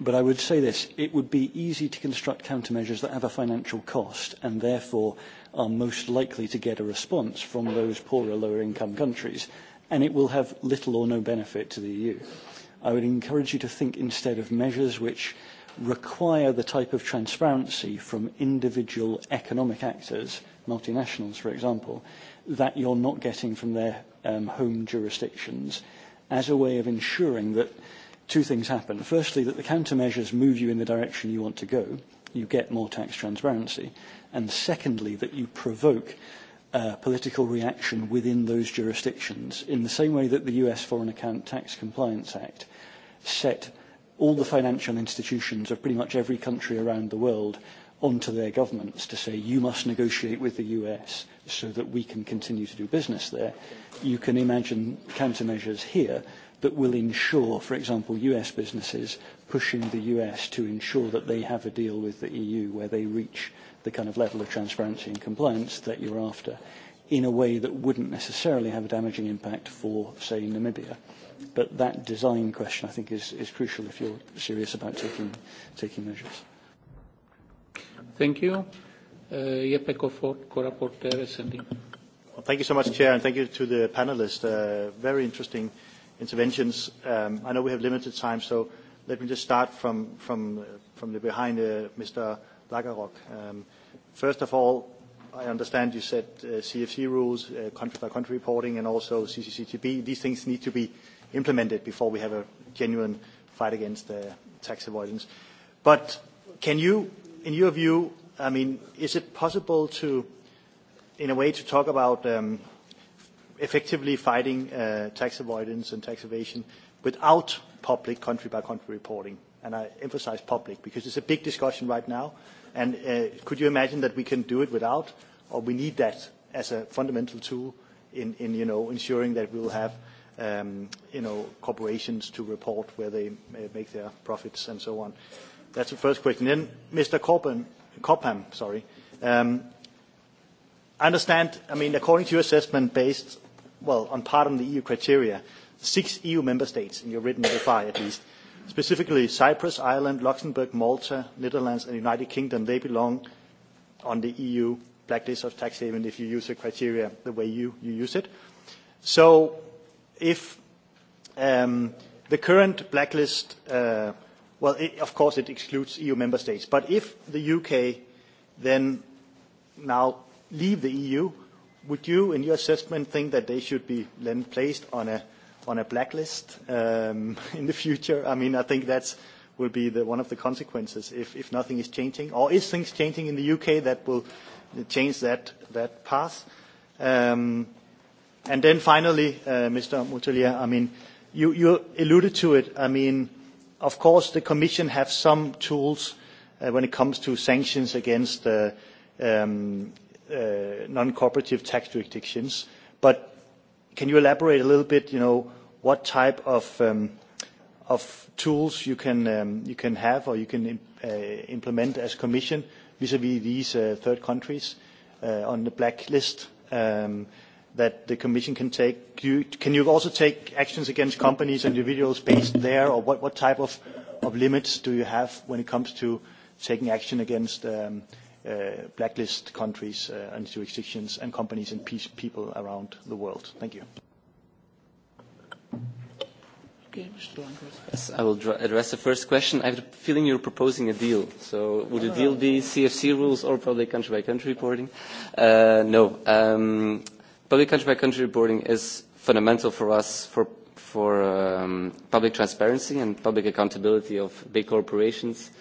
But I would say this, it would be easy to construct countermeasures that have a financial cost and therefore are most likely to get a response from those poorer, lower income countries, and it will have little or no benefit to the EU. I would encourage you to think instead of measures which require the type of transparency from individual economic actors, multinationals for example, that you're not getting from their um, home jurisdictions as a way of ensuring that two things happen. Firstly, that the countermeasures move you in the direction you want to go. You get more tax transparency. And secondly, that you provoke uh, political reaction within those jurisdictions in the same way that the US Foreign Account Tax Compliance Act set all the financial institutions of pretty much every country around the world onto their governments to say you must negotiate with the US so that we can continue to do business there. You can imagine countermeasures here that will ensure, for example, US businesses pushing the US to ensure that they have a deal with the EU where they reach the kind of level of transparency and compliance that you're after in a way that wouldn't necessarily have a damaging impact for, say, Namibia but that design question, I think, is, is crucial if you're serious about taking, taking measures. Thank you. Uh, thank you so much, Chair, and thank you to the panelists. Uh, very interesting interventions. Um, I know we have limited time, so let me just start from, from, uh, from the behind uh, Mr. Lagerrock. Um, first of all, I understand you said uh, CFC rules, uh, country-by-country reporting, and also CCCTB. These things need to be implemented before we have a genuine fight against uh, tax avoidance. But can you, in your view, I mean, is it possible to, in a way, to talk about um, effectively fighting uh, tax avoidance and tax evasion without public country-by-country -country reporting? And I emphasize public because it's a big discussion right now. And uh, could you imagine that we can do it without, or we need that as a fundamental tool in, in you know, ensuring that we will have um, you know, corporations to report where they uh, make their profits and so on. That's the first question. Then Mr. Corbin, sorry. I um, understand, I mean, according to your assessment based, well, on part of the EU criteria, six EU member states, in your written reply at least, specifically Cyprus, Ireland, Luxembourg, Malta, Netherlands, and United Kingdom, they belong on the EU blacklist of tax haven if you use the criteria the way you, you use it. So if um, the current blacklist, uh, well, it, of course it excludes EU member states, but if the UK then now leave the EU, would you, in your assessment, think that they should be then placed on a, on a blacklist um, in the future? I mean, I think that will be the, one of the consequences if, if nothing is changing, or is things changing in the UK that will change that, that path? Um, And then finally, uh, Mr. Mutelier, I mean, you, you alluded to it. I mean, of course, the Commission has some tools uh, when it comes to sanctions against uh, um, non-cooperative tax jurisdictions. But can you elaborate a little bit, you know, what type of, um, of tools you can, um, you can have or you can implement as Commission vis-à-vis these third countries on the blacklist? that the Commission can take? Can you, also take actions against companies and individuals based there, or what, what type of, of limits do you have when it comes to taking action against um, uh, blacklist countries uh, and jurisdictions and companies and peace, people around the world? Thank you. Okay, Yes, I will address the first question. I have the feeling you're proposing a deal. So would the deal be CFC rules or probably country-by-country reporting? Uh, no. Um, Public country-by-country reporting is fundamental for us for, for um, public transparency and public accountability of big corporations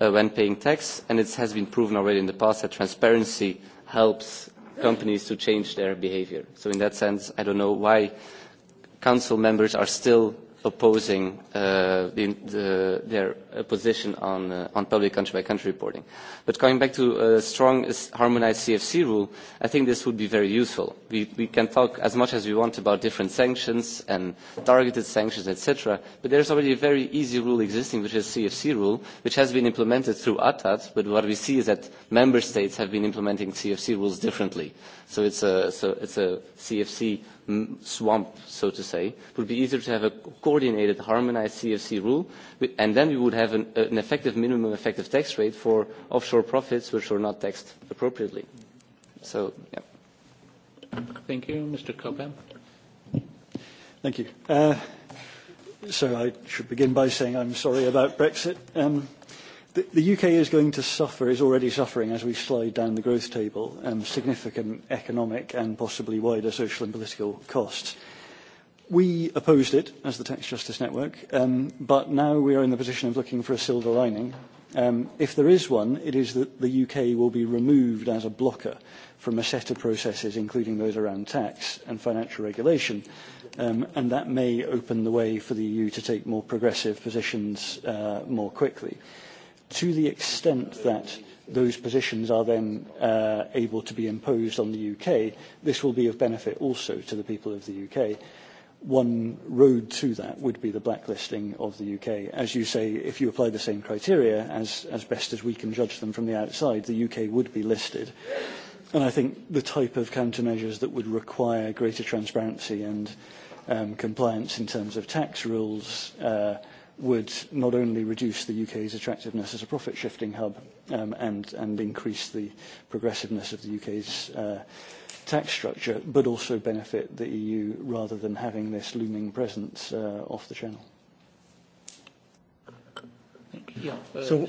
uh, when paying tax, and it has been proven already in the past that transparency helps companies to change their behavior. So in that sense, I don't know why council members are still opposing uh, the, their position on, uh, public country-by-country reporting. But coming back to a strong harmonized CFC rule, I think this would be very useful. We, we can talk as much as we want about different sanctions and targeted sanctions, etc., but there is already a very easy rule existing, which is CFC rule, which has been implemented through ATAT, but what we see is that member states have been implementing CFC rules differently. So it's a, so it's a CFC swamp, so to say. It would be easier to have a coordinated, harmonized CFC rule, and then we would have have an, effective minimum effective tax rate for offshore profits which are not taxed appropriately. So, yeah. Thank you. Mr. Cobham. Thank you. Uh, so I should begin by saying I'm sorry about Brexit. Um, the, UK is going to suffer, is already suffering as we slide down the growth table, um, significant economic and possibly wider social and political costs We opposed it as the Tax Justice Network, um, but now we are in the position of looking for a silver lining. Um, if there is one, it is that the UK will be removed as a blocker from a set of processes, including those around tax and financial regulation, um, and that may open the way for the EU to take more progressive positions uh, more quickly. To the extent that those positions are then uh, able to be imposed on the UK, this will be of benefit also to the people of the UK one road to that would be the blacklisting of the UK. As you say, if you apply the same criteria, as, as best as we can judge them from the outside, the UK would be listed. And I think the type of countermeasures that would require greater transparency and um, compliance in terms of tax rules uh, would not only reduce the UK's attractiveness as a profit-shifting hub um, and, and increase the progressiveness of the UK's uh, tax structure, but also benefit the EU rather than having this looming presence uh, off the channel. Yeah, uh, so,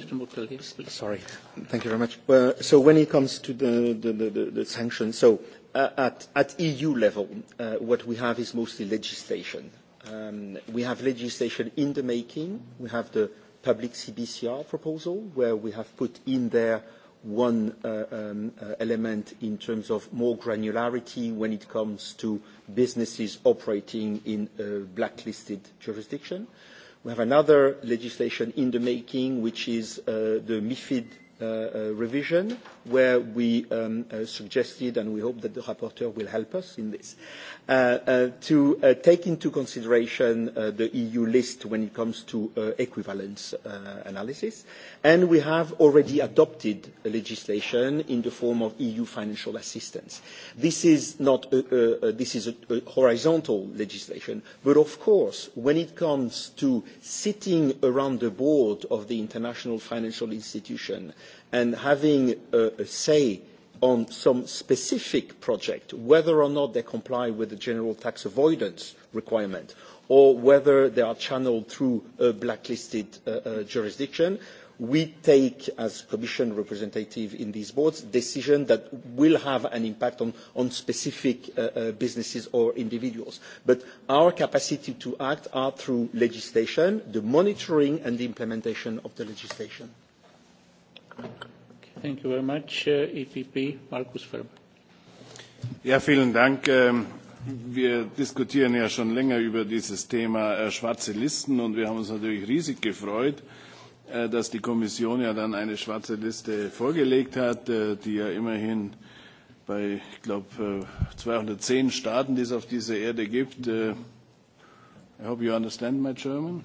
Sorry, thank you very much. Uh, so when it comes to the, the, the, sanctions, so uh, at, at EU level, uh, what we have is mostly legislation. Um, we have legislation in the making. We have the public CBCR proposal, where we have put in there – one uh, um, uh, element in terms of more granularity when it comes to businesses operating in a blacklisted jurisdiction. We have another legislation in the making, which is uh, the MiFID Uh, uh, revision where we um, uh, suggested and we hope that the rapporteur will help us in this to take into consideration the eu list when it comes to equivalence analysis and we have already adopted legislation in the form of eu financial assistance this is not a, this is a horizontal legislation but of course when it comes to sitting around the board of the international financial institution and having a say on some specific project, whether or not they comply with the general tax avoidance requirement or whether they are channeled through a blacklisted uh, uh, jurisdiction, we take, as Commission representative in these boards, decisions that will have an impact on, on specific uh, businesses or individuals. But our capacity to act are through legislation, the monitoring and the implementation of the legislation. Thank you very much. Uh, EPP, Markus Ferber. Ja, vielen Dank. Ähm, wir diskutieren ja schon länger über dieses Thema äh, schwarze Listen und wir haben uns natürlich riesig gefreut, äh, dass die Kommission ja dann eine schwarze Liste vorgelegt hat, äh, die ja immerhin bei, ich glaube, 210 Staaten, die es auf dieser Erde gibt. I hope you understand my German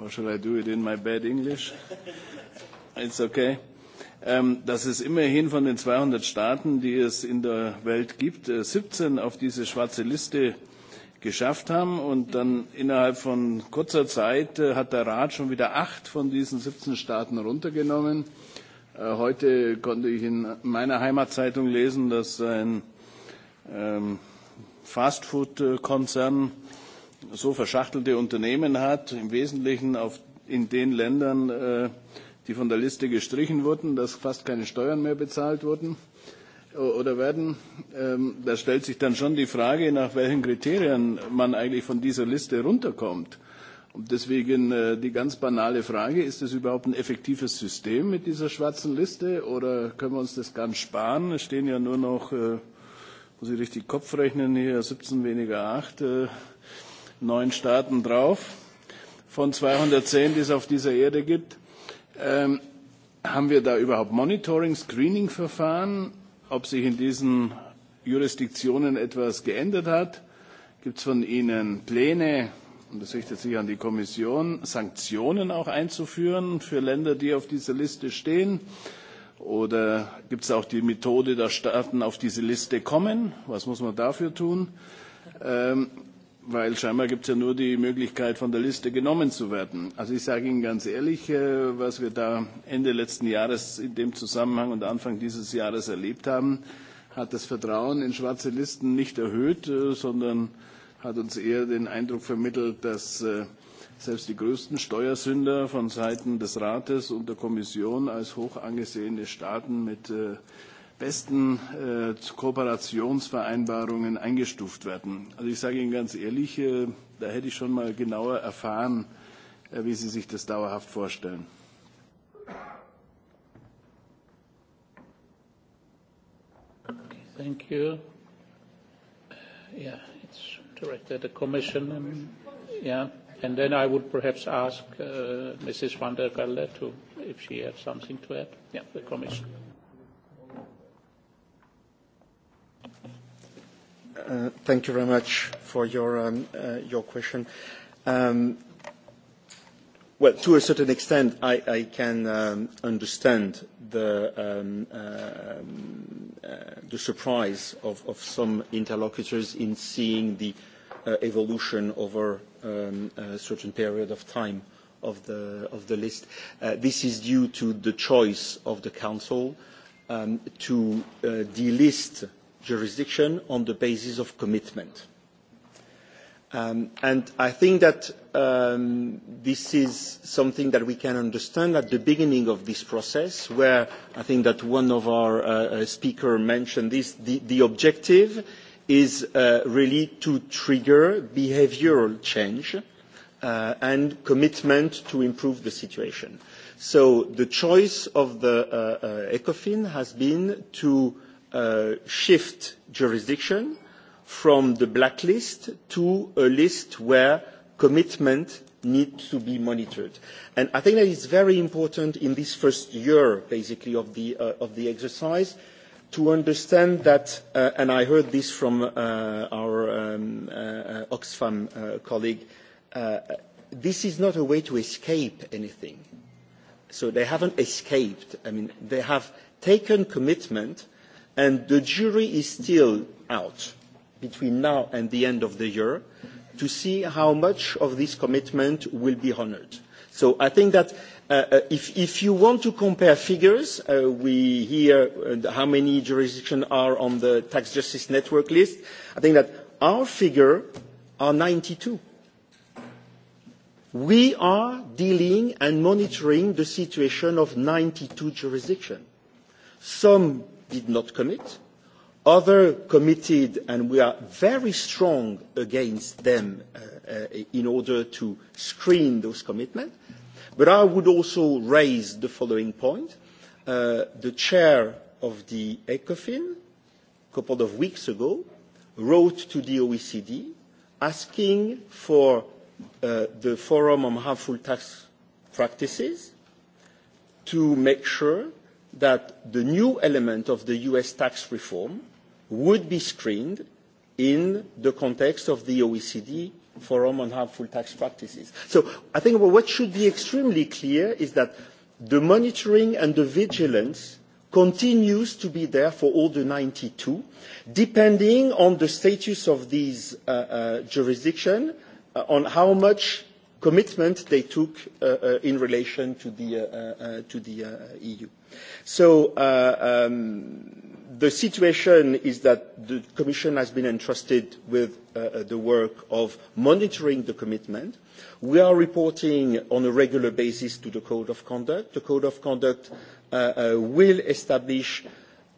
or shall I do it in my bad English? It's okay. Ähm, dass es immerhin von den 200 Staaten, die es in der Welt gibt, 17 äh, auf diese schwarze Liste geschafft haben. Und dann innerhalb von kurzer Zeit äh, hat der Rat schon wieder acht von diesen 17 Staaten runtergenommen. Äh, heute konnte ich in meiner Heimatzeitung lesen, dass ein ähm, Fastfood-Konzern so verschachtelte Unternehmen hat, im Wesentlichen auf, in den Ländern, äh, die von der Liste gestrichen wurden, dass fast keine Steuern mehr bezahlt wurden oder werden. Ähm, da stellt sich dann schon die Frage, nach welchen Kriterien man eigentlich von dieser Liste runterkommt. Und deswegen äh, die ganz banale Frage, ist es überhaupt ein effektives System mit dieser schwarzen Liste oder können wir uns das ganz sparen? Es stehen ja nur noch, äh, muss ich richtig Kopf rechnen, hier 17 weniger 8, neun Staaten drauf, von 210, die es auf dieser Erde gibt. Ähm, haben wir da überhaupt Monitoring, Screening-Verfahren, ob sich in diesen Jurisdiktionen etwas geändert hat? Gibt es von Ihnen Pläne, und das richtet sich an die Kommission, Sanktionen auch einzuführen für Länder, die auf dieser Liste stehen? Oder gibt es auch die Methode, dass Staaten auf diese Liste kommen? Was muss man dafür tun? Ähm, weil scheinbar gibt es ja nur die Möglichkeit, von der Liste genommen zu werden. Also ich sage Ihnen ganz ehrlich, äh, was wir da Ende letzten Jahres in dem Zusammenhang und Anfang dieses Jahres erlebt haben, hat das Vertrauen in schwarze Listen nicht erhöht, äh, sondern hat uns eher den Eindruck vermittelt, dass äh, selbst die größten Steuersünder von Seiten des Rates und der Kommission als hoch angesehene Staaten mit besten äh, Kooperationsvereinbarungen eingestuft werden. Also ich sage Ihnen ganz ehrlich, äh, da hätte ich schon mal genauer erfahren, äh, wie Sie sich das dauerhaft vorstellen. Okay, thank you. Yeah, it's directed the Commission. And, um, yeah, and then I would perhaps ask uh, Mrs. van der Velde to, if she has something to add. Yeah, the Commission. Uh, thank you very much for your, um, uh, question. Um, well, to a certain extent, I, I can um, understand the, uh, surprise of, some interlocutors in seeing the evolution over a certain period of time of the list. This is due to the choice of the council to delist jurisdiction on the basis of commitment. Um, and I think that um, this is something that we can understand at the beginning of this process, where I think that one of our uh, uh speakers mentioned this, the, the objective is uh, really to trigger behavioral change uh, and commitment to improve the situation. So the choice of the uh, uh, ECOFIN has been to Uh, shift jurisdiction from the blacklist to a list where commitment needs to be monitored. And I think that it's very important in this first year, basically, of the, uh, of the exercise to understand that, uh, and I heard this from our um, Oxfam colleague, this is not a way to escape anything. So they haven't escaped. I mean, they have taken commitment and the jury is still out between now and the end of the year to see how much of this commitment will be honoured. So I think that uh, uh, if, you want to compare figures, uh, we hear how many jurisdictions are on the tax justice network list. I think that our figure are 92. We are dealing and monitoring the situation of 92 jurisdictions. Some did not commit. Others committed, and we are very strong against them uh, uh, in order to screen those commitments. But I would also raise the following point. Uh, the chair of the ECOFIN, a couple of weeks ago, wrote to the OECD asking for the Forum on Harmful Tax Practices to make sure that the new element of the US tax reform would be screened in the context of the OECD Forum on Harmful Tax Practices. So I think what should be extremely clear is that the monitoring and the vigilance continues to be there for all the ninety two, depending on the status of these uh, uh, jurisdictions, uh, on how much commitment they took in relation to the, to the EU. So uh, um, the situation is that the Commission has been entrusted with uh, uh, the work of monitoring the commitment. We are reporting on a regular basis to the Code of Conduct. The Code of Conduct will establish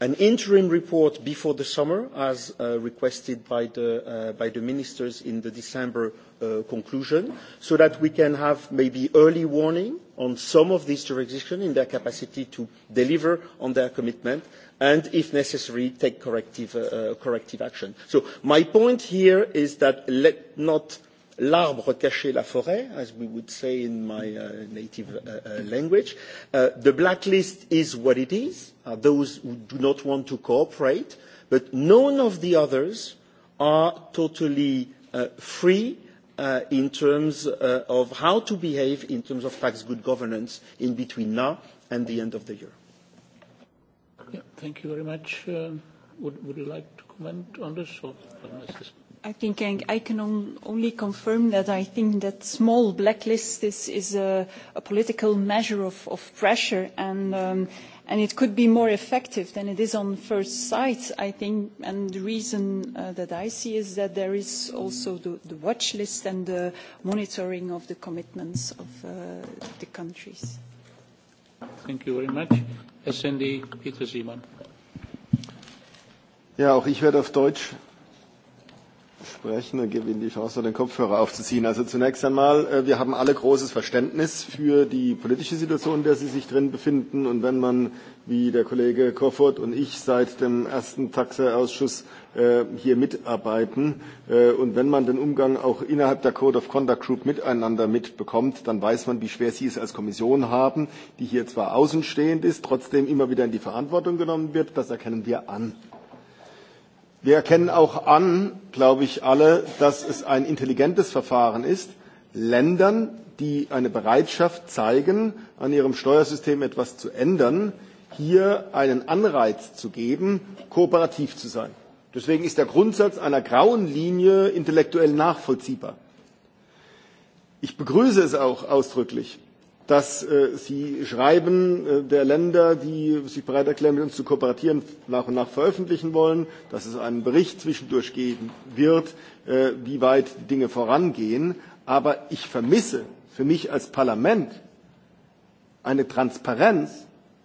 an interim report before the summer as uh, requested uh, by the, ministers in the december uh, conclusion so that we can have maybe early warning on some of these jurisdictions in their capacity to deliver on their commitment and if necessary take corrective, corrective action. so my point here is that let not l'arbre caché la forêt, as we would say in my uh, native uh, uh language. Uh, the blacklist is what it is, those who do not want to cooperate, but none of the others are totally free in terms of how to behave in terms of tax good governance in between now and the end of the year. thank you very much. would, would you like to comment on this? Or, i think I can only confirm that I think that small blacklist is, a, political measure of, pressure and, um, and it could be more effective than it is on first sight, I think. And the reason uh, that I see is that there is also the, watch list and the monitoring of the commitments of uh, the countries. Thank you very much. SND Peter Simon. Ja, auch ich werde auf Deutsch sprechen und gebe Ihnen die Chance, den Kopfhörer aufzuziehen. Also zunächst einmal, äh, wir haben alle großes Verständnis für die politische Situation, in der Sie sich drin befinden. Und wenn man, wie der Kollege Koffert und ich seit dem ersten Taxe-Ausschuss äh, hier mitarbeiten. Äh, und wenn man den Umgang auch innerhalb der Code of Conduct Group miteinander mitbekommt, dann weiß man, wie schwer Sie es als Kommission haben, die hier zwar außenstehend ist, trotzdem immer wieder in die Verantwortung genommen wird. Das erkennen wir an wir erkennen auch an glaube ich alle dass es ein intelligentes verfahren ist ländern die eine bereitschaft zeigen an ihrem steuersystem etwas zu ändern hier einen anreiz zu geben kooperativ zu sein. deswegen ist der grundsatz einer grauen linie intellektuell nachvollziehbar. ich begrüße es auch ausdrücklich dass äh, Sie Schreiben äh, der Länder, die sich bereit erklären, mit uns zu kooperieren, nach und nach veröffentlichen wollen, dass es einen Bericht zwischendurch geben wird, äh, wie weit die Dinge vorangehen. Aber ich vermisse für mich als Parlament eine Transparenz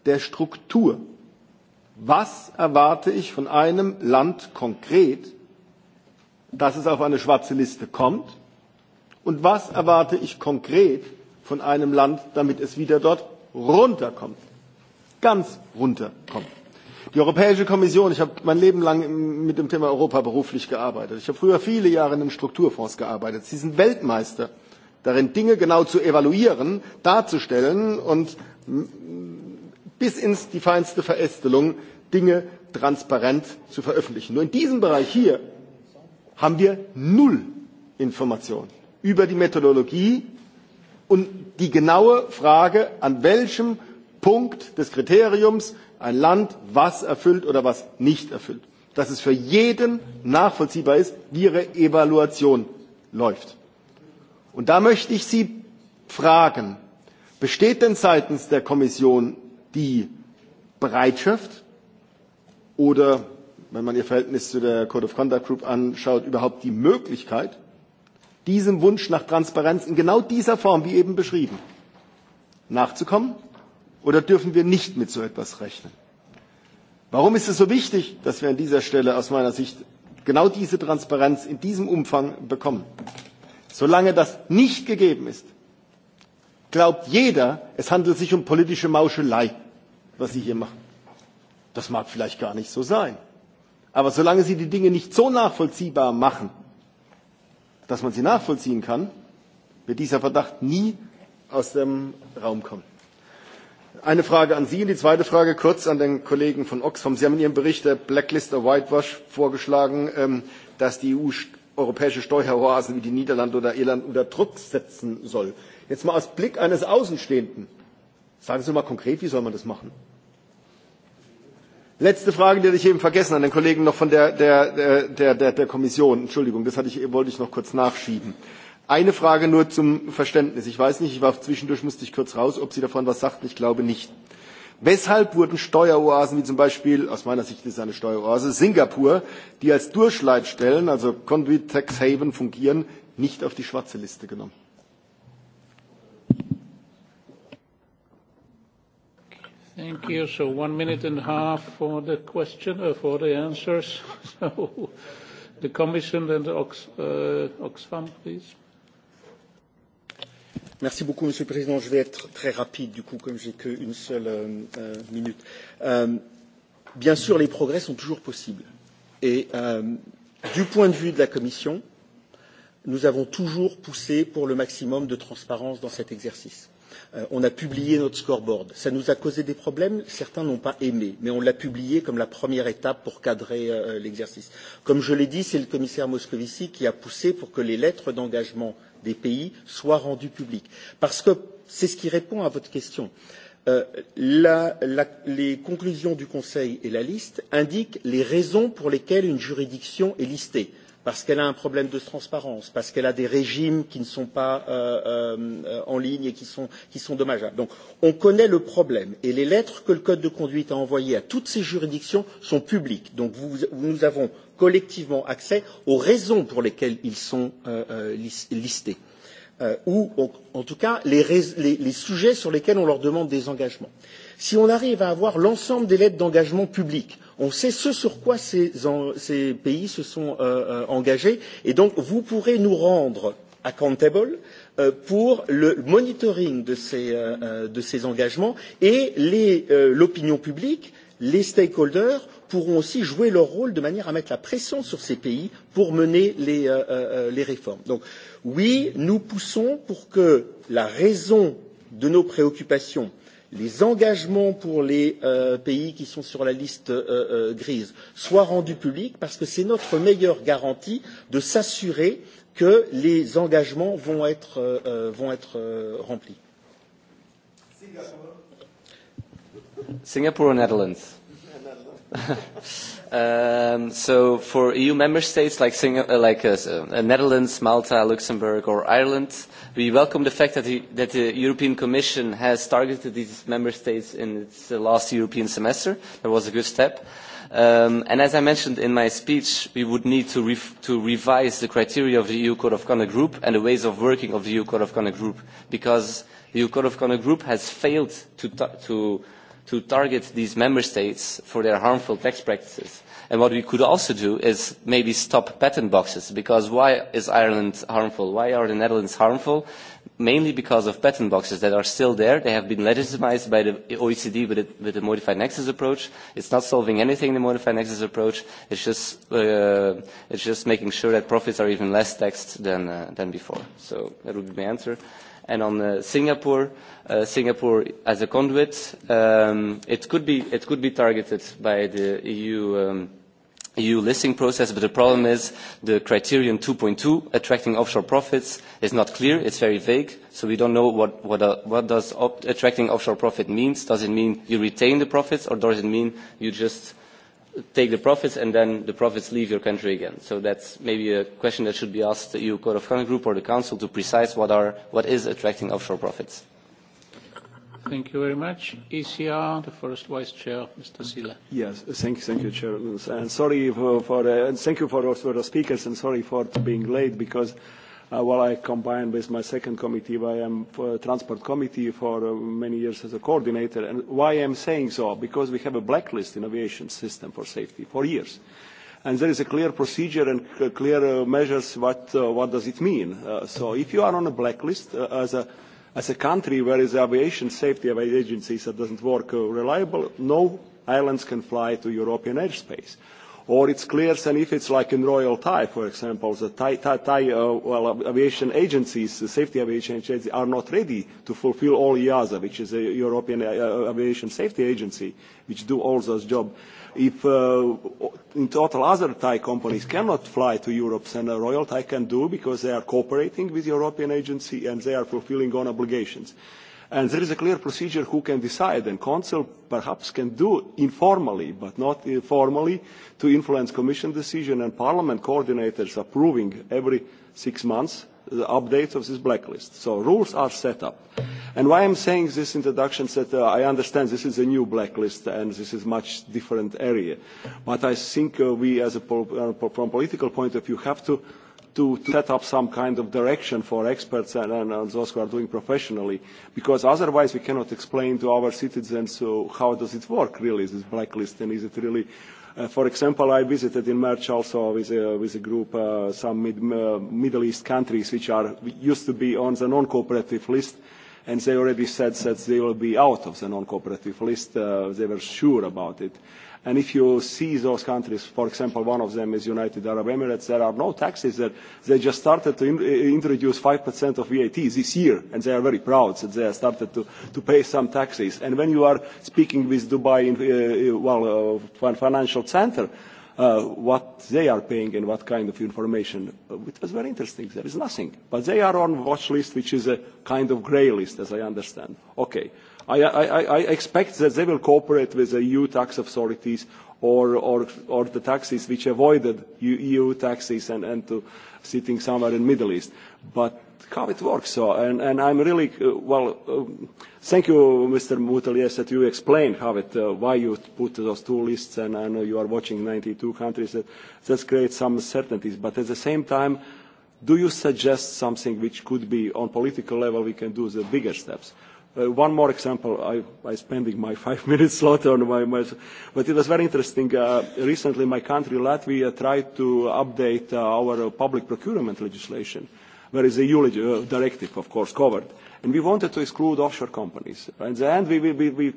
der Struktur. Was erwarte ich von einem Land konkret, dass es auf eine schwarze Liste kommt? Und was erwarte ich konkret, von einem Land, damit es wieder dort runterkommt. Ganz runterkommt. Die Europäische Kommission, ich habe mein Leben lang mit dem Thema Europa beruflich gearbeitet. Ich habe früher viele Jahre in den Strukturfonds gearbeitet. Sie sind Weltmeister darin, Dinge genau zu evaluieren, darzustellen und bis ins die feinste Verästelung Dinge transparent zu veröffentlichen. Nur in diesem Bereich hier haben wir null Informationen über die Methodologie und die genaue frage an welchem punkt des kriteriums ein land was erfüllt oder was nicht erfüllt dass es für jeden nachvollziehbar ist wie ihre evaluation läuft. und da möchte ich sie fragen besteht denn seitens der kommission die bereitschaft oder wenn man ihr verhältnis zu der code of conduct group anschaut überhaupt die möglichkeit diesem Wunsch nach Transparenz in genau dieser Form, wie eben beschrieben, nachzukommen? Oder dürfen wir nicht mit so etwas rechnen? Warum ist es so wichtig, dass wir an dieser Stelle aus meiner Sicht genau diese Transparenz in diesem Umfang bekommen? Solange das nicht gegeben ist, glaubt jeder, es handelt sich um politische Mauschelei, was Sie hier machen. Das mag vielleicht gar nicht so sein. Aber solange Sie die Dinge nicht so nachvollziehbar machen, dass man sie nachvollziehen kann, wird dieser Verdacht nie aus dem Raum kommen. Eine Frage an Sie und die zweite Frage kurz an den Kollegen von Oxfam. Sie haben in Ihrem Bericht der Blacklist of Whitewash vorgeschlagen, ähm, dass die EU europäische Steueroasen wie die Niederlande oder Irland unter Druck setzen soll. Jetzt mal aus Blick eines Außenstehenden. Sagen Sie mal konkret, wie soll man das machen? Letzte Frage, die hatte ich eben vergessen an den Kollegen noch von der, der, der, der, der Kommission. Entschuldigung, das hatte ich, wollte ich noch kurz nachschieben. Eine Frage nur zum Verständnis. Ich weiß nicht, ich war zwischendurch, musste ich kurz raus, ob Sie davon was sagten. Ich glaube nicht. Weshalb wurden Steueroasen wie zum Beispiel, aus meiner Sicht ist es eine Steueroase, Singapur, die als Durchleitstellen, also Conduit Tax Haven fungieren, nicht auf die schwarze Liste genommen? Thank you. So minute and a half for the question, uh, for the answers. So the Commission and uh, Oxfam, Merci beaucoup, Monsieur le Président. Je vais être très rapide, du coup, comme j'ai qu'une seule euh, euh, minute. Euh, bien sûr, les progrès sont toujours possibles. Et du point de vue de la Commission, nous avons toujours poussé pour le maximum de transparence dans cet exercice Euh, on a publié notre scoreboard. Ça nous a causé des problèmes, certains n'ont pas aimé, mais on l'a publié comme la première étape pour cadrer euh, euh, l'exercice. Comme je l'ai dit, c'est le commissaire Moscovici qui a poussé pour que les lettres d'engagement des pays soient rendues publiques. Parce que c'est ce qui répond à votre question. Euh, la, la, les conclusions du Conseil et la liste indiquent les raisons pour lesquelles une juridiction est listée parce qu'elle a un problème de transparence parce qu'elle a des régimes qui ne sont pas euh, euh, en ligne et qui sont, qui sont dommageables. donc on connaît le problème et les lettres que le code de conduite a envoyées à toutes ces juridictions sont publiques donc vous, nous avons collectivement accès aux raisons pour lesquelles ils sont euh, euh listés euh, ou en tout cas les, les, les sujets sur lesquels on leur demande des engagements. si on arrive à avoir l'ensemble des lettres d'engagement publiques on sait ce sur quoi ces, en, ces pays se sont euh, euh engagés et donc vous pourrez nous rendre accountable euh, pour le monitoring de ces, euh, de ces engagements et l'opinion publique les stakeholders pourront aussi jouer leur rôle de manière à mettre la pression sur ces pays pour mener les, euh, les réformes. donc oui nous poussons pour que la raison de nos préoccupations les engagements pour les euh, pays qui sont sur la liste euh, euh, grise soient rendus publics parce que c'est notre meilleure garantie de s'assurer que les engagements vont être, euh, euh vont être euh, remplis. Singapore or Netherlands? Um, so for EU member states like, Sing uh, like uh, uh, Netherlands, Malta, Luxembourg or Ireland, we welcome the fact that the, European Commission has targeted these member states in its last European semester. That was a good step. Um, and as I mentioned in my speech, we would need to, to revise the criteria of the EU Code of Conduct Group and the ways of working of the EU Code of Conduct Group because the EU Code of Conduct Group has failed to, to to target these member states for their harmful tax practices. And what we could also do is maybe stop patent boxes, because why is Ireland harmful? Why are the Netherlands harmful? Mainly because of patent boxes that are still there. They have been legitimized by the OECD with, it, with the modified nexus approach. It's not solving anything, the modified nexus approach. It's just, uh, it's just making sure that profits are even less taxed than, uh, than before. So that would be my answer. And on uh, Singapore, Uh, Singapore as a conduit. Um, it, could be, it could be targeted by the EU, um, EU listing process, but the problem is the criterion 2.2, attracting offshore profits, is not clear. It's very vague, so we don't know what, uh, does attracting offshore profit means. Does it mean you retain the profits, or does it mean you just take the profits and then the profits leave your country again. So that's maybe a question that should be asked the EU Code of Conduct Group or the Council to precise what, are, what is attracting offshore profits. Thank you very much. ECR, the first vice chair, Mr. Sila. Yes, thank you, thank you, Chair. And sorry for, uh, thank you for, for the speakers and sorry for being late because uh, while I combine with my second committee, I am for transport committee for uh, many years as a coordinator. And why am saying so? Because we have a blacklist in aviation system for safety for years and there is a clear procedure and clear measures what, what does it mean. so if you are on a blacklist as a as a country where the aviation safety of agencies that doesn't work reliable, no islands can fly to European airspace. Or it's clear that if it's like in Royal Thai, for example, the Thai, Thai, Thai uh, well, aviation agencies, the safety aviation agencies are not ready to fulfill all EASA, which is a European uh, aviation safety agency, which do all those jobs if uh, in total other Thai companies cannot fly to Europe, then Royal Thai can do because they are cooperating with the European agency and they are fulfilling on obligations. And there is a clear procedure who can decide, and Council perhaps can do informally, but not formally, to influence Commission decision and Parliament coordinators approving every six months the updates of this blacklist. So rules are set up. And why I'm saying this introduction is that uh, I understand this is a new blacklist and this is much different area. But I think uh, we as a uh, from political point of view have to to set up some kind of direction for experts and, and, those who are doing professionally, because otherwise we cannot explain to our citizens how does it work really, this blacklist, and is it really Uh, for example, I visited in March also with, uh, with a group uh, some Middle East countries which are used to be on the non-cooperative list, and they already said that they will be out of the non-cooperative list. They were sure about it. And if you see those countries, for example, one of them is United Arab Emirates, there are no taxes there. They just started to eh, introduce introduce 5% of VAT this year, and they are very proud that they have started to, pay some taxes. And when you are speaking with Dubai, in, eh, eh, well, uh, financial center, uh, what they are paying and what kind of information. Uh, it was very interesting. There is nothing. But they are on watch list, which is a kind of grey list, as I understand. Okay. I, I, I expect that they will cooperate with the EU tax authorities or, or, or the taxes which avoided EU e taxes and, and to sitting somewhere in Middle East. But how it works. So, and, and I'm really, uh, well, um, thank you, Mr. Mutalies, that you explained how it, uh, why you put those two lists and, and you are watching 92 countries. That, that creates some certainties. But at the same time, do you suggest something which could be on political level we can do the bigger steps? Uh, one more example, I, I'm spending my five minutes slot on my, but it was very interesting. Uh, recently, my country, Latvia, tried to update uh, our public procurement legislation, where is the EU directive, of course, covered. And we wanted to exclude offshore companies. In the end, we,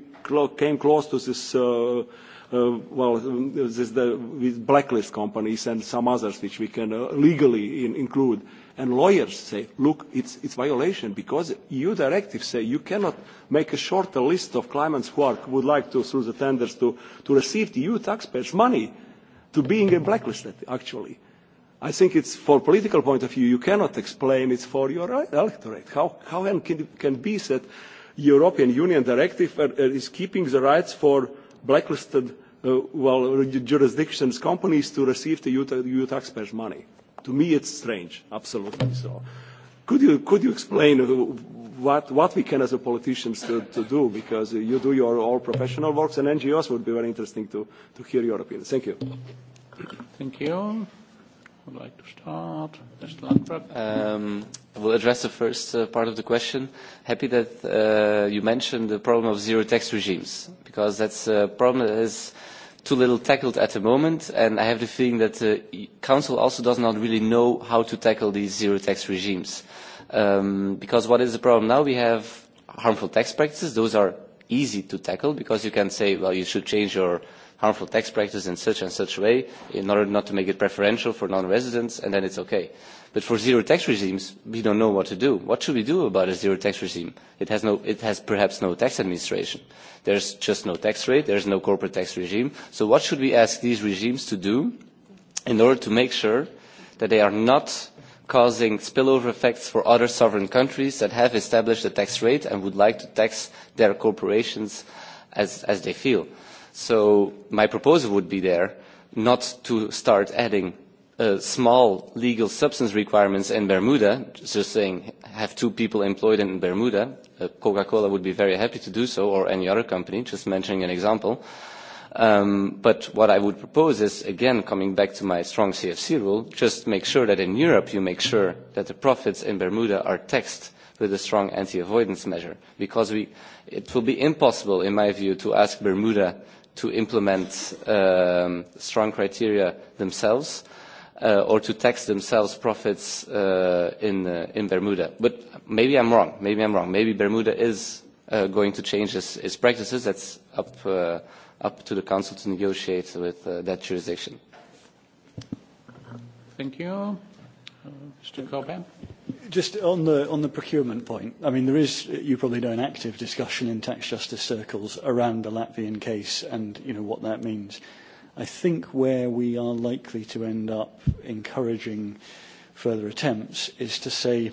came close to this, well, this, the, with blacklist companies and some others which we can legally include and lawyers say look it's it's violation because eu directives say you cannot make a shorter list of clients who would like to through the tenders to receive the eu taxpayers money to being a blacklisted actually i think it's for political point of view you cannot explain it's for your e-, electorate how how can can be that european union directive uh, uh, is keeping the rights for blacklisted uh, jurisdictions companies to receive the eu, EU taxpayers money to me, it's strange, absolutely so. Could you, could you explain what, what we can as a politicians to, to do? Because you do your all professional works and NGOs would be very interesting to, to hear your opinion. Thank you. Thank you. Would like to start, Mr. Landberg. Um, will address the first uh, part of the question. Happy that uh, you mentioned the problem of zero tax regimes, because that's a problem that is too little tackled at the moment, and I have the feeling that the Council also does not really know how to tackle these zero tax regimes. Um, because what is the problem now? We have harmful tax practices. Those are easy to tackle because you can say, well, you should change your harmful tax practice in such and such way in order not to make it preferential for non-residents, and then it's okay. But for zero tax regimes, we don't know what to do. What should we do about a zero tax regime? It has, no, it has perhaps no tax administration. There's just no tax rate. There's no corporate tax regime. So what should we ask these regimes to do in order to make sure that they are not causing spillover effects for other sovereign countries that have established a tax rate and would like to tax their corporations as, as they feel? So my proposal would be there not to start adding uh, small legal substance requirements in Bermuda, just saying have two people employed in Bermuda. Uh, Coca-Cola would be very happy to do so, or any other company, just mentioning an example. Um, but what I would propose is, again, coming back to my strong CFC rule, just make sure that in Europe you make sure that the profits in Bermuda are taxed with a strong anti-avoidance measure, because we, it will be impossible, in my view, to ask Bermuda to implement um, strong criteria themselves uh, or to tax themselves profits uh, uh, in, Bermuda. But maybe I'm wrong. Maybe I'm wrong. Maybe Bermuda is going to change its, practices. That's up, to the Council to negotiate with uh, that jurisdiction. Thank you. Mr. Corbin? Just on the on the procurement point, I mean, there is, you probably know, an active discussion in tax justice circles around the Latvian case and, you know, what that means. I think where we are likely to end up encouraging further attempts is to say,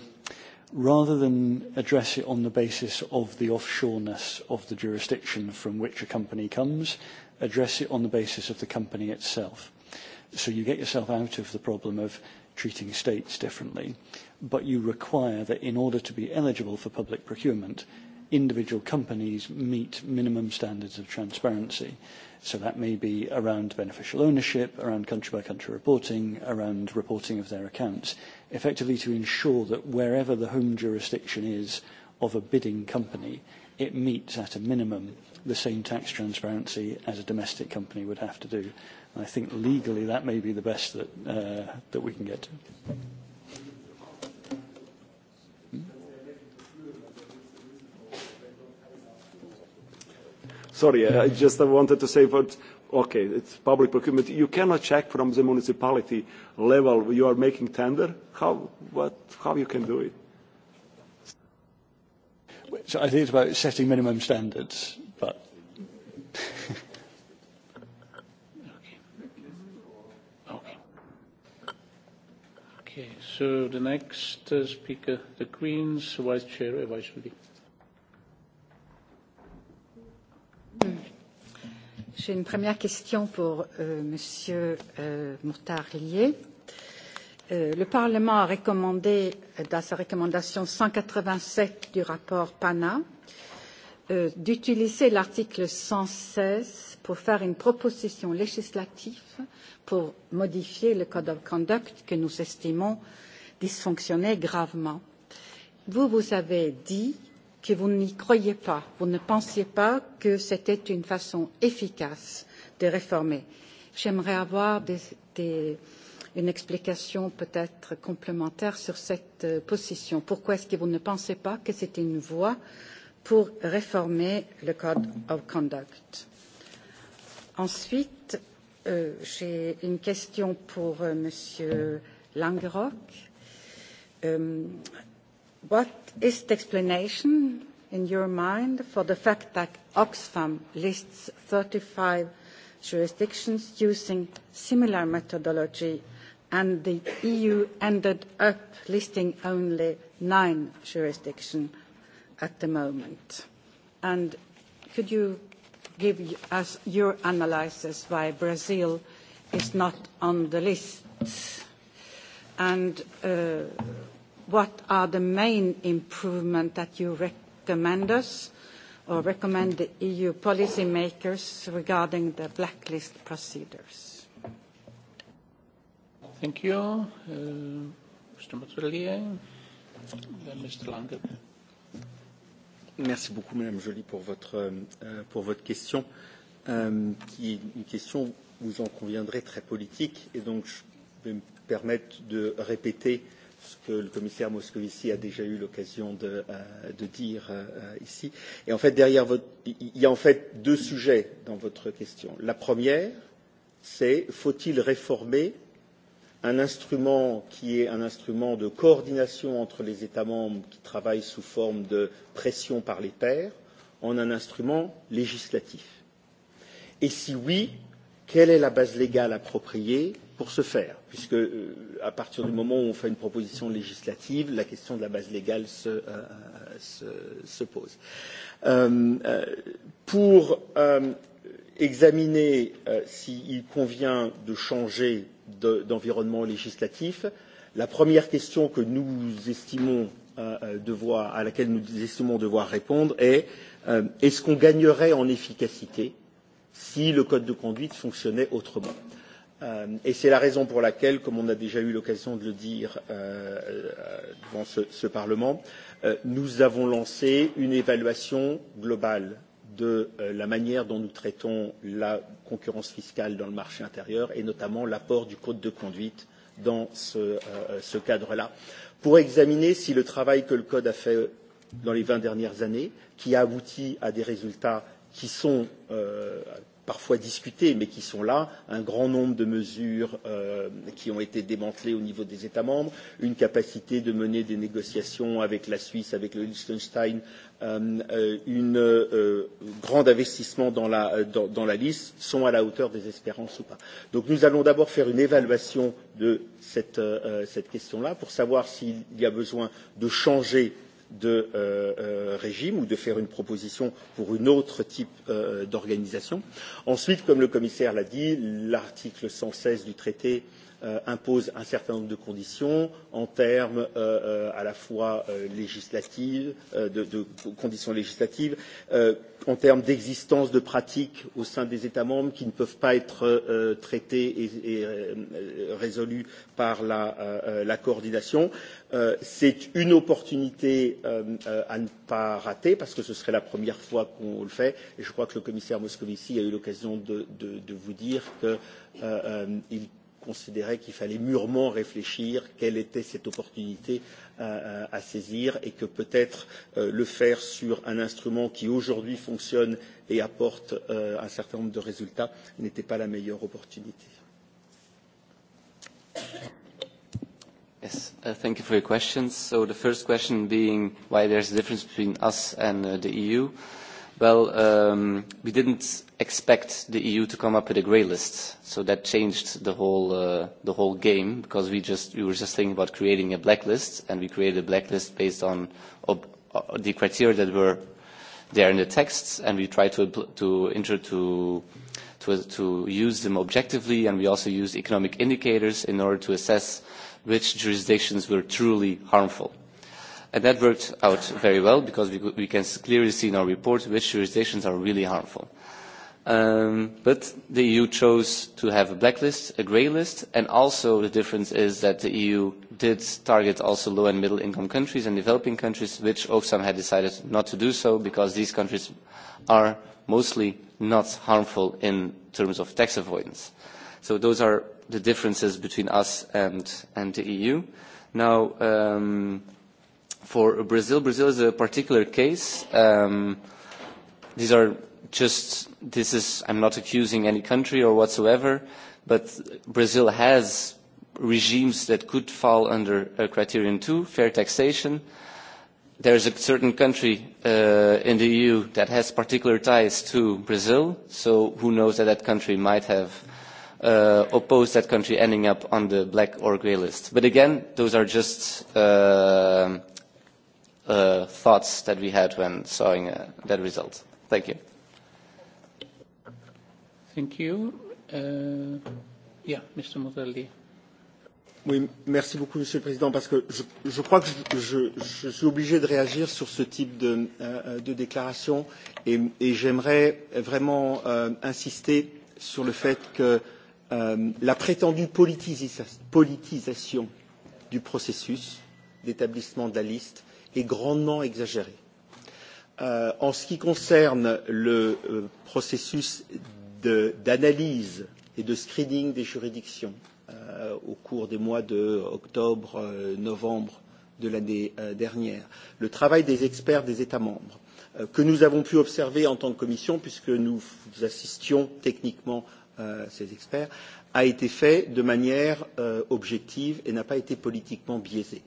rather than address it on the basis of the offshoreness of the jurisdiction from which a company comes, address it on the basis of the company itself. So you get yourself out of the problem of treating states differently but you require that in order to be eligible for public procurement, individual companies meet minimum standards of transparency. So that may be around beneficial ownership, around country by country reporting, around reporting of their accounts, effectively to ensure that wherever the home jurisdiction is of a bidding company, it meets at a minimum the same tax transparency as a domestic company would have to do. And I think legally that may be the best that, uh, that we can get to. Sorry, I just wanted to say, but okay, it's public procurement. You cannot check from the municipality level you are making tender. How, what, how you can do it? So I think it's about setting minimum standards, but. okay. So the next uh, speaker, the Queen's Vice Chair, Vice Chair. J'ai une première question pour euh, Monsieur euh, euh, le Parlement a recommandé, dans sa recommandation 187 du rapport PANA, d'utiliser l'article 116 pour faire une proposition législative pour modifier le code of conduct que nous estimons dysfonctionner gravement. Vous, vous avez dit que vous n'y croyez pas, vous ne pensiez pas que c'était une façon efficace de réformer. J'aimerais avoir des, des, une explication peut-être complémentaire sur cette euh, position. Pourquoi est-ce que vous ne pensez pas que c'était une voie pour réformer le Code of Conduct Ensuite, euh, j'ai une question pour euh, Monsieur Langrock Euh, what is the explanation in your mind for the fact that Oxfam lists 35 jurisdictions using similar methodology and the EU ended up listing only nine jurisdictions at the moment? And could you give us your analysis why Brazil is not on the list? And uh, what are the main improvements that you recommend us or recommend the EU policymakers regarding the blacklist procedures? Thank you. Uh, Mr. Mazzollier, then Mr. Lange. Merci beaucoup, Madame Joly, pour votre, euh, pour votre question, euh, qui est une question, vous en conviendrez, très politique. Et donc, je vais me permettre de répéter ce que le commissaire Moscovici a déjà eu l'occasion de, euh, de dire euh, ici. Et en fait, derrière votre, il y a en fait deux sujets dans votre question. La première, c'est faut-il réformer un instrument qui est un instrument de coordination entre les États membres qui travaillent sous forme de pression par les pairs en un instrument législatif Et si oui, quelle est la base légale appropriée pour ce faire, puisque euh, à partir du moment où on fait une proposition législative, la question de la base légale se, euh, se, se pose. Euh, euh pour euh, examiner euh, s'il convient de changer d'environnement de, législatif, la première question que nous estimons devoir, à laquelle nous estimons devoir répondre est est-ce qu'on gagnerait en efficacité si le code de conduite fonctionnait autrement? Euh, et c'est la raison pour laquelle comme on a déjà eu l'occasion de le dire euh, euh, devant ce, ce parlement nous avons lancé une évaluation globale de la manière dont nous traitons la concurrence fiscale dans le marché intérieur et notamment l'apport du code de conduite dans ce, ce cadre là pour examiner si le travail que le code a fait dans les vingt dernières années qui a abouti à des résultats qui sont euh, parfois discutées mais qui sont là un grand nombre de mesures euh, qui ont été démantelées au niveau des états membres une capacité de mener des négociations avec la suisse avec le liechtenstein euh, euh, un euh, grand investissement dans la, dans, la liste sont à la hauteur des espérances ou pas. donc nous allons d'abord faire une évaluation de cette, cette question là pour savoir s'il y a besoin de changer de euh, euh, régime ou de faire une proposition pour un autre type euh, d'organisation. ensuite comme le commissaire l'a dit l'article 116 du traité Euh, impose un certain nombre de conditions en termes euh, euh, à la fois législatives, de, de conditions législatives, en termes d'existence de pratiques au sein des États membres qui ne peuvent pas être traitées et, résolues par la, la coordination. C'est une opportunité à ne pas rater parce que ce serait la première fois qu'on le fait et je crois que le commissaire Moscovici a eu l'occasion de, de, de vous dire qu'il considérait qu'il fallait mûrement réfléchir quelle était cette opportunité à, à, à saisir et que peut être euh, le faire sur un instrument qui aujourd'hui fonctionne et apporte euh, un certain nombre de résultats n'était pas la meilleure opportunité. Yes, uh, thank you for your questions. So the first question being why there's a difference between us and uh, the EU. Well, um, we didn't expect the EU to come up with a grey list, so that changed the whole uh, the whole game because we just we were just thinking about creating a blacklist, and we created a blacklist based on uh, the criteria that were there in the texts, and we tried to to to to to use them objectively, and we also used economic indicators in order to assess which jurisdictions were truly harmful And that worked out very well because we, can clearly see in our report which jurisdictions are really harmful. Um, but the EU chose to have a blacklist, a grey list, and also the difference is that the EU did target also low and middle income countries and developing countries, which OFSAM had decided not to do so because these countries are mostly not harmful in terms of tax avoidance. So those are the differences between us and, and the EU. Now, um, for Brazil, Brazil is a particular case. Um, these are just, this is, I'm not accusing any country or whatsoever, but Brazil has regimes that could fall under a criterion two, fair taxation. There is a certain country uh, in the EU that has particular ties to Brazil, so who knows that that country might have uh, opposed that country ending up on the black or grey list. But again, those are just uh, Uh, thoughts that we had when sawing uh, that result. Thank you. Thank you. Uh, yeah, Mr. Modelli. Oui, merci beaucoup, Monsieur le Président, parce que je, je crois que je, je, je suis obligé de réagir sur ce type de, euh, de déclaration et, et j'aimerais vraiment euh, insister sur le fait que euh, la prétendue politisation du processus d'établissement de la liste est grandement exagéré. Euh, en ce qui concerne le euh, processus d'analyse et de screening des juridictions euh, au cours des mois de octobre, novembre de l'année dernière, le travail des experts des États membres, que nous avons pu observer en tant que commission, puisque nous assistions techniquement ces experts, a été fait de manière objective et n'a pas été politiquement biaisé.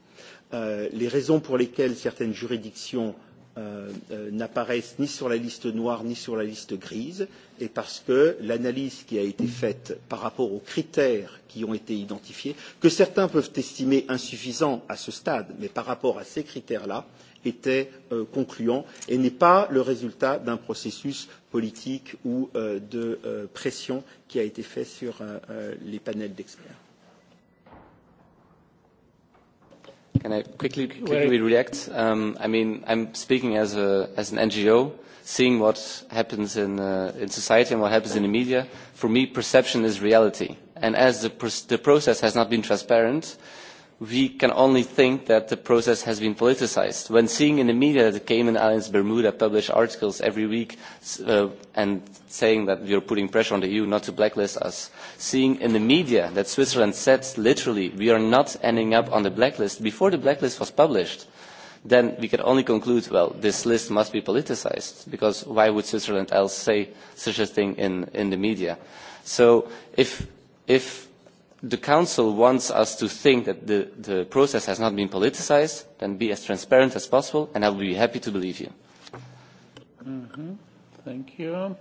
Euh, les raisons pour lesquelles certaines juridictions euh, euh, n'apparaissent ni sur la liste noire ni sur la liste grise est parce que l'analyse qui a été faite par rapport aux critères qui ont été identifiés que certains peuvent estimer insuffisants à ce stade mais par rapport à ces critères là était concluant et n'est pas le résultat d'un processus politique ou de pression qui a été fait sur les panels d'experts Can I quickly quickly react? Um, I mean, I'm speaking as a as an NGO, seeing what happens in uh, in society and what happens in the media. For me, perception is reality, and as the the process has not been transparent, we can only think that the process has been politicised. When seeing in the media that the Cayman Islands Bermuda publish articles every week uh, and saying that we are putting pressure on the EU not to blacklist us, seeing in the media that Switzerland said literally we are not ending up on the blacklist before the blacklist was published, then we can only conclude, well, this list must be politicised because why would Switzerland else say such a thing in, in the media? So if, if the council wants us to think that the, the process has not been politicized, then be as transparent as possible, and I will be happy to believe you. Mm -hmm. Thank you.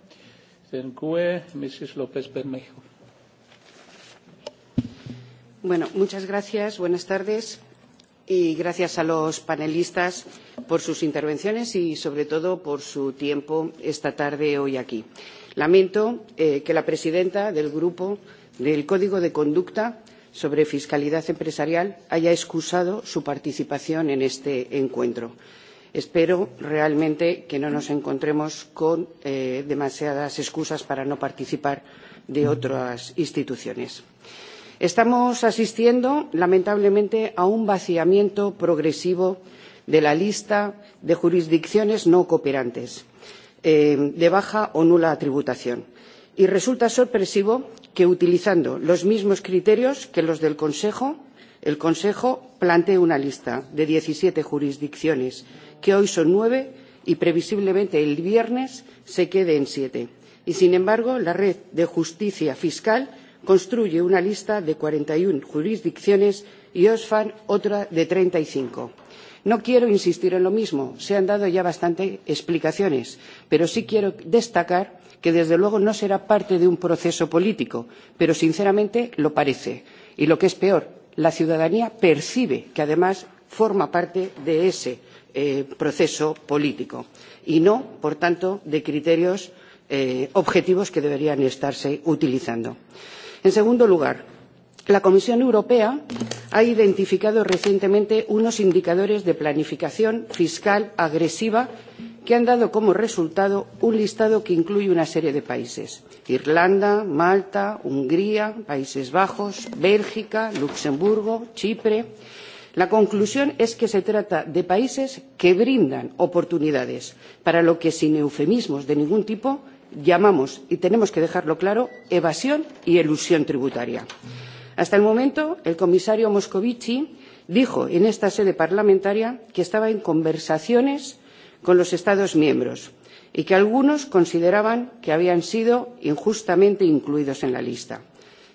Then GUE, Mrs. Lopez Bermejo. Bueno, muchas gracias. Buenas tardes. Y gracias a los panelistas por sus intervenciones y, sobre todo, por su tiempo esta tarde hoy aquí. Lamento eh, que la presidenta del grupo del Código de Conducta sobre Fiscalidad Empresarial haya excusado su participación en este encuentro. Espero realmente que no nos encontremos con eh, demasiadas excusas para no participar de otras instituciones. Estamos asistiendo, lamentablemente, a un vaciamiento progresivo de la lista de jurisdicciones no cooperantes eh, de baja o nula tributación. Y resulta sorpresivo que utilizando los mismos criterios que los del consejo el consejo plantee una lista de diecisiete jurisdicciones que hoy son nueve y previsiblemente el viernes se quede en siete y sin embargo la red de justicia fiscal construye una lista de cuarenta y uno jurisdicciones y osfan otra de treinta y cinco no quiero insistir en lo mismo se han dado ya bastantes explicaciones pero sí quiero destacar que desde luego no será parte de un proceso político pero sinceramente lo parece y lo que es peor la ciudadanía percibe que además forma parte de ese eh, proceso político y no por tanto de criterios eh, objetivos que deberían estarse utilizando. en segundo lugar la comisión europea ha identificado recientemente unos indicadores de planificación fiscal agresiva que han dado como resultado un listado que incluye una serie de países Irlanda, Malta, Hungría, Países Bajos, Bélgica, Luxemburgo, Chipre. La conclusión es que se trata de países que brindan oportunidades para lo que sin eufemismos de ningún tipo llamamos y tenemos que dejarlo claro evasión y elusión tributaria. Hasta el momento el comisario Moscovici dijo en esta sede parlamentaria que estaba en conversaciones con los Estados miembros y que algunos consideraban que habían sido injustamente incluidos en la lista.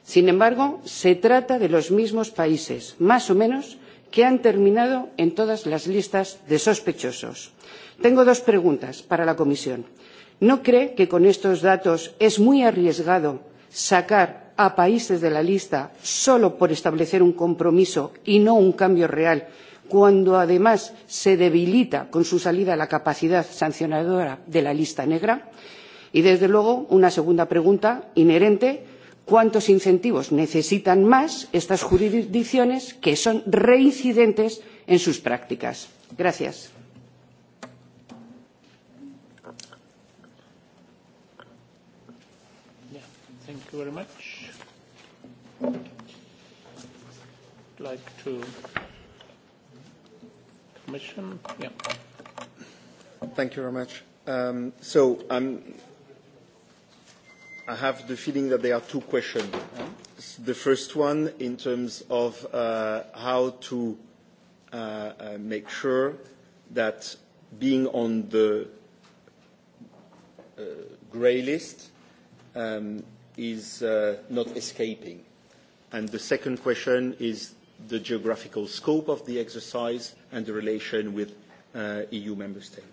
Sin embargo, se trata de los mismos países, más o menos, que han terminado en todas las listas de sospechosos. Tengo dos preguntas para la Comisión. ¿No cree que con estos datos es muy arriesgado sacar a países de la lista solo por establecer un compromiso y no un cambio real cuando además se debilita con su salida la capacidad sancionadora de la lista negra? y desde luego una segunda pregunta inherente cuántos incentivos necesitan más estas jurisdicciones que son reincidentes en sus prácticas? Commission. Yeah. Thank you very much. Um, so I'm, I have the feeling that there are two questions. The first one in terms of uh, how to uh, uh, make sure that being on the grey list um, is not escaping. And the second question is the geographical scope of the exercise and the relation with uh, EU member states.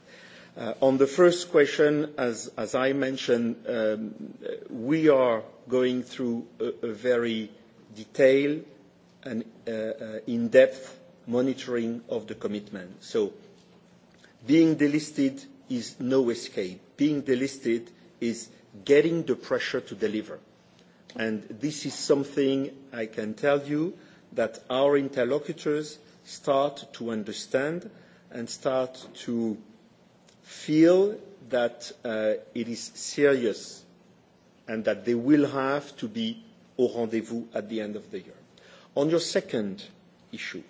Uh, on the first question, as, I mentioned, um, we are going through a, very detailed and uh, in-depth monitoring of the commitment. So being delisted is no escape. Being delisted is getting the pressure to deliver. And this is something I can tell you that our interlocutors start to understand and start to feel that uh, it is serious and that they will have to be au rendezvous at the end of the year. On your second issue,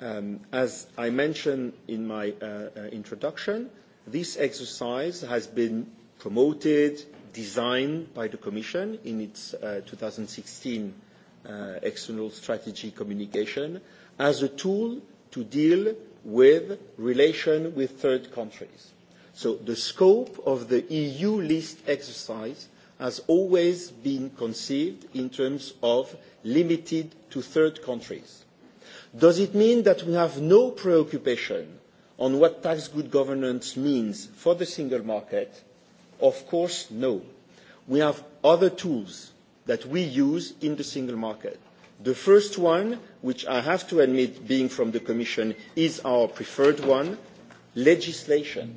um, as I mentioned in my uh, uh, introduction, this exercise has been promoted, designed by the Commission in its 2016 Uh, external strategy communication as a tool to deal with relation with third countries. So the scope of the EU list exercise has always been conceived in terms of limited to third countries. Does it mean that we have no preoccupation on what tax good governance means for the single market? Of course, no. We have other tools that we use in the single market. The first one, which I have to admit being from the Commission, is our preferred one, legislation.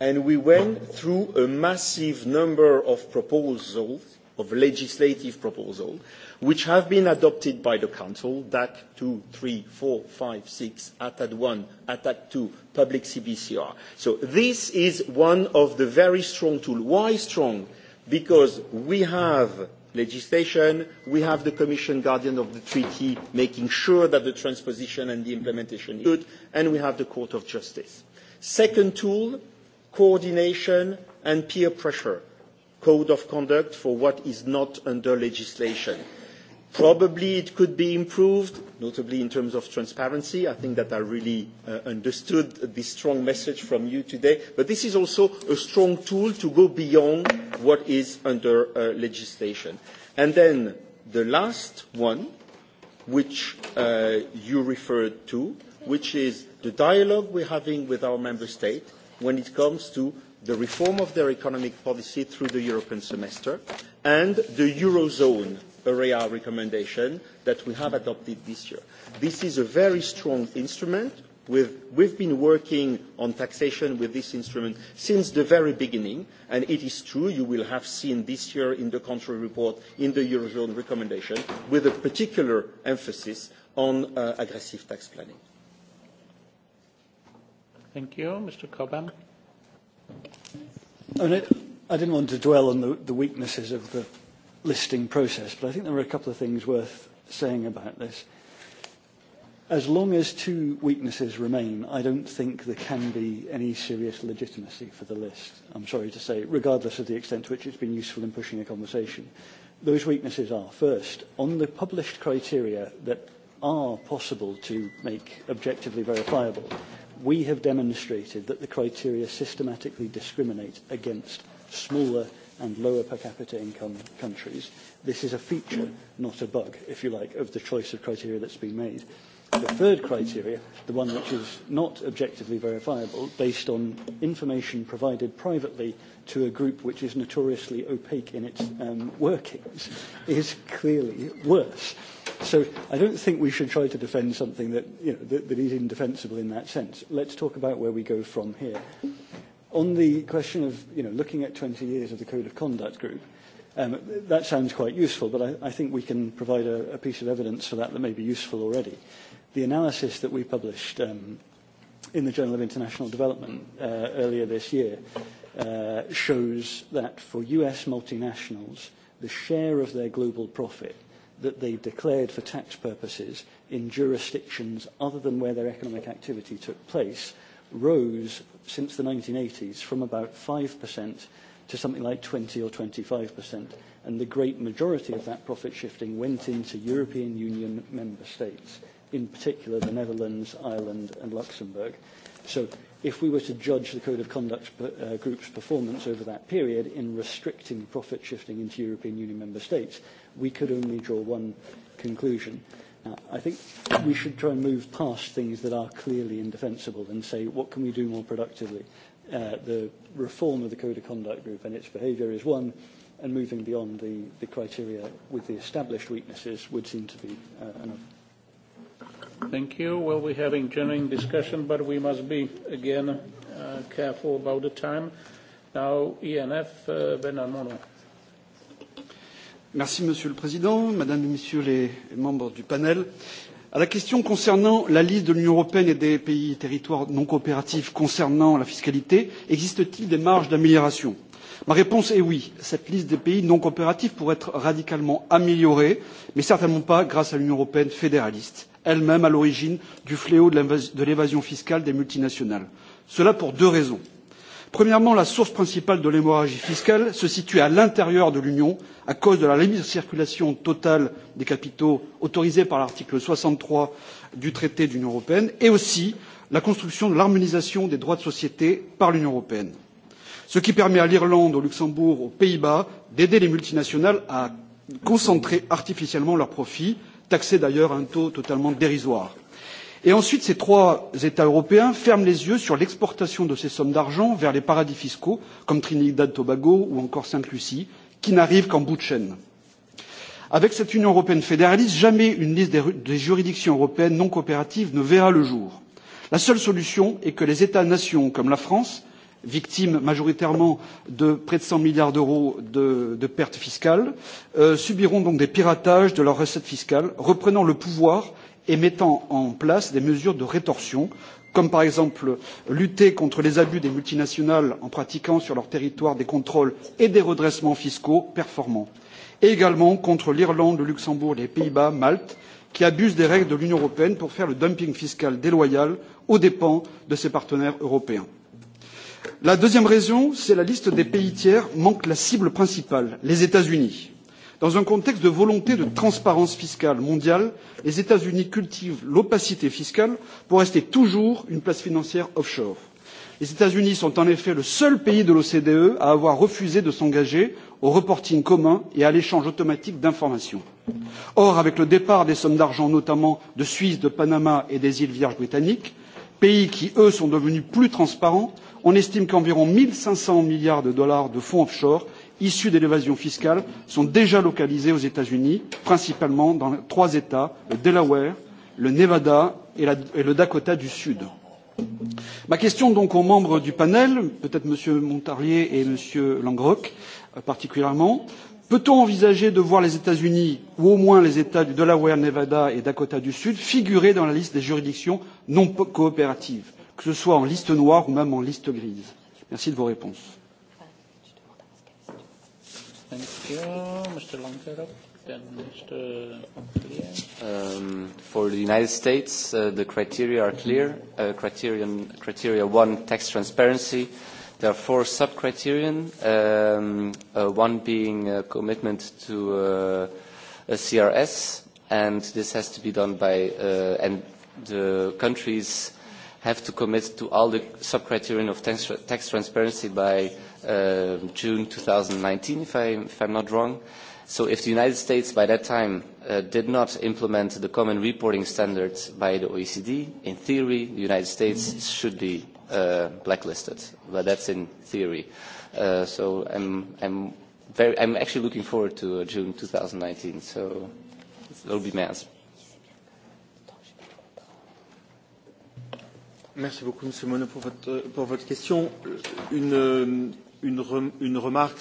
And we went through a massive number of proposals, of legislative proposals, which have been adopted by the Council, DAC 2, 3, 4, 5, 6, ATAD 1, ATAD 2, public CBCR. So this is one of the very strong tools. Why strong? Because we have legislation. We have the Commission guardian of the treaty making sure that the transposition and the implementation is good, and we have the Court of Justice. Second tool, coordination and peer pressure, code of conduct for what is not under legislation. Probably it could be improved, notably in terms of transparency. I think that I really uh, understood this strong message from you today. But this is also a strong tool to go beyond what is under uh, legislation. And then the last one, which uh, you referred to, which is the dialogue we're having with our member state when it comes to the reform of their economic policy through the European semester and the Eurozone area e recommendation that we have adopted this year. This is a very strong instrument. We've, we've been working on taxation with this instrument since the very beginning, and it is true, you will have seen this year in the country report, in the Eurozone recommendation, with a particular emphasis on uh, aggressive tax planning. Thank you. Mr. Coban. I didn't want to dwell on the, the weaknesses of the listing process, but I think there are a couple of things worth saying about this. As long as two weaknesses remain, I don't think there can be any serious legitimacy for the list, I'm sorry to say, regardless of the extent to which it's been useful in pushing a conversation. Those weaknesses are, first, on the published criteria that are possible to make objectively verifiable, we have demonstrated that the criteria systematically discriminate against smaller and lower per capita income countries. This is a feature, not a bug, if you like, of the choice of criteria that's been made. The third criteria, the one which is not objectively verifiable, based on information provided privately to a group which is notoriously opaque in its um, workings, is clearly worse. So I don't think we should try to defend something that, you know, that, that is indefensible in that sense. Let's talk about where we go from here. On the question of you know, looking at 20 years of the Code of Conduct Group, um, that sounds quite useful, but I, I think we can provide a, a piece of evidence for that that may be useful already. The analysis that we published um, in the Journal of International Development uh, earlier this year uh, shows that for US multinationals, the share of their global profit that they declared for tax purposes in jurisdictions other than where their economic activity took place rose since the 1980s from about 5% to something like 20 or 25%, and the great majority of that profit shifting went into European Union member states, in particular the Netherlands, Ireland, and Luxembourg. So if we were to judge the Code of Conduct uh, Group's performance over that period in restricting profit shifting into European Union member states, we could only draw one conclusion. I think we should try and move past things that are clearly indefensible and say, what can we do more productively? Uh, the reform of the Code of Conduct Group and its behaviour is one, and moving beyond the, the criteria with the established weaknesses would seem to be uh, enough Thank you. Well, we're having genuine discussion, but we must be, again, uh, careful about the time. Now, ENF, uh, Merci, Monsieur le Président, Madame et Messieurs les membres du panel. À la question concernant la liste de l'Union européenne et des pays et territoires non coopératifs concernant la fiscalité, existe-t-il des marges d'amélioration Ma réponse est oui. Cette liste des pays non coopératifs pourrait être radicalement améliorée, mais certainement pas grâce à l'Union européenne fédéraliste, elle-même à l'origine du fléau de l'évasion fiscale des multinationales. Cela pour deux raisons premièrement la source principale de l'hémorragie fiscale se situe à l'intérieur de l'union à cause de la libre circulation totale des capitaux autorisée par l'article soixante trois du traité de l'union européenne et aussi la construction de l'harmonisation des droits de société par l'union européenne ce qui permet à l'irlande au luxembourg aux pays bas d'aider les multinationales à concentrer artificiellement leurs profits taxés d'ailleurs à un taux totalement dérisoire et ensuite ces trois états européens ferment les yeux sur l'exportation de ces sommes d'argent vers les paradis fiscaux comme trinidad tobago ou encore sainte lucie qui n'arrivent qu'en bout de chaîne. avec cette union européenne fédéraliste jamais une liste des juridictions européennes non coopératives ne verra le jour. la seule solution est que les états nations comme la france victimes majoritairement de près de cent milliards d'euros de, pertes fiscales euh, subiront donc des piratages de leurs recettes fiscales reprenant le pouvoir et mettant en place des mesures de rétorsion comme par exemple lutter contre les abus des multinationales en pratiquant sur leur territoire des contrôles et des redressements fiscaux performants et également contre l'irlande le luxembourg les pays bas malte qui abusent des règles de l'union européenne pour faire le dumping fiscal déloyal aux dépens de ses partenaires européens. la deuxième raison c'est que la liste des pays tiers manque la cible principale les états unis dans un contexte de volonté de transparence fiscale mondiale les états unis cultivent l'opacité fiscale pour rester toujours une place financière offshore. les états unis sont en effet le seul pays de l'ocde à avoir refusé de s'engager au reporting commun et à l'échange automatique d'informations. or avec le départ des sommes d'argent notamment de suisse de panama et des îles vierges britanniques pays qui eux sont devenus plus transparents on estime qu'environ un cinq milliards de dollars de fonds offshore issus de l'évasion fiscale sont déjà localisés aux états unis principalement dans trois états le delaware le nevada et, le dakota du sud. ma question donc aux membres du panel peut être m. montarlier et m. langrock euh, particulièrement peut on envisager de voir les états unis ou au moins les états du delaware nevada et dakota du sud figurer dans la liste des juridictions non coopératives que ce soit en liste noire ou même en liste grise? merci de vos réponses. you, Mr. Then Mr. Um, for the United States, uh, the criteria are clear. Uh, criterion, criteria one, tax transparency. There are four sub-criterion, um, uh, one being a commitment to uh, a CRS, and this has to be done by, uh, and the countries have to commit to all the sub-criterion of tax, tax transparency by Uh, June 2019, if, I, if I'm not wrong. So if the United States by that time uh, did not implement the common reporting standards by the OECD, in theory, the United States should be uh, blacklisted, but that's in theory. so I'm, I'm, very, I'm actually looking forward to June 2019, so will be my answer. Merci beaucoup, Monsieur Monod, pour votre, pour votre question. Une, euh, une, remarque.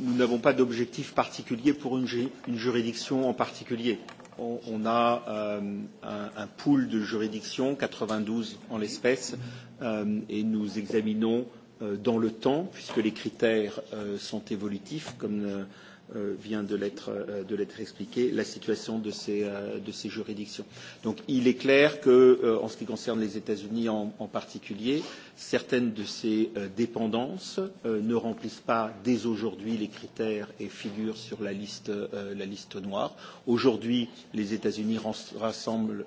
Nous n'avons pas d'objectif particulier pour une, une juridiction en particulier. On, on a euh, un, un pool de juridictions, 92 en l'espèce, euh, et nous examinons euh, dans le temps, puisque les critères sont évolutifs, comme Euh, vient de l'être euh, de expliqué la situation de ces euh, de ces juridictions donc il est clair que en ce qui concerne les États-Unis en, en particulier certaines de ces dépendances ne remplissent pas dès aujourd'hui les critères et figurent sur la liste la liste noire aujourd'hui les États-Unis rassemblent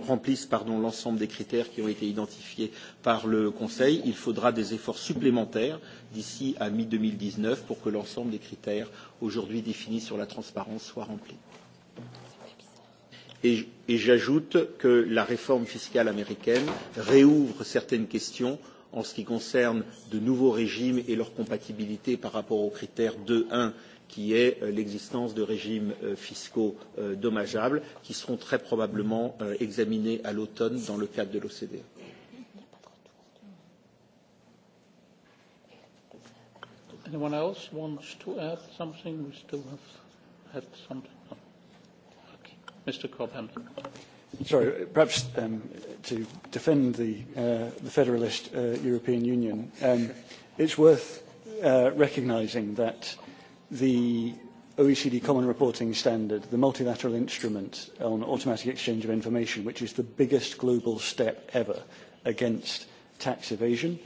remplissent pardon l'ensemble des critères qui ont été identifiés par le conseil il faudra des efforts supplémentaires d'ici à mi-2019 pour que l'ensemble des critères aujourd'hui définis sur la transparence soient remplis. Et, et j'ajoute que la réforme fiscale américaine réouvre certaines questions en ce qui concerne de nouveaux régimes et leur compatibilité par rapport aux critères 2.1 qui est euh, l'existence de régimes euh, fiscaux euh, dommageables qui seront très probablement examinés à l'automne dans le cadre de l'OCDE. Anyone else wants to add something? We still have had something. Okay. Mr. Cobham. Sorry, perhaps um, to defend the, uh, the Federalist uh, European Union, um, it's worth uh, recognising that the OECD Common Reporting Standard, the multilateral instrument on automatic exchange of information, which is the biggest global step ever against tax evasion,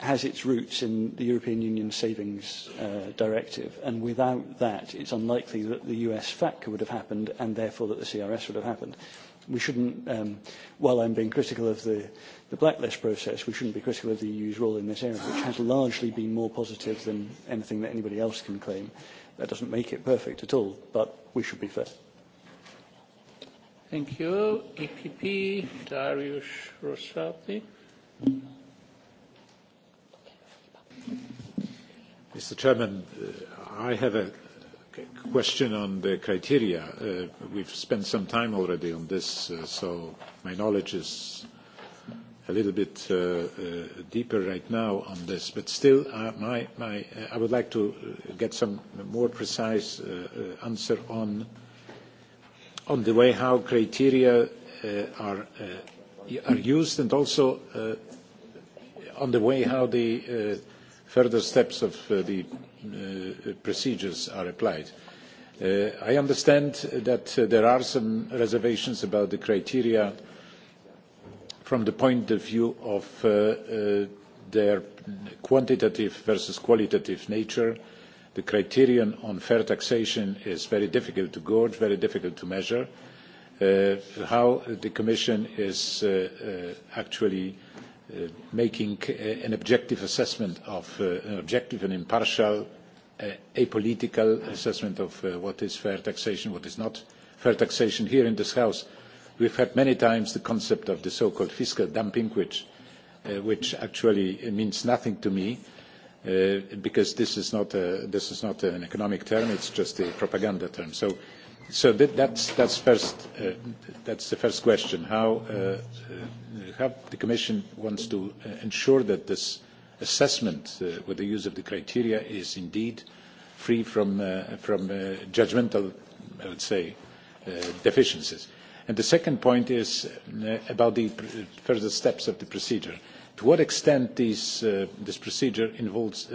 has its roots in the European Union Savings uh, Directive, and without that, it's unlikely that the US FATCA would have happened, and therefore that the CRS would have happened. We shouldn't, um, while I'm being critical of the, the blacklist process, we shouldn't be critical of the EU's role in this area, which has largely been more positive than anything that anybody else can claim. That doesn't make it perfect at all, but we should be fair. Thank you. E Mr. Chairman, uh, I have a question on the criteria. Uh, we've spent some time already on this, uh, so my knowledge is a little bit deeper right now on this. But still, my, I would like to get some more precise answer on, on the way how criteria are, are used and also on the way how the further steps of uh, the uh, procedures are applied. Uh, I understand that there are some reservations about the criteria from the point of view of their quantitative versus qualitative nature. The criterion on fair taxation is very difficult to gauge, very difficult to measure. how the Commission is actually Uh, making uh, an objective assessment of uh, an objective and impartial apolitical assessment of what is fair taxation, what is not fair taxation. Here in this House we've had many times the concept of the so called fiscal dumping, which, which actually means nothing to me because this is, not a, this is not an economic term, it's just a propaganda term. So So that, that's, that's, first, uh, that's the first question, how, uh, uh, the Commission wants to ensure that this assessment with the use of the criteria is indeed free from, from judgmental, I would say, deficiencies. And the second point is about the further steps of the procedure. To what extent this procedure involves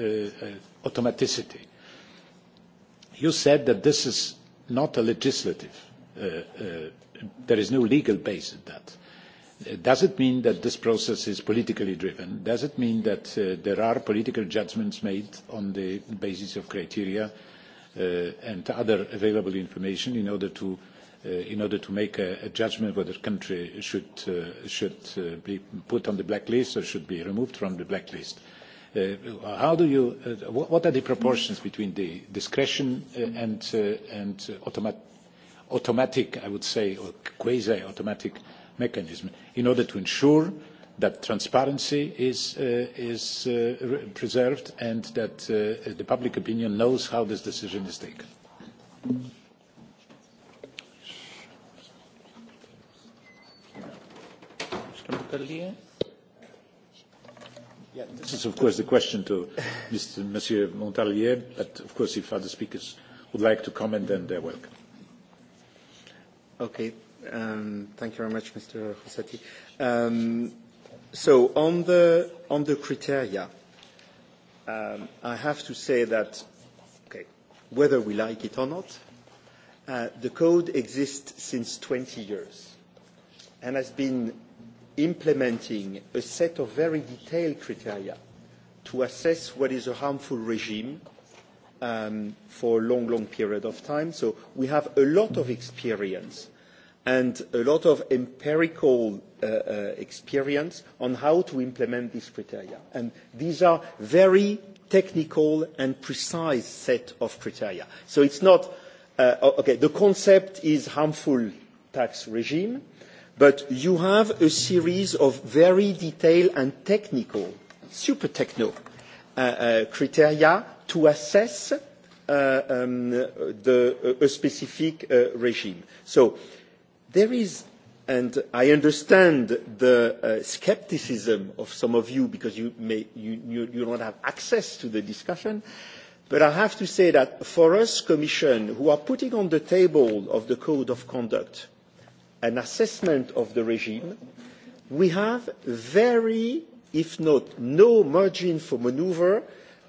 automaticity? You said that this is not a legislative uh, uh, there is no legal base in that uh, does it mean that this process is politically driven does it mean that there are political judgments made on the basis of criteria and other available information in order to in order to make a, a judgment whether a country should, uh, should uh, be put on the blacklist or should be removed from the blacklist. Uh, how do you, uh, what are the proportions between the discretion uh, and, automatic, I would say, or quasi-automatic mechanism in order to ensure that transparency is, is preserved and that the public opinion knows how this decision is taken? this is of course the question to Mr. Monsieur Montalier, but of course if other speakers would like to comment, then they're welcome. Okay, um, thank you very much, Mr. Rosati. Um, so on the on the criteria, um, I have to say that, okay, whether we like it or not, uh, the code exists since 20 years and has been implementing a set of very detailed criteria to assess what is a harmful regime um, for a long, long period of time. So we have a lot of experience and a lot of empirical uh, uh, experience on how to implement these criteria. And these are very technical and precise set of criteria. So it's not, uh, okay, the concept is harmful tax regime but you have a series of very detailed and technical, super techno uh, uh, criteria to assess uh, um, a specific regime. So there is, and I understand the skepticism of some of you because you, may, not you don't have access to the discussion, but I have to say that for us, Commission, who are putting on the table of the Code of Conduct an assessment of the regime, we have very, if not no margin for manoeuvre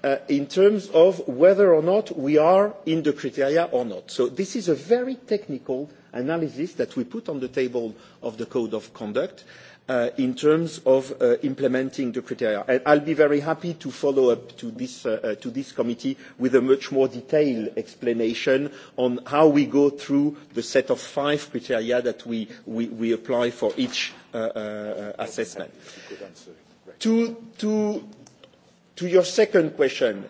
uh, in terms of whether or not we are in the criteria or not. So this is a very technical analysis that we put on the table of the Code of Conduct Uh, in terms of uh, implementing the criteria. I'll be very happy to follow up to this, uh, to this committee with a much more detailed explanation on how we go through the set of five criteria that we, apply for each assessment. To, to, to your second question,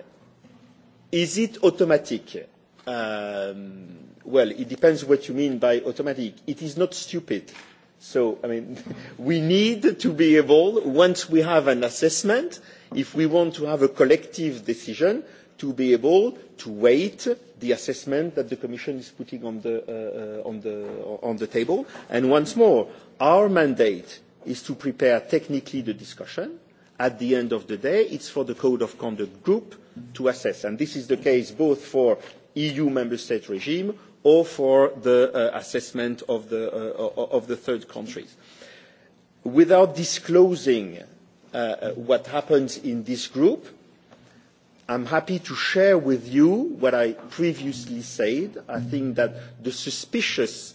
is it automatic? Um, well, it depends what you mean by automatic. It is not stupid So, I mean, we need to be able, once we have an assessment, if we want to have a collective decision, to be able to wait the assessment that the Commission is putting on the, uh, uh, uh, on the table. And once more, our mandate is to prepare technically the discussion. At the end of the day, it's for the Code of Conduct Group to assess. And this is the case both for EU member state regime or for the uh, assessment of the, uh, of the third countries. Without disclosing uh, what happens in this group, I'm happy to share with you what I previously said. I think that the suspicious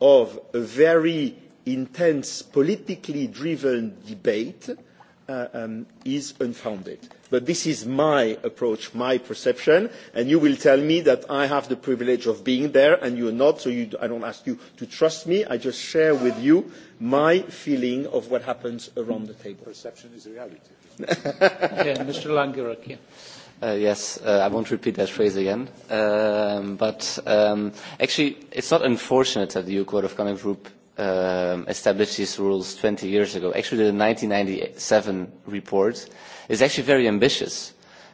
of a very intense politically driven debate Uh, um, is unfounded. But this is my approach, my perception, and you will tell me that I have the privilege of being there and are not, so you, I don't ask you to trust me, I just share with you my feeling of what happens around the table. Perception is reality. Mr. Uh, yes, uh, I won't repeat that phrase again. Um, but um, actually, it's not unfortunate that the EU Court of Conduct Group um, established these rules 20 years ago, actually the 1997 report, is actually very ambitious.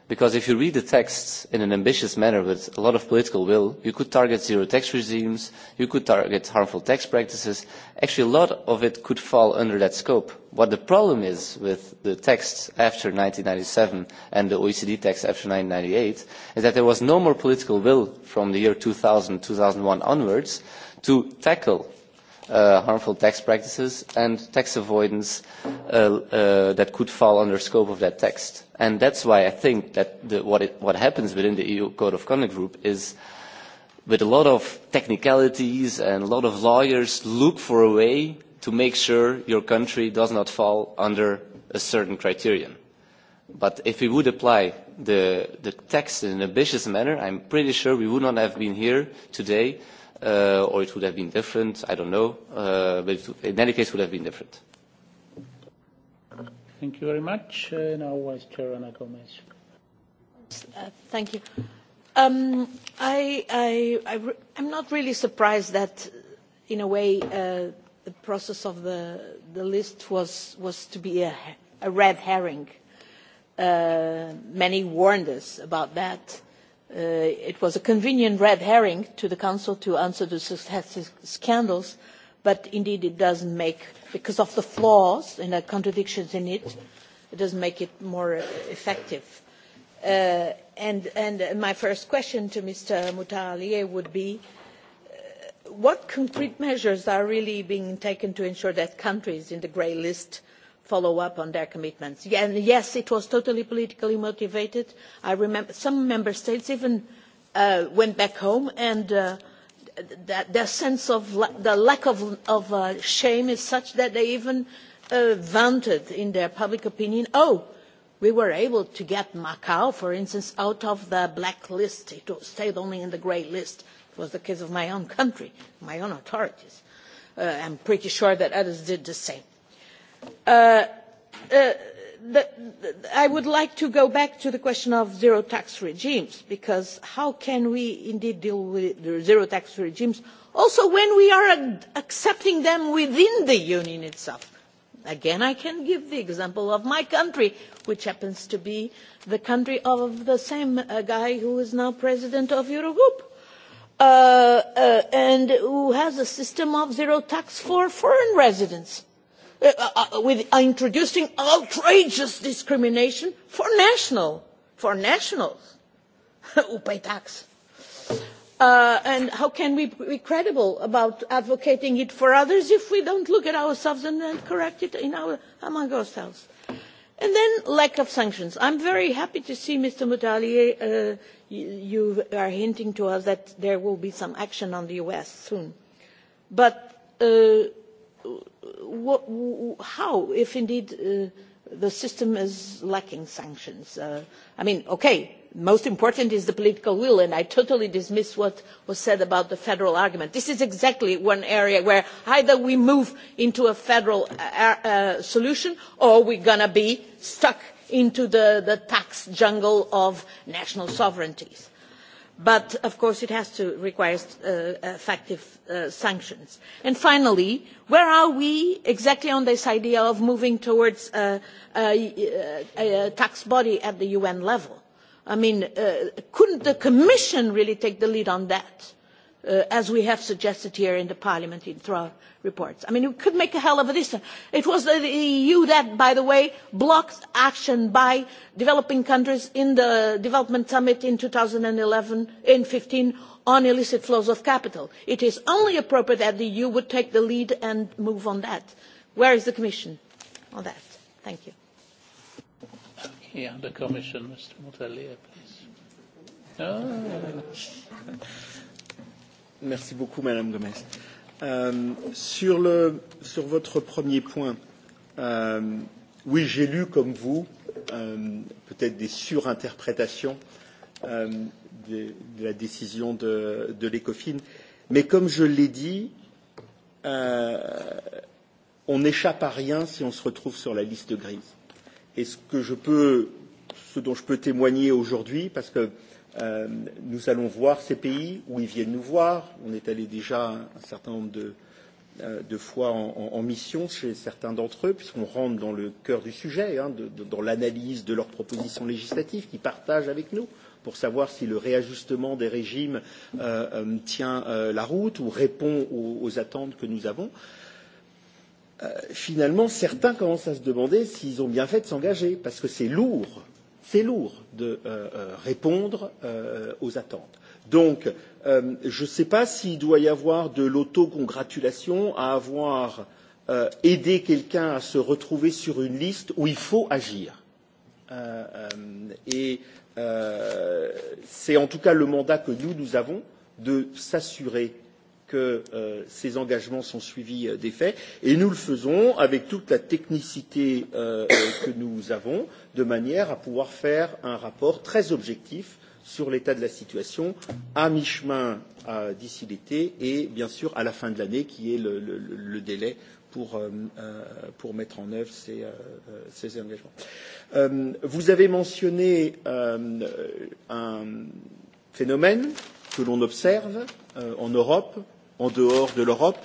Because if you read the text in an ambitious manner with a lot of political will, you could target zero tax regimes, you could target harmful tax practices. Actually, a lot of it could fall under that scope. What the problem is with the text after 1997 and the OECD text after 1998 is that there was no more political will from the year 2000, 2001 onwards to tackle Uh, harmful tax practices and tax avoidance uh, uh, that could fall under scope of that text. And that's why I think that the, what, it, what happens within the EU Code of Conduct Group is with a lot of technicalities and a lot of lawyers look for a way to make sure your country does not fall under a certain criterion. But if we would apply the, the text in an ambitious manner, I'm pretty sure we would not have been here today uh, or it would have been different. I don't know, uh, but in any case, would have been different. Thank you very much. Uh, now, Vice Chair Ana Gomez. Uh, thank you. Um, I, I, I'm not really surprised that, in a way, the process of the, list was, was to be a, red herring. many warned us about that Uh, it was a convenient red herring to the council to answer the successive scandals but indeed it does not make because of the flaws and the contradictions in it it not make it more effective. Uh, and, my first question to mr mutalier would be uh, what concrete measures are really being taken to ensure that countries in the grey list follow up on their commitments. yes it was totally politically motivated. i remember some member states even uh, went back home and uh, their sense of the lack of, uh, shame is such that they even vaunted in their public opinion oh we were able to get macau for instance out of the black list it stayed only in the grey list it was the case of my own country my own authorities. i am pretty sure that others did the same. Uh, uh, i would like to go back to the question of zero tax regimes because how can we indeed deal with zero tax regimes also when we are accepting them within the union itself? again i can give the example of my country which happens to be the country of the same uh, guy who is now president of eurogroup uh, and who has a system of zero tax for foreign residents Uh, uh, uh, with introducing outrageous discrimination for national for nationals who pay tax. and how can we be credible about advocating it for others if we don't look at ourselves and correct it in our, among ourselves? And then lack of sanctions. I'm very happy to see, Mr. Mutalier, you, are hinting to us that there will be some action on the US soon. But what, how, if indeed uh, the system is lacking sanctions? Uh, I mean, okay, most important is the political will, and I totally dismiss what was said about the federal argument. This is exactly one area where either we move into a federal uh, solution or we're going to be stuck into the tax jungle of national sovereignties but of course it has to require uh, effective uh, sanctions. And finally where are we exactly on this idea of moving towards a, tax body at the un level? i mean uh, couldn't the commission really take the lead on that? Uh, as we have suggested here in the parliament in through our reports. I mean, we could make a hell of a difference. It was the EU e that, by the way, blocked action by developing countries in the development summit in 2011 and 15 on illicit flows of capital. It is only appropriate that the EU would take the lead and move on that. Where is the Commission on that? Thank you. the Commission, Mr. please. Merci beaucoup, Madame Gomez. Euh, sur, le, sur votre premier point, euh, oui, j'ai lu comme vous euh, peut-être des surinterprétations euh, de, de la décision de, de l'ECOFIN, mais comme je l'ai dit, euh, on n'échappe à rien si on se retrouve sur la liste grise. Et ce que je peux, ce dont je peux témoigner aujourd'hui, parce que Euh, nous allons voir ces pays où ils viennent nous voir. On est allé déjà un certain nombre de, euh, de fois en, en, en mission chez certains d'entre eux, puisqu'on rentre dans le cœur du sujet, hein, de, de, dans l'analyse de leurs propositions législatives qu'ils partagent avec nous pour savoir si le réajustement des régimes euh, euh tient euh, la route ou répond aux, aux attentes que nous avons. Euh, finalement, certains commencent à se demander s'ils ont bien fait de s'engager, parce que c'est lourd c'est lourd de euh, euh, répondre euh, aux attentes. Donc, euh, je ne sais pas s'il doit y avoir de l'autocongratulation à avoir euh, aidé quelqu'un à se retrouver sur une liste où il faut agir. Euh, euh et euh, c'est en tout cas le mandat que nous, nous avons de s'assurer que euh, ces engagements sont suivis euh, des faits et nous le faisons avec toute la technicité euh, euh, que nous avons de manière à pouvoir faire un rapport très objectif sur l'état de la situation à mi chemin d'ici l'été et bien sûr à la fin de l'année qui est le, le, le délai pour, pour mettre en œuvre ces, ces engagements. vous avez mentionné un phénomène que l'on observe en Europe en dehors de l'Europe,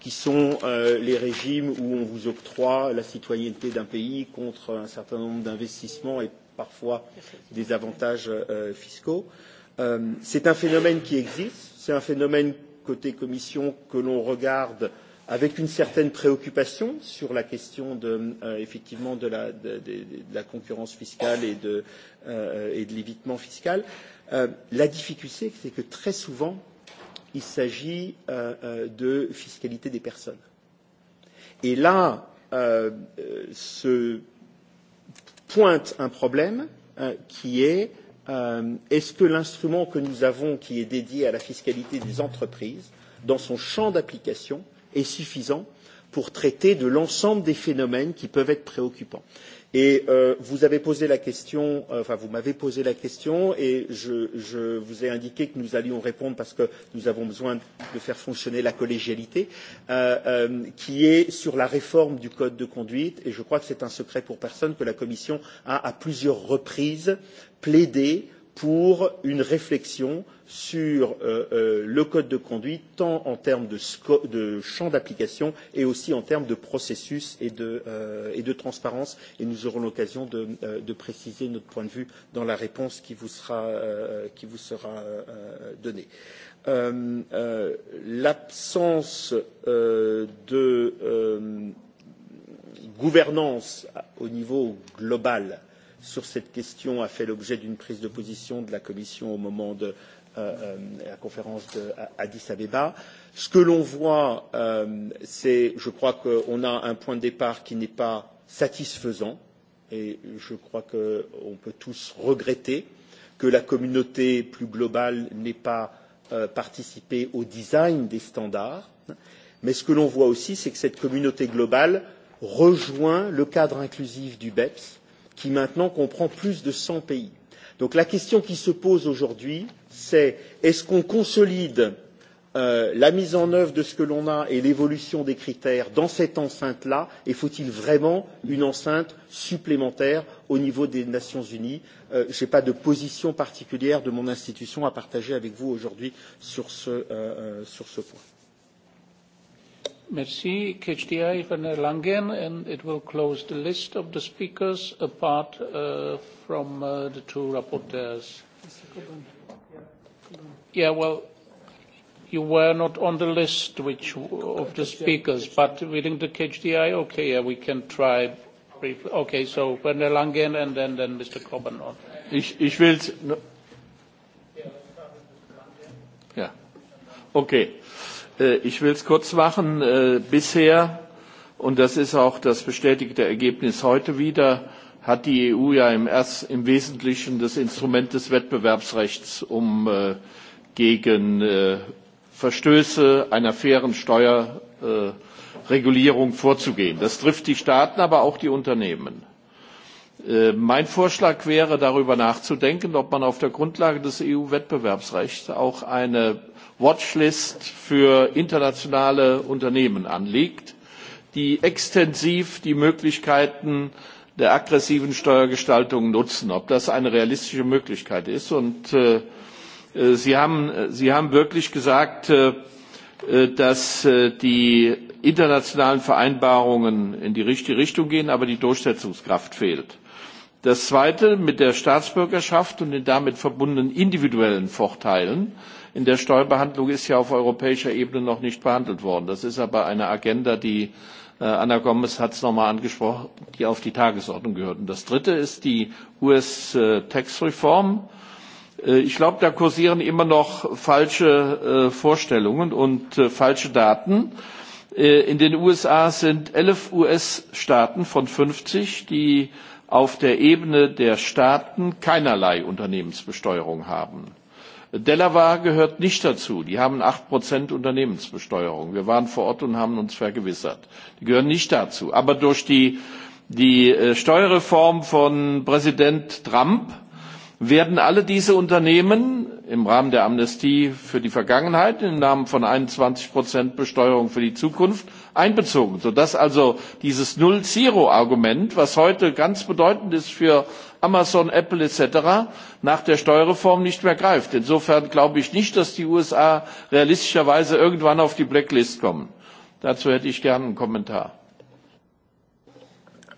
qui sont euh, les régimes où on vous octroie la citoyenneté d'un pays contre un certain nombre d'investissements et parfois des avantages euh, fiscaux. Euh, c'est un phénomène qui existe, c'est un phénomène côté Commission que l'on regarde avec une certaine préoccupation sur la question de, effectivement de la, de, de, la concurrence fiscale et de, de l'évitement fiscal. la difficulté, c'est que très souvent, il s'agit euh, euh, de fiscalité des personnes. Et là, euh, se pointe un problème euh, qui est euh, est-ce que l'instrument que nous avons qui est dédié à la fiscalité des entreprises, dans son champ d'application, est suffisant pour traiter de l'ensemble des phénomènes qui peuvent être préoccupants Et euh, vous avez posé la question, euh, enfin vous m'avez posé la question et je, je vous ai indiqué que nous allions répondre parce que nous avons besoin de faire fonctionner la collégialité, euh, euh qui est sur la réforme du code de conduite. Et je crois que c'est un secret pour personne que la Commission a à plusieurs reprises plaidé pour une réflexion sur euh, euh, le code de conduite tant en termes de, de champ d'application et aussi en termes de processus et de, euh, et de transparence et nous aurons l'occasion de, euh, de préciser notre point de vue dans la réponse qui vous sera, euh, qui vous sera donnée. l'absence de gouvernance au niveau global sur cette question a fait l'objet d'une prise de position de la Commission au moment de euh, euh la conférence de Addis Abeba. Ce que l'on voit, euh, c'est, je crois qu'on a un point de départ qui n'est pas satisfaisant, et je crois qu'on peut tous regretter que la communauté plus globale n'ait pas euh, participé au design des standards, mais ce que l'on voit aussi, c'est que cette communauté globale rejoint le cadre inclusif du BEPS, qui maintenant comprend plus de 100 pays. Donc la question qui se pose aujourd'hui, c'est est-ce qu'on consolide euh, la mise en œuvre de ce que l'on a et l'évolution des critères dans cette enceinte-là et faut-il vraiment une enceinte supplémentaire au niveau des Nations Unies euh, Je n'ai pas de position particulière de mon institution à partager avec vous aujourd'hui sur, euh, sur ce point. Merci. KHDI van Langen, and it will close the list of the speakers apart uh, from uh, the two rapporteurs. Yeah, well, you were not on the list which of the speakers, but within the KHDI, okay, yeah, we can try briefly. Okay, so van der Langen and then, then Mr. Coburn on. Ich, ich will... No. Yeah. Okay. Äh, ich will es kurz machen. Äh, bisher, und das ist auch das bestätigte Ergebnis heute wieder, hat die EU ja im, Erst, im Wesentlichen das Instrument des Wettbewerbsrechts, um äh, gegen Verstöße einer fairen Steuerregulierung vorzugehen. Das trifft die Staaten, aber auch die Unternehmen. Mein Vorschlag wäre, darüber nachzudenken, ob man auf der Grundlage des EU-Wettbewerbsrechts auch eine Watchlist für internationale Unternehmen anlegt, die extensiv die Möglichkeiten der aggressiven Steuergestaltung nutzen, ob das eine realistische Möglichkeit ist. Und äh, äh, Sie, haben, äh, Sie haben wirklich gesagt, dass die internationalen Vereinbarungen in die richtige Richtung gehen, aber die Durchsetzungskraft fehlt. Das Zweite mit der Staatsbürgerschaft und den damit verbundenen individuellen Vorteilen in der Steuerbehandlung ist ja auf europäischer Ebene noch nicht behandelt worden. Das ist aber eine Agenda, die äh, Anna Gomes hat es nochmal angesprochen, die auf die Tagesordnung gehört. Und das Dritte ist die US-Tax-Reform. Äh, äh, ich glaube, da kursieren immer noch falsche Vorstellungen und falsche Daten. In den USA sind elf US-Staaten von 50, die auf der Ebene der Staaten keinerlei Unternehmensbesteuerung haben. Delaware gehört nicht dazu. Die haben 8% Unternehmensbesteuerung. Wir waren vor Ort und haben uns vergewissert. Die gehören nicht dazu. Aber durch die, die äh, Steuerreform von Präsident Trump werden alle diese Unternehmen im Rahmen der Amnestie für die Vergangenheit im Namen von 21% Besteuerung für die Zukunft einbezogen, sodass also dieses Null-Zero-Argument, was heute ganz bedeutend ist für amazon apple etc. nach der steuerreform nicht mehr greift. insofern glaube ich nicht dass die usa realistischerweise irgendwann auf die blacklist kommen. dazu hätte ich gern einen kommentar.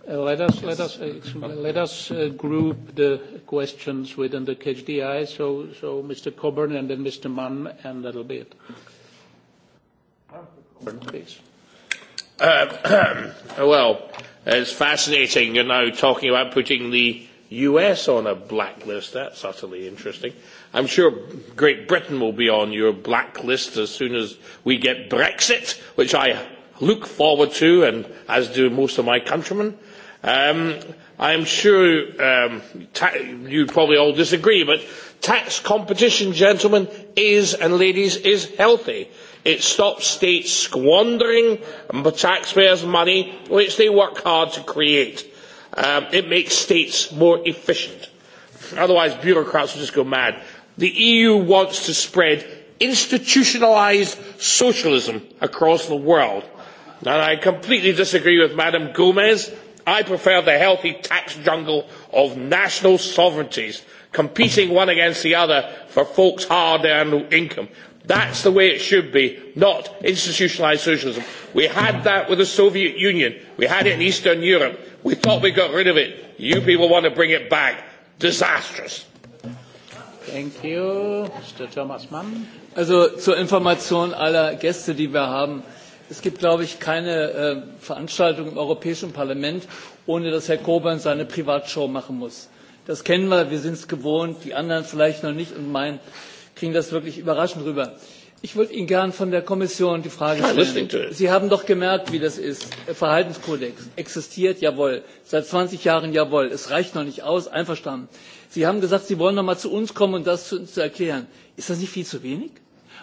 Uh, let us let us uh, let us uh, group the questions within the KHDI. So so Mr. Coburn and then Mr. Mann, and that'll be it. Coburn, please. well, it's fascinating. you know, talking about putting the US on a blacklist. That's utterly interesting. I'm sure Great Britain will be on your blacklist as soon as we get Brexit, which I look forward to, and as do most of my countrymen. Um, I'm sure um, you probably all disagree, but tax competition, gentlemen, is, and ladies, is healthy. It stops states squandering taxpayers' money, which they work hard to create Um, it makes states more efficient. Otherwise, bureaucrats will just go mad. The EU wants to spread institutionalised socialism across the world. And I completely disagree with Madam Gomez. I prefer the healthy tax jungle of national sovereignties, competing one against the other for folks' hard-earned income. That's the way it should be, not institutionalised socialism. We had that with the Soviet Union. We had it in Eastern Europe We thought we got rid of it. You people want to bring it back. Disastrous. Thank you. Mr. Thomas Mann. Also zur Information aller Gäste, die wir haben. Es gibt, glaube ich, keine ähm, Veranstaltung im Europäischen Parlament, ohne dass Herr Coburn seine Privatshow machen muss. Das kennen wir, wir sind es gewohnt, die anderen vielleicht noch nicht und meinen, kriegen das wirklich überraschend rüber. Ich wollte Ihnen gern von der Kommission die Frage stellen. Sie haben doch gemerkt, wie das ist. Verhaltenskodex existiert, jawohl. Seit 20 Jahren, jawohl. Es reicht noch nicht aus, einverstanden. Sie haben gesagt, Sie wollen noch mal zu uns kommen, und das zu erklären. Ist das nicht viel zu wenig?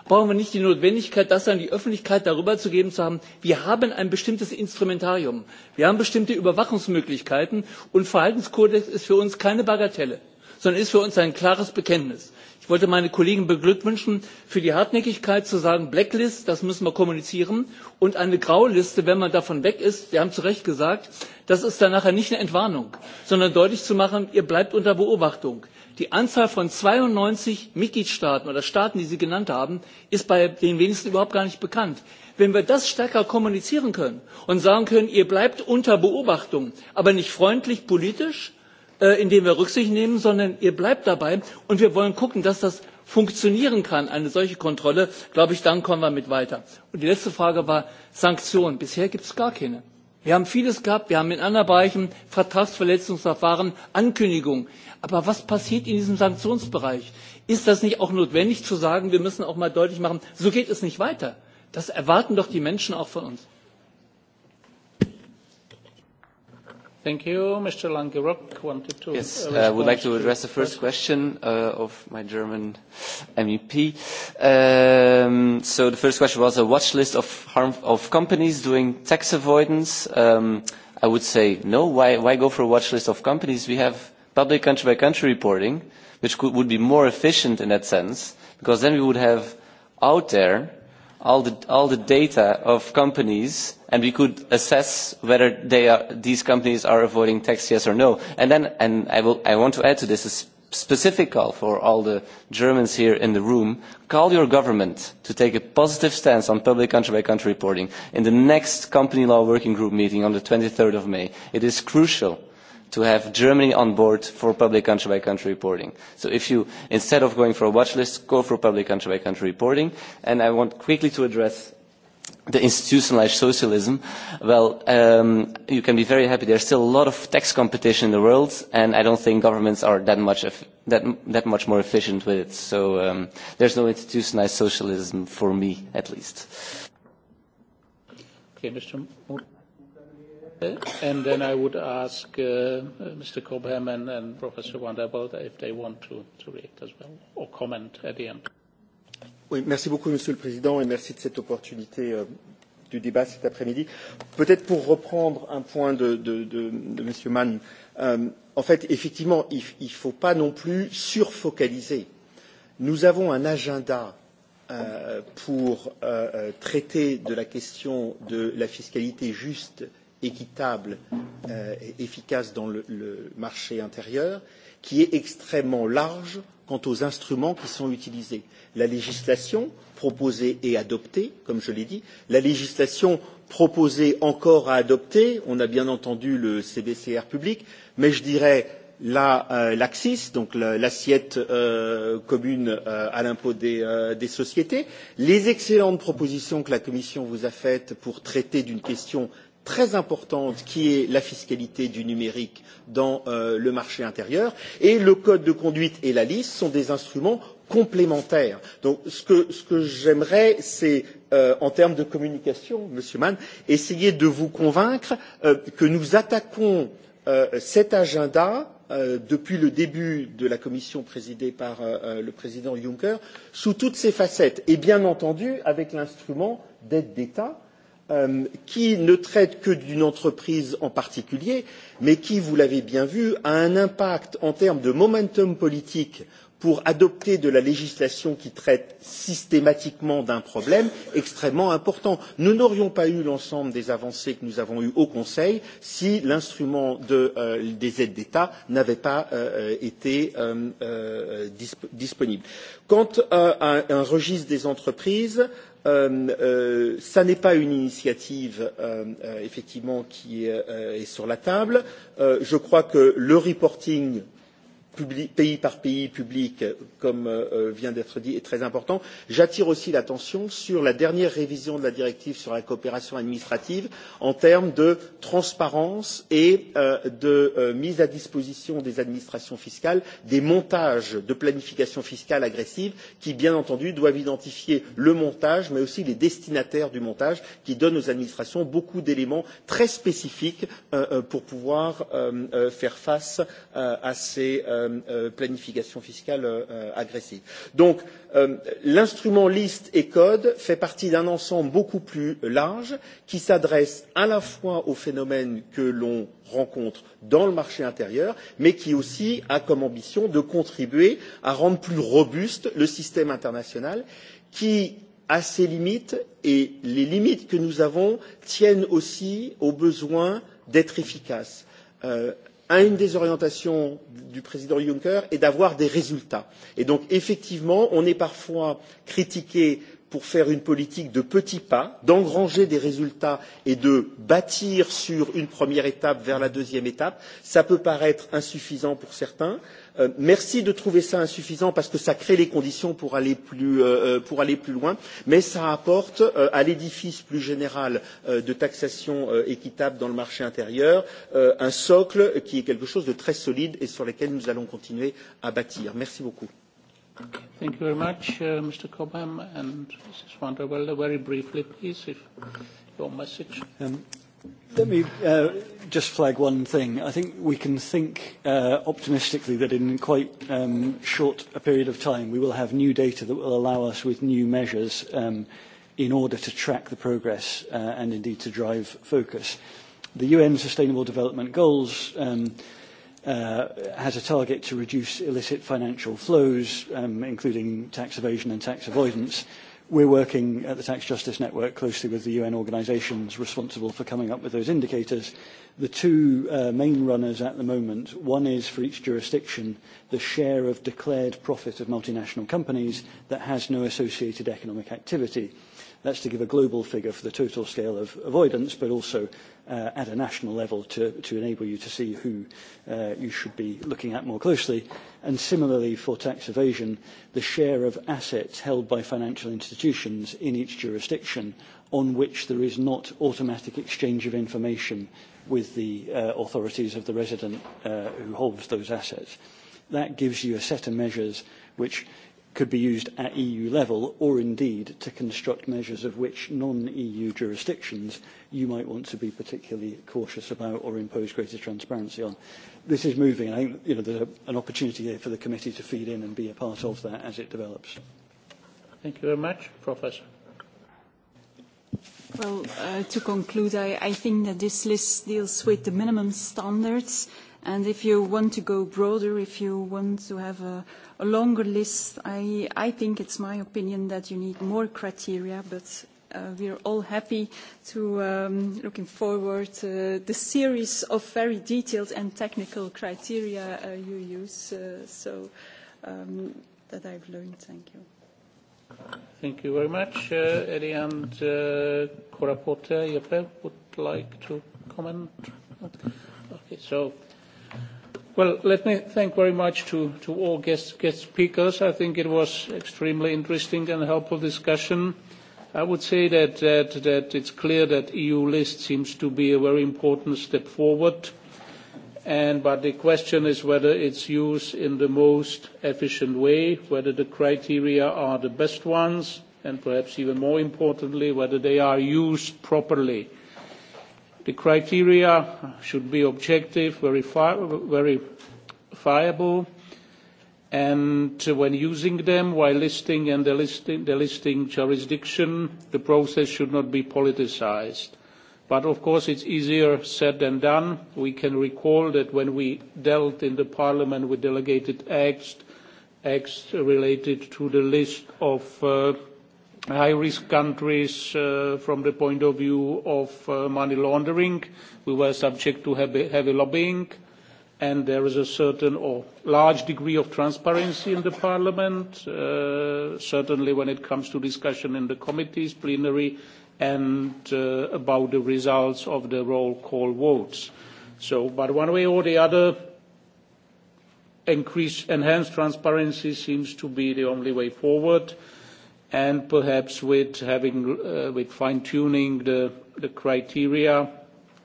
Brauchen wir nicht die Notwendigkeit, das an die Öffentlichkeit darüber zu geben zu haben, wir haben ein bestimmtes Instrumentarium, wir haben bestimmte Überwachungsmöglichkeiten und Verhaltenskodex ist für uns keine Bagatelle, sondern ist für uns ein klares Bekenntnis ich wollte meine kollegen beglückwünschen für die hartnäckigkeit zu sagen blacklist das müssen wir kommunizieren und eine grauliste wenn man davon weg ist sie haben zu recht gesagt das ist dann nachher nicht eine entwarnung sondern deutlich zu machen ihr bleibt unter beobachtung. die anzahl von zweiundneunzig mitgliedstaaten oder staaten die sie genannt haben ist bei den wenigsten überhaupt gar nicht bekannt. wenn wir das stärker kommunizieren können und sagen können ihr bleibt unter beobachtung aber nicht freundlich politisch Äh, indem wir rücksicht nehmen sondern ihr bleibt dabei und wir wollen gucken dass das funktionieren kann eine solche kontrolle glaube ich dann kommen wir mit weiter. und die letzte frage war sanktionen bisher gibt es gar keine. wir haben vieles gehabt wir haben in anderen bereichen vertragsverletzungsverfahren ankündigungen aber was passiert in diesem sanktionsbereich? ist das nicht auch notwendig zu sagen wir müssen auch mal deutlich machen so geht es nicht weiter? das erwarten doch die menschen auch von uns. Thank you. Mr. Langerock wanted to... Yes, uh, I would like to address the first question uh, of my German MEP. Um, so the first question was a watch list of, harm, of companies doing tax avoidance. Um, I would say no. Why, why go for a watch list of companies? We have public country-by-country -country reporting, which could, would be more efficient in that sense, because then we would have out there all the, all the data of companies and we could assess whether they are, these companies are avoiding tax, yes or no. And then, and I, will, I want to add to this a specific call for all the Germans here in the room, call your government to take a positive stance on public country-by-country -country reporting in the next company law working group meeting on the 23rd of May. It is crucial to have Germany on board for public country by country reporting. So if you, instead of going for a watch list, go for public country by country reporting. And I want quickly to address the institutionalized socialism, well, um, you can be very happy. There's still a lot of tax competition in the world, and I don't think governments are that much, that, that much more efficient with it. So um, there's no institutionalized socialism for me, at least. Okay, Mr. And then I would ask uh, Mr. Cobham and, and Professor Wanderbilt if they want to, to react as well or comment at the end. Oui, merci beaucoup, Monsieur le Président, et merci de cette opportunité euh, du débat cet après-midi. Peut-être pour reprendre un point de, de, de, de Monsieur Mann, euh, en fait, effectivement, il ne faut pas non plus surfocaliser. Nous avons un agenda euh, pour euh, euh, traiter de la question de la fiscalité juste équitable euh, et efficace dans le, le marché intérieur qui est extrêmement large quant aux instruments qui sont utilisés la législation proposée et adoptée comme je l'ai dit la législation proposée encore à adopter on a bien entendu le cbcr public mais je dirais l'axis la, euh, donc l'assiette la, euh, commune euh, à l'impôt des, euh, des sociétés les excellentes propositions que la commission vous a faites pour traiter d'une question très importante qui est la fiscalité du numérique dans euh, le marché intérieur et le code de conduite et la liste sont des instruments complémentaires. donc ce que, j'aimerais c'est euh, en termes de communication monsieur mann essayer de vous convaincre euh, que nous attaquons cet agenda depuis le début de la commission présidée par le président juncker sous toutes ses facettes et bien entendu avec l'instrument d'aide d'état Euh, qui ne traite que d'une entreprise en particulier mais qui vous l'avez bien vu a un impact en termes de momentum politique pour adopter de la législation qui traite systématiquement d'un problème extrêmement important. nous n'aurions pas eu l'ensemble des avancées que nous avons eues au conseil si l'instrument de, euh, des aides d'état n'avait pas euh, été disponible. quant à un registre des entreprises Ce euh, euh, n'est pas une initiative euh, effectivement qui est sur la table. Je crois que le reporting pays par pays public, euh, comme euh, euh, vient d'être dit, est très important. J'attire aussi l'attention sur la dernière révision de la directive sur la coopération administrative en termes de transparence et de mise à disposition des administrations fiscales des montages de planification fiscale agressive qui, bien entendu, doivent identifier le montage, mais aussi les destinataires du montage, qui donnent aux administrations beaucoup d'éléments très spécifiques pour pouvoir faire face à ces Euh, euh, planification fiscale euh, agressive. donc l'instrument liste et code fait partie d'un ensemble beaucoup plus large qui s'adresse à la fois aux phénomènes que l'on rencontre dans le marché intérieur mais qui aussi a comme ambition de contribuer à rendre plus robuste le système international qui a ses limites et les limites que nous avons tiennent aussi au besoin d'être efficaces à une des orientations du président juncker est d'avoir des résultats et donc effectivement on est parfois critiqué pour faire une politique de petits pas d'engranger des résultats et de bâtir sur une première étape vers la deuxième étape Cela peut paraître insuffisant pour certains Euh, merci de trouver ça insuffisant parce que ça crée les conditions pour aller plus, euh, euh, pour aller plus loin mais ça apporte à l'édifice plus général de taxation équitable dans le marché intérieur un socle qui est quelque chose de très solide et sur lequel nous allons continuer à bâtir. merci beaucoup. Thank you very much, uh, Mr. Cobham and Mrs. Very briefly, please, if your message. Um, Let me uh, just flag one thing. I think we can think uh, optimistically that in quite um, short a period of time we will have new data that will allow us with new measures um, in order to track the progress uh, and indeed to drive focus. The UN Sustainable Development Goals um, has a target to reduce illicit financial flows, including tax evasion and tax avoidance. We're working at the Tax Justice Network closely with the UN organisations responsible for coming up with those indicators. The two uh, main runners at the moment, one is for each jurisdiction, the share of declared profit of multinational companies that has no associated economic activity That's to give a global figure for the total scale of avoidance, but also uh, at a national level to, to enable you to see who uh, you should be looking at more closely. And similarly for tax evasion, the share of assets held by financial institutions in each jurisdiction on which there is not automatic exchange of information with the uh, authorities of the resident uh, who holds those assets. That gives you a set of measures which could be used at EU level or indeed to construct measures of which non-EU jurisdictions you might want to be particularly cautious about or impose greater transparency on. This is moving. And I think you know, there's a, an opportunity here for the committee to feed in and be a part of that as it develops. Thank you very much. Professor. Well, uh, to conclude, I, I think that this list deals with the minimum standards And if you want to go broader, if you want to have a, longer list, I, I think it's my opinion that you need more criteria, but uh, we are all happy to um, looking forward to uh, the series of very detailed and technical criteria uh, you use. So um, that I've learned. Thank you. Thank you very much. Eddie and would like to comment? Okay, so Well, let me thank very much to, to all guest, speakers. I think it was extremely interesting and helpful discussion. I would say that, that, that it's clear that EU list seems to be a very important step forward, and, but the question is whether it's used in the most efficient way, whether the criteria are the best ones, and perhaps even more importantly, whether they are used properly The criteria should be objective, verifiable, and when using them while listing and delisting, listing jurisdiction, the process should not be politicized. But of course, it's easier said than done. We can recall that when we dealt in the parliament with delegated acts, acts related to the list of uh, high risk countries uh, from the point of view of uh, money laundering. We were subject to heavy, lobbying and there is a certain or large degree of transparency in the Parliament, uh, certainly when it comes to discussion in the committees, plenary and about the results of the roll call votes. So but one way or the other increased enhanced transparency seems to be the only way forward and perhaps with having uh, with fine tuning the criteria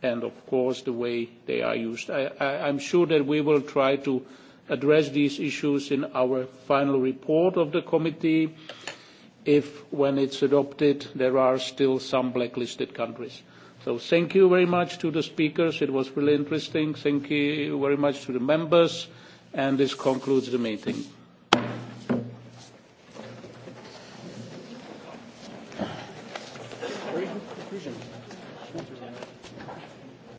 and of course the way they are used I, am i'm sure that we will try to address these issues in our final report of the committee if when it's adopted there are still some blacklisted countries so thank you very much to the speakers it was really interesting thank you very much to the members and this concludes the meeting